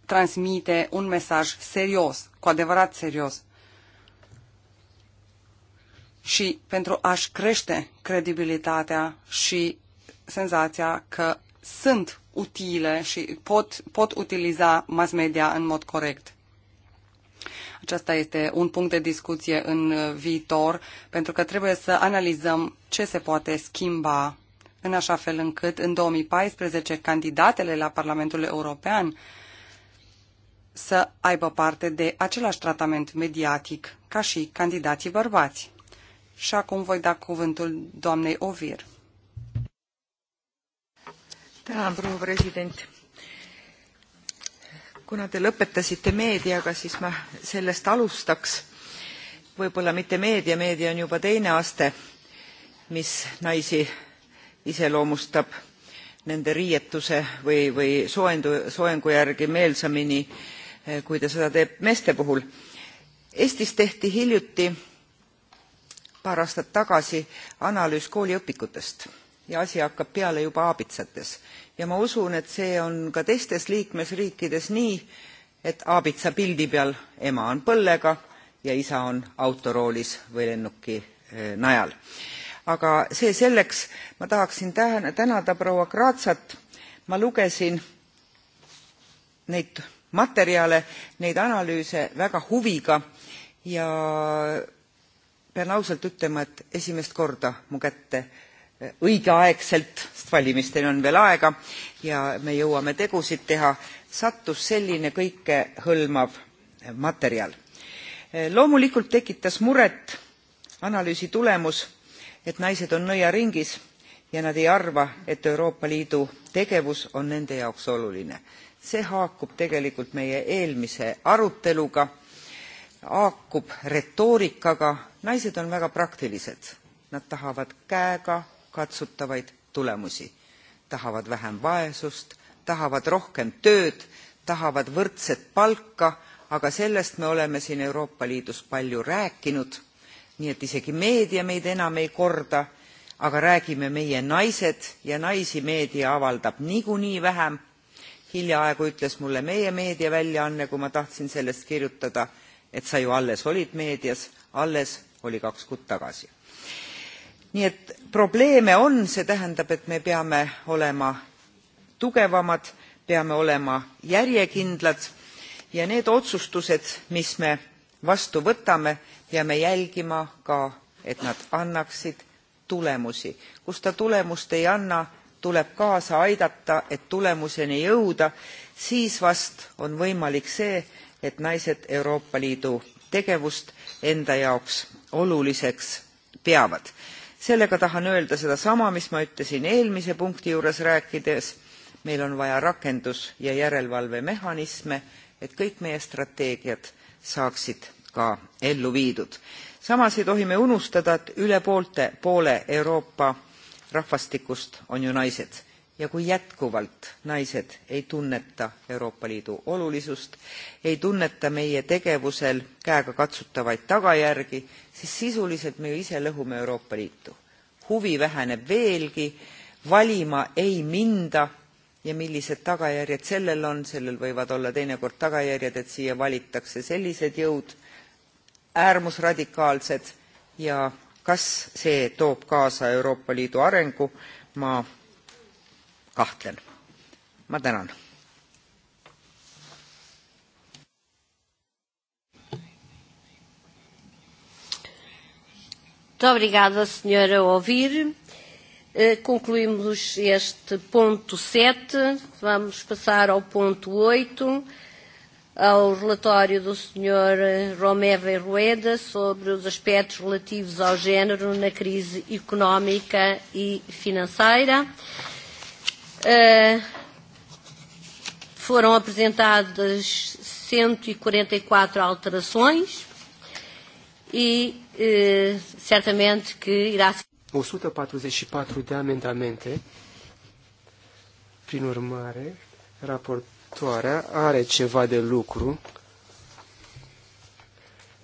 transmite un mesaj serios, cu adevărat serios. Și pentru a-și crește credibilitatea și senzația că sunt utile și pot, pot utiliza mass media în mod corect. Acesta este un punct de discuție în viitor, pentru că trebuie să analizăm ce se poate schimba în așa fel încât în 2014 candidatele la Parlamentul European să aibă parte de același tratament mediatic ca și candidații bărbați. Și acum voi da cuvântul doamnei Ovir. Tänan, proua president. Kuna te lõpetasite meediaga, siis ma sellest alustaks. voi olla mitte meedia, meedia on juba teine aste, mis naisi iseloomustab nende riietuse või, või soengu järgi meelsamini Eh, kui ta seda teeb meeste puhul. eestis tehti hiljuti paar aastat tagasi analüüs kooliõpikutest ja asi hakkab peale juba aabitsates ja ma usun et see on ka teistes liikmesriikides nii et aabitsa pildi peal ema on põllega ja isa on autoroolis või lennuki eh, najal. aga see selleks ma tahaksin tänada proua kratsat ma lugesin neid materjale neid analüüse väga huviga ja pean ausalt ütlema et esimest korda mu kätte eh, õigeaegselt sest valimisteni on veel aega ja me jõuame tegusid teha sattus selline kõikehõlmav materjal. Eh, loomulikult tekitas muret analüüsi tulemus et naised on nõiaringis ja nad ei arva et euroopa liidu tegevus on nende jaoks oluline see haakub tegelikult meie eelmise aruteluga haakub retoorikaga naised on väga praktilised nad tahavad käega katsutavaid tulemusi tahavad vähem vaesust tahavad rohkem tööd tahavad võrdset palka aga sellest me oleme siin euroopa liidus palju rääkinud nii et isegi meedia meid enam ei korda aga räägime meie naised ja naisi meedia avaldab niikuinii vähem hiljaaegu ütles mulle meie meediaväljaanne kui ma tahtsin sellest kirjutada et sa ju alles olid meedias alles oli kaks kuud tagasi. nii et probleeme on see tähendab et me peame olema tugevamad peame olema järjekindlad ja need otsustused mis me vastu võtame peame jälgima ka et nad annaksid tulemusi. kus ta tulemust ei anna tuleb kaasa aidata et tulemuseni jõuda siis vast on võimalik see et naised euroopa liidu tegevust enda jaoks oluliseks peavad. sellega tahan öelda sedasama mis ma ütlesin eelmise punkti juures rääkides meil on vaja rakendus ja järelevalvemehhanisme et kõik meie strateegiad saaksid ka ellu viidud. samas ei tohi me unustada et üle poolte, poole euroopa rahvastikust on ju naised ja kui jätkuvalt naised ei tunneta euroopa liidu olulisust ei tunneta meie tegevusel käegakatsutavaid tagajärgi siis sisuliselt me ju ise lõhume euroopa liitu huvi väheneb veelgi valima ei minda ja millised tagajärjed sellel on sellel võivad olla teinekord tagajärjed et siia valitakse sellised jõud äärmusradikaalsed ja kas see toob kaasa euroopa liidu arengu ma kahtlen ma tänan Muito obrigada, senhora Ouvir. Eh, concluímos este ponto 7. Vamos passar ao ponto 8 ao relatório do Sr. Romeva e Rueda sobre os aspectos relativos ao género na crise económica e financeira. Uh, foram apresentadas 144 alterações e uh, certamente que irá... 144 de amendamente. Prin urmare, raport raportoarea are ceva de lucru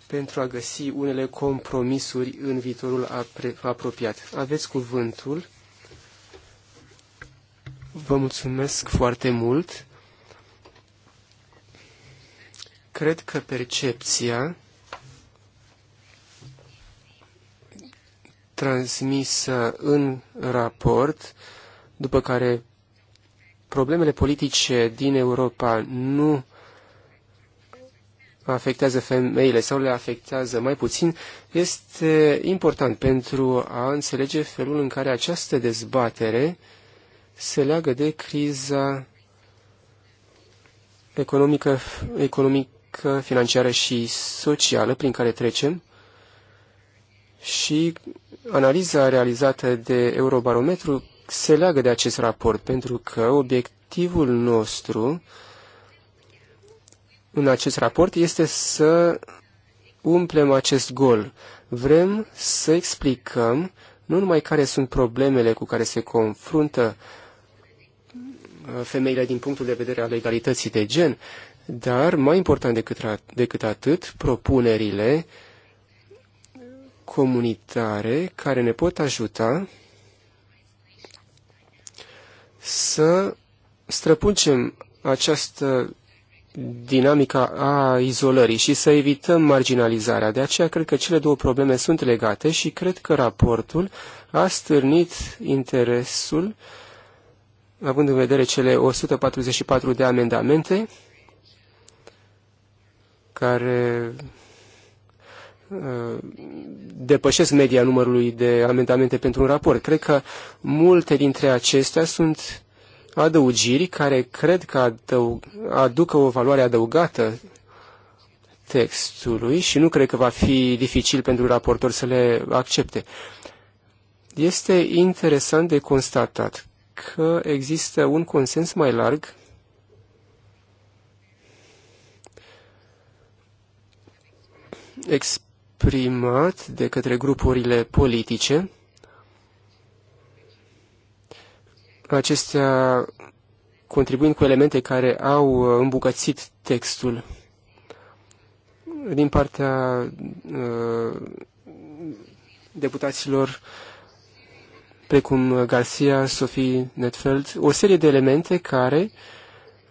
pentru a găsi unele compromisuri în viitorul apropiat. Aveți cuvântul. Vă mulțumesc foarte mult. Cred că percepția transmisă în raport, după care problemele politice din Europa nu afectează femeile sau le afectează mai puțin, este important pentru a înțelege felul în care această dezbatere se leagă de criza economică, economică financiară și socială prin care trecem și analiza realizată de Eurobarometru se leagă de acest raport, pentru că obiectivul nostru în acest raport este să umplem acest gol. Vrem să explicăm nu numai care sunt problemele cu care se confruntă uh, femeile din punctul de vedere al egalității de gen, dar mai important decât, decât atât, propunerile comunitare care ne pot ajuta să străpungem această dinamica a izolării și să evităm marginalizarea. De aceea cred că cele două probleme sunt legate și cred că raportul a stârnit interesul, având în vedere cele 144 de amendamente, care Uh, depășesc media numărului de amendamente pentru un raport. Cred că multe dintre acestea sunt adăugiri care cred că aducă o valoare adăugată textului și nu cred că va fi dificil pentru raportor să le accepte. Este interesant de constatat că există un consens mai larg exp primat de către grupurile politice. Acestea contribuind cu elemente care au uh, îmbucățit textul. Din partea uh, deputaților precum Garcia, Sophie Netfeld, o serie de elemente care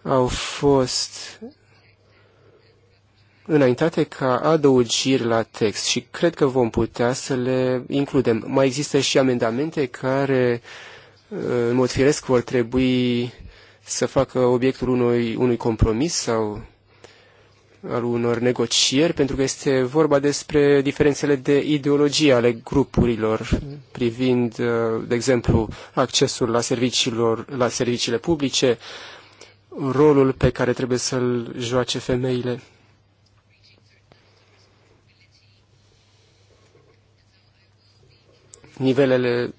au fost înaintate ca adăugiri la text și cred că vom putea să le includem. Mai există și amendamente care, în mod firesc, vor trebui să facă obiectul unui, unui compromis sau al unor negocieri, pentru că este vorba despre diferențele de ideologie ale grupurilor privind, de exemplu, accesul la, serviciilor, la serviciile publice, rolul pe care trebuie să-l joace femeile nivelele,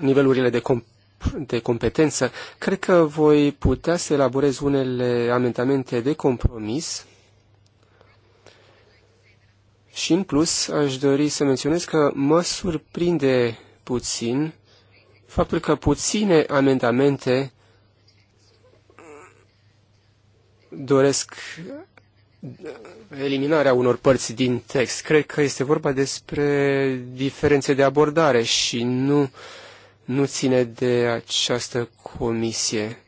nivelurile de, com, de competență, cred că voi putea să elaborez unele amendamente de compromis și în plus aș dori să menționez că mă surprinde puțin faptul că puține amendamente doresc eliminarea unor părți din text. Cred că este vorba despre diferențe de abordare și nu, nu ține de această comisie.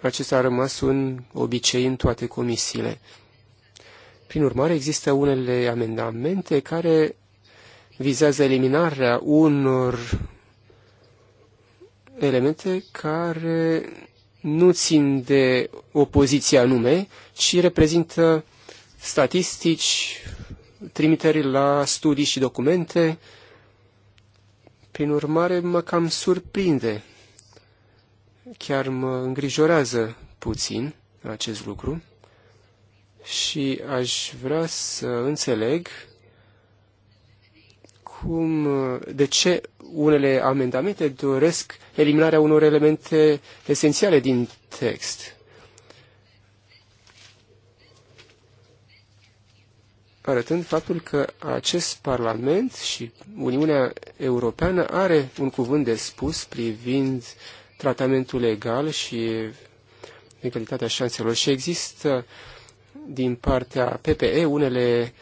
Acesta a rămas un obicei în toate comisiile. Prin urmare, există unele amendamente care vizează eliminarea unor elemente care nu țin de opoziția nume, ci reprezintă statistici, trimiteri la studii și documente. Prin urmare, mă cam surprinde, chiar mă îngrijorează puțin acest lucru și aș vrea să înțeleg cum, de ce unele amendamente doresc eliminarea unor elemente esențiale din text. arătând faptul că acest Parlament și Uniunea Europeană are un cuvânt de spus privind tratamentul legal și egalitatea șanselor și există din partea PPE unele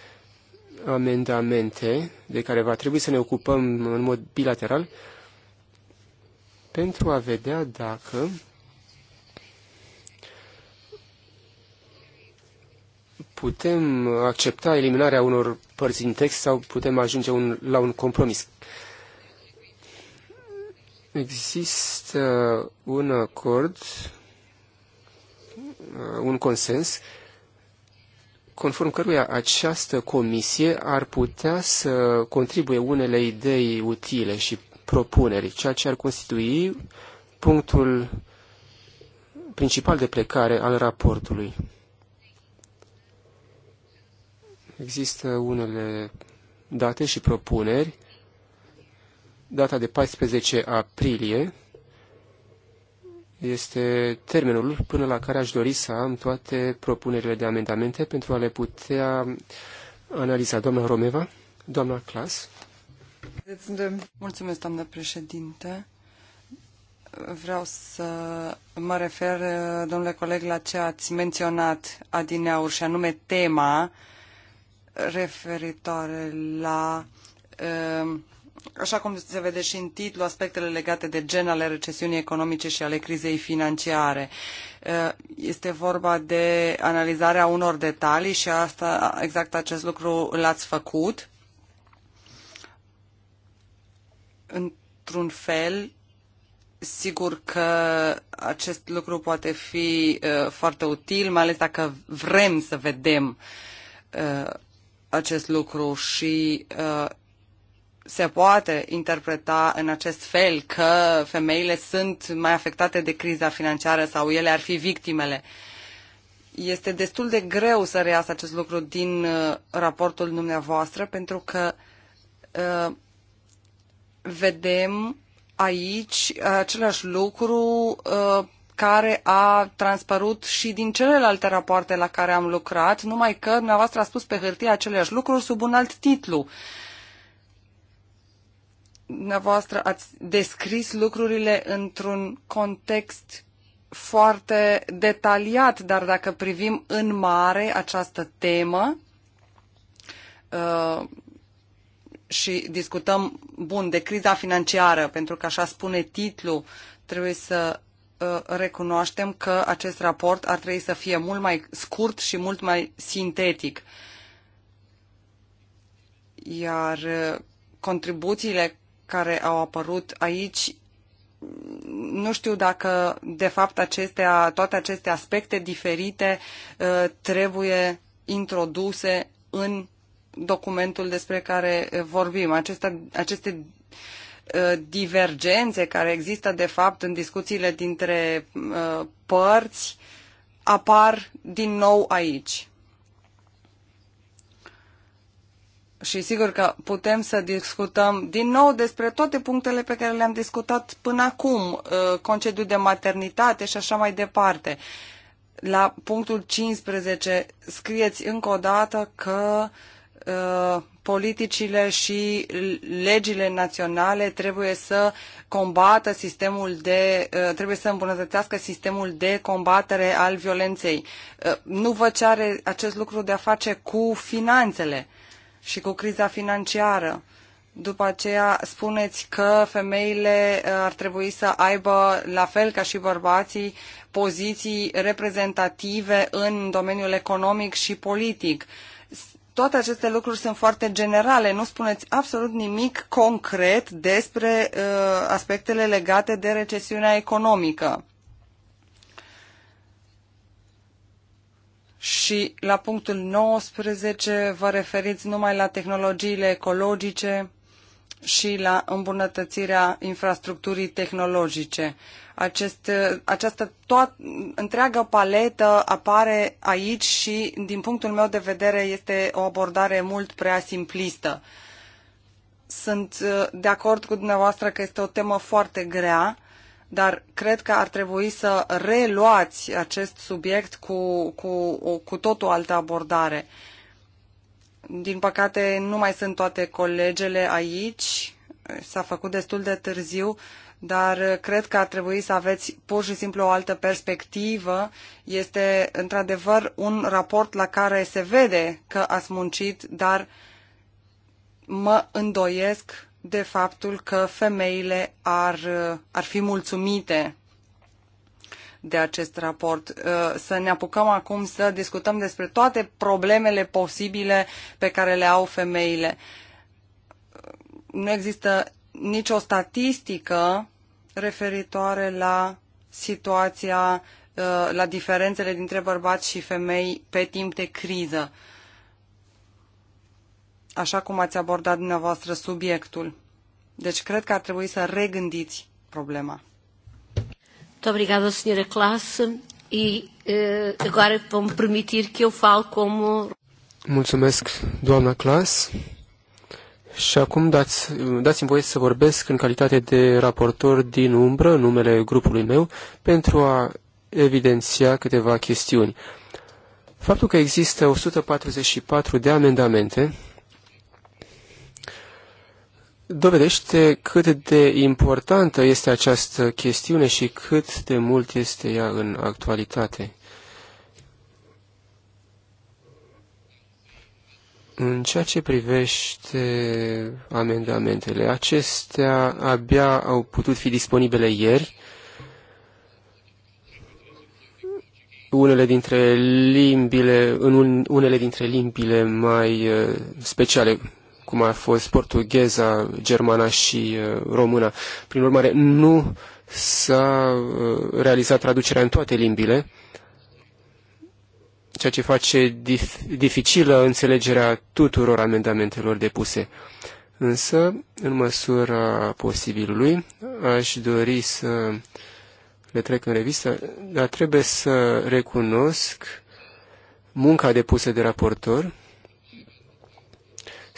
amendamente de care va trebui să ne ocupăm în mod bilateral pentru a vedea dacă putem accepta eliminarea unor părți din text sau putem ajunge un, la un compromis. Există un acord, un consens conform căruia această comisie ar putea să contribuie unele idei utile și propuneri, ceea ce ar constitui punctul principal de plecare al raportului. Există unele date și propuneri. Data de 14 aprilie este termenul până la care aș dori să am toate propunerile de amendamente pentru a le putea analiza. Doamna Romeva, doamna Clas. Mulțumesc, doamnă președinte. Vreau să mă refer, domnule coleg, la ce ați menționat adineauri și anume tema referitoare la uh, așa cum se vede și în titlu, aspectele legate de gen ale recesiunii economice și ale crizei financiare. Este vorba de analizarea unor detalii și asta, exact acest lucru l-ați făcut. Într-un fel, sigur că acest lucru poate fi foarte util, mai ales dacă vrem să vedem acest lucru și uh, se poate interpreta în acest fel că femeile sunt mai afectate de criza financiară sau ele ar fi victimele. Este destul de greu să reiasă acest lucru din uh, raportul dumneavoastră pentru că uh, vedem aici același lucru uh, care a transpărut și din celelalte rapoarte la care am lucrat, numai că dumneavoastră a spus pe hârtie aceleași lucruri sub un alt titlu. Uh, dumneavoastră ați descris lucrurile într-un context foarte detaliat, dar dacă privim în mare această temă uh, și discutăm, bun, de criza financiară, pentru că așa spune titlul, trebuie să uh, recunoaștem că acest raport ar trebui să fie mult mai scurt și mult mai sintetic. Iar uh, contribuțiile care au apărut aici, nu știu dacă, de fapt, acestea, toate aceste aspecte diferite uh, trebuie introduse în documentul despre care uh, vorbim. Aceste, aceste uh, divergențe care există, de fapt, în discuțiile dintre părți apar din nou aici. și sigur că putem să discutăm din nou despre toate punctele pe care le-am discutat până acum, uh, concediu de maternitate și așa mai departe. La punctul 15 scrieți încă o dată că uh, politicile și legile naționale trebuie să combată sistemul de, uh, trebuie să îmbunătățească sistemul de combatere al violenței. Uh, nu vă ce are acest lucru de a face cu finanțele și cu criza financiară. După aceea spuneți că femeile uh, ar trebui să aibă, la fel ca și bărbații, poziții reprezentative în domeniul economic și politic. Toate aceste lucruri sunt foarte generale, nu spuneți absolut nimic concret despre uh, aspectele legate de recesiunea economică. și la punctul 19 vă referiți numai la tehnologiile ecologice și la îmbunătățirea infrastructurii tehnologice. Acest, această toat, întreagă paletă apare aici și, din punctul meu de vedere, este o abordare mult prea simplistă. Sunt uh, de acord cu dumneavoastră că este o temă foarte grea dar cred că ar trebui să reluați acest subiect cu, cu, cu tot o altă abordare. Din păcate, nu mai sunt toate colegele aici, s-a făcut destul de târziu, dar cred că ar trebui să aveți pur și simplu o altă perspectivă. Este într-adevăr un raport la care se vede că ați muncit, dar mă îndoiesc de faptul că femeile ar, ar fi mulțumite de acest raport. Uh, să ne apucăm acum să discutăm despre toate problemele posibile pe care le au femeile. Uh, nu există nicio statistică referitoare la situația, uh, la diferențele dintre bărbați și femei pe timp de criză. Uh, așa cum ați abordat dumneavoastră subiectul. Deci cred că ar trebui să regândiți problema. Obrigada, senhora Classe. E uh, agora vão permitir que eu fale como. Mulțumesc, doamna classe. Și acum dați, dați-mi voie să vorbesc în calitate de raportor din umbră, numele grupului meu, pentru a evidenția câteva chestiuni. Faptul că există 144 de amendamente dovedește cât de importantă este această chestiune și cât de mult este ea în actualitate. În ceea ce privește amendamentele, acestea abia au putut fi disponibile ieri. Unele dintre limbile, în unele dintre limbile mai uh, speciale cum a fost portugheza, germana și uh, româna. Prin urmare, nu s-a uh, realizat traducerea în toate limbile, ceea ce face dif dificilă înțelegerea tuturor amendamentelor depuse. Însă, în măsura posibilului, aș dori să le trec în revistă, dar trebuie să recunosc munca depusă de raportor,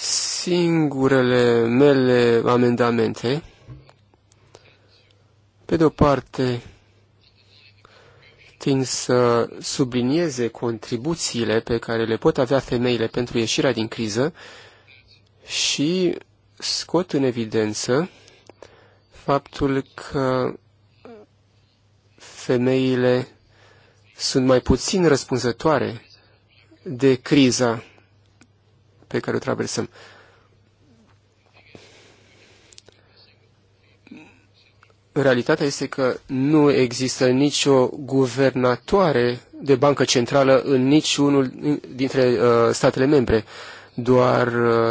singurele mele amendamente. Pe de o parte, tind să sublinieze contribuțiile pe care le pot avea femeile pentru ieșirea din criză și scot în evidență faptul că femeile sunt mai puțin răspunzătoare de criza pe care o traversăm. Realitatea este că nu există nicio guvernatoare de bancă centrală în niciunul dintre uh, statele membre. Doar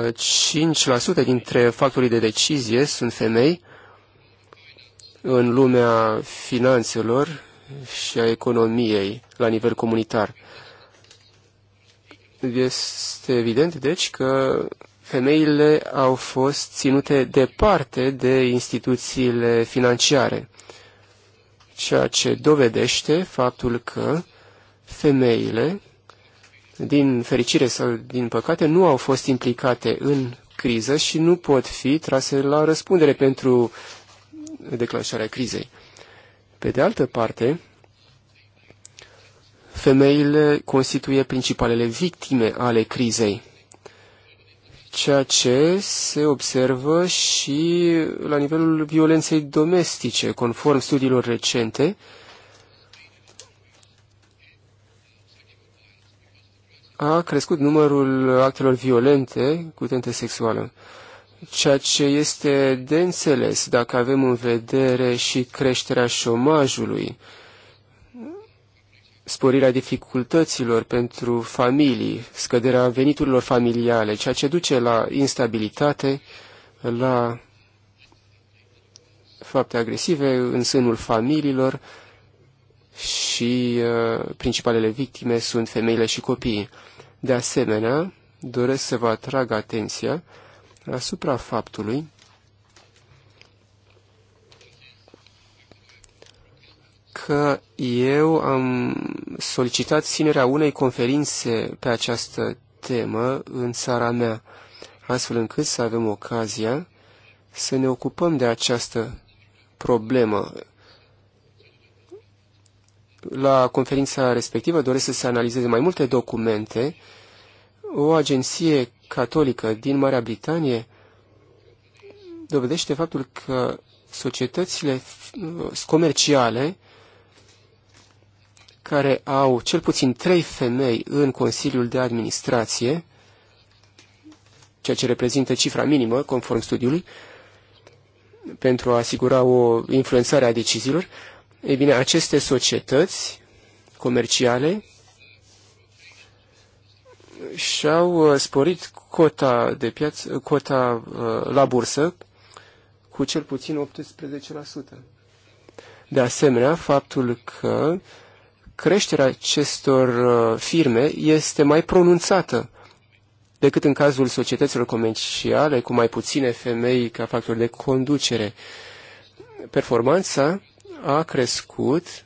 uh, 5% dintre factorii de decizie sunt femei în lumea finanțelor și a economiei la nivel comunitar. Uh, este evident, deci, că femeile au fost ținute departe de instituțiile financiare, ceea ce dovedește faptul că femeile, din fericire sau din păcate, nu au fost implicate în criză și nu pot fi trase la răspundere pentru declanșarea crizei. Pe de altă parte, femeile constituie principalele victime ale crizei, ceea ce se observă și la nivelul violenței domestice, conform studiilor recente, a crescut numărul actelor violente cu tentă sexuală, ceea ce este de înțeles dacă avem în vedere și creșterea șomajului, sporirea dificultăților pentru familii, scăderea veniturilor familiale, ceea ce duce la instabilitate, la fapte agresive în sânul familiilor și uh, principalele victime sunt femeile și copiii. De asemenea, doresc să vă atrag atenția asupra faptului că eu am solicitat ținerea unei conferințe pe această temă în țara mea, astfel încât să avem ocazia să ne ocupăm de această problemă. La conferința respectivă doresc să se analizeze mai multe documente. O agenție catolică din Marea Britanie dovedește faptul că societățile comerciale care au cel puțin trei femei în Consiliul de Administrație, ceea ce reprezintă cifra minimă, conform studiului, pentru a asigura o influențare a deciziilor, ei bine, aceste societăți comerciale și-au uh, sporit cota de piață, uh, cota uh, la bursă cu cel puțin 18%. De asemenea, faptul că creșterea acestor uh, firme este mai pronunțată decât în cazul societăților comerciale cu mai puține femei ca factor de conducere. Performanța a crescut,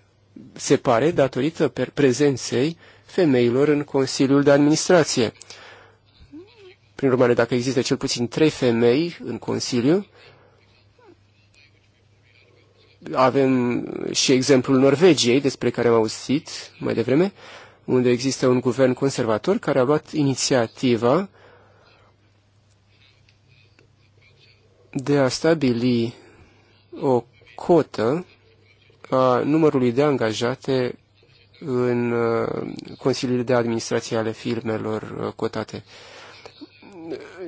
se pare, datorită prezenței femeilor în Consiliul de Administrație. Prin urmare, dacă există cel puțin trei femei în Consiliu, avem și exemplul Norvegiei, despre care am auzit mai devreme, unde există un guvern conservator care a luat inițiativa de a stabili o cotă a numărului de angajate în uh, consiliile de administrație ale firmelor uh, cotate,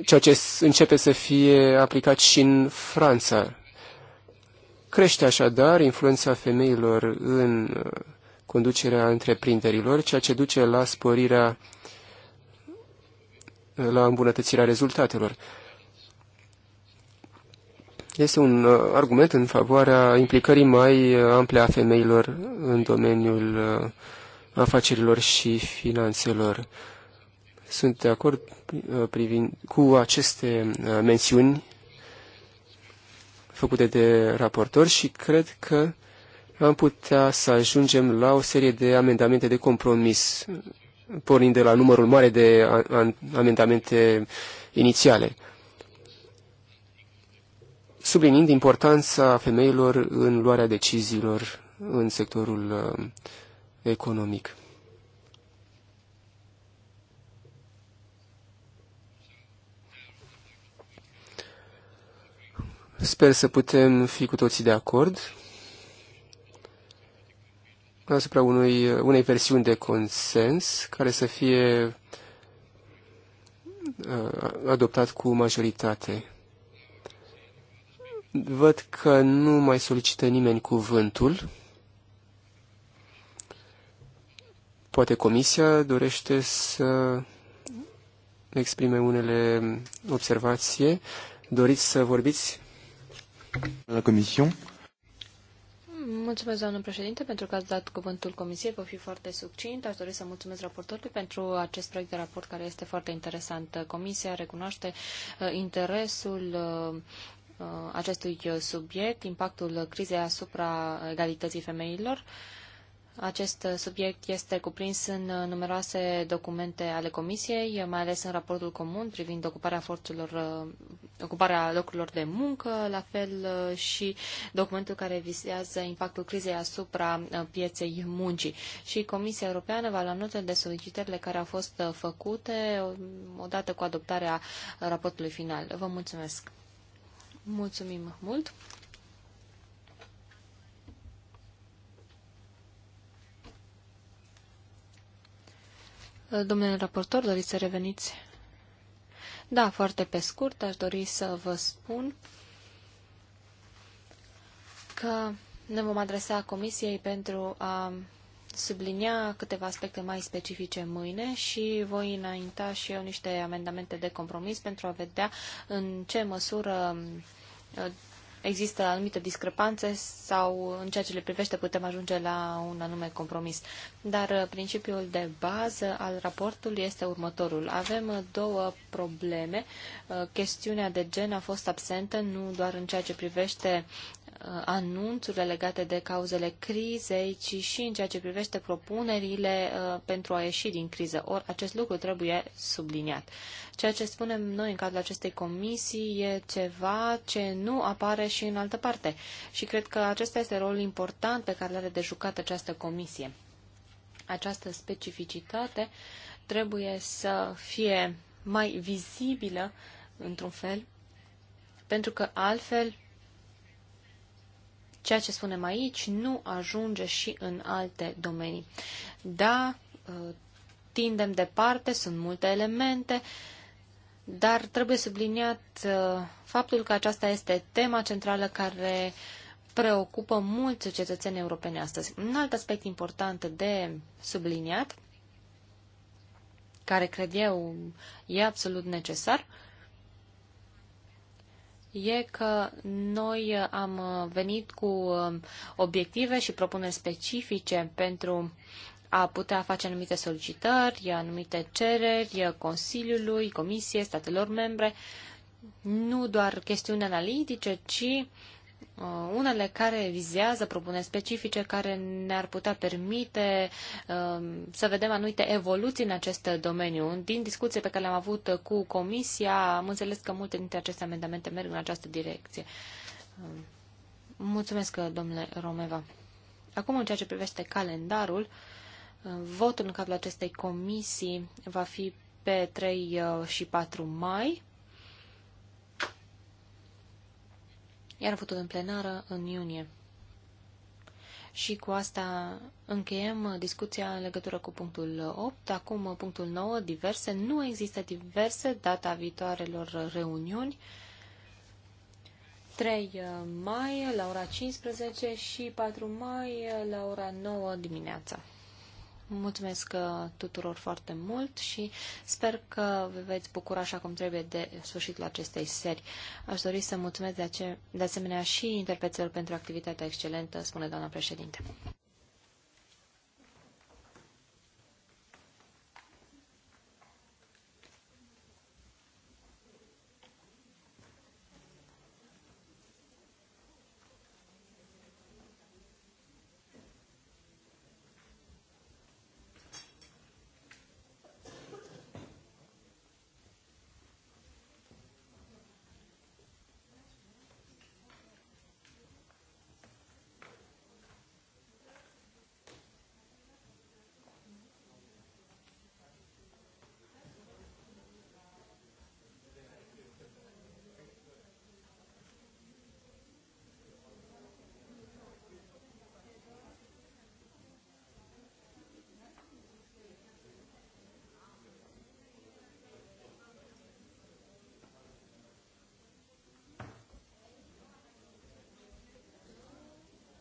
ceea ce începe să fie aplicat și în Franța. Crește așadar influența femeilor în uh, conducerea întreprinderilor, ceea ce duce la sporirea, uh, la îmbunătățirea rezultatelor. Este un uh, argument în favoarea implicării mai ample a femeilor în domeniul afacerilor și finanțelor. Sunt de acord privind, cu aceste mențiuni făcute de raportor și cred că am putea să ajungem la o serie de amendamente de compromis, pornind de la numărul mare de amendamente inițiale, sublinind importanța femeilor în luarea deciziilor în sectorul uh, economic. Sper să putem fi cu toții de acord asupra unui, unei versiuni de consens care să fie uh, adoptat cu majoritate. Văd că nu mai solicită nimeni cuvântul. Poate comisia dorește să exprime unele observații. Doriți să vorbiți? La Comision. Mulțumesc, doamnă președinte, pentru că ați dat cuvântul comisiei. Vă fi foarte succint. Aș dori să mulțumesc raportorului pentru acest proiect de raport care este foarte interesant. Comisia recunoaște uh, interesul uh, uh, acestui subiect, impactul crizei asupra egalității femeilor. Acest subiect este cuprins în numeroase documente ale Comisiei, mai ales în raportul comun privind ocuparea forțelor, uh, ocuparea locurilor de muncă, la fel uh, și documentul care vizează impactul crizei asupra uh, pieței muncii. Și Comisia Europeană va lua note de solicitările care au fost făcute um, odată cu adoptarea raportului final. Vă mulțumesc! Mulțumim mult! Domnule raportor, doriți să reveniți? Da, foarte pe scurt, aș dori să vă spun că ne vom adresa Comisiei pentru a sublinia câteva aspecte mai specifice mâine și voi înainta și eu niște amendamente de compromis pentru a vedea în ce măsură există anumite discrepanțe sau în ceea ce le privește putem ajunge la un anume compromis. Dar uh, principiul de bază al raportului este următorul. Avem uh, două probleme. Uh, chestiunea de gen a fost absentă nu doar în ceea ce privește Uh, anunțurile legate de cauzele crizei, ci și în ceea ce privește propunerile uh, pentru a ieși din criză. Ori acest lucru trebuie subliniat. Ceea ce spunem noi în cadrul acestei comisii e ceva ce nu apare și în altă parte. Și cred că acesta este rolul important pe care l-are de jucat această comisie. Această specificitate trebuie să fie mai vizibilă, într-un fel, pentru că altfel ceea ce spunem aici nu ajunge și în alte domenii. Da, ă, tindem departe, sunt multe elemente, dar trebuie subliniat ă, faptul că aceasta este tema centrală care preocupă mulți cetățeni europeni astăzi. Un alt aspect important de subliniat, care cred eu e absolut necesar, e că noi am venit cu um, obiective și propuneri specifice pentru a putea face anumite solicitări, anumite cereri Consiliului, Comisiei, statelor membre, nu doar chestiuni analitice, ci Uh, unele care vizează propuneri specifice care ne-ar putea permite um, să vedem anumite evoluții în acest domeniu. Din discuții pe care le-am avut cu Comisia, am înțeles că multe dintre aceste amendamente merg în această direcție. Um, mulțumesc, domnule Romeva. Acum, în ceea ce privește calendarul, uh, votul în cadrul acestei comisii va fi pe 3 uh, și 4 mai iar votul în plenară în iunie. Și cu asta încheiem uh, discuția în legătură cu punctul 8. Uh, Acum uh, punctul 9, diverse. Nu există diverse data viitoarelor reuniuni. 3 mai la ora 15 și 4 mai la ora 9 dimineața. Mulțumesc uh, tuturor foarte mult și sper că vă veți bucura așa cum trebuie de sfârșitul acestei seri. Aș dori să mulțumesc de, ace- de asemenea și interpreților pentru activitatea excelentă, spune doamna președinte.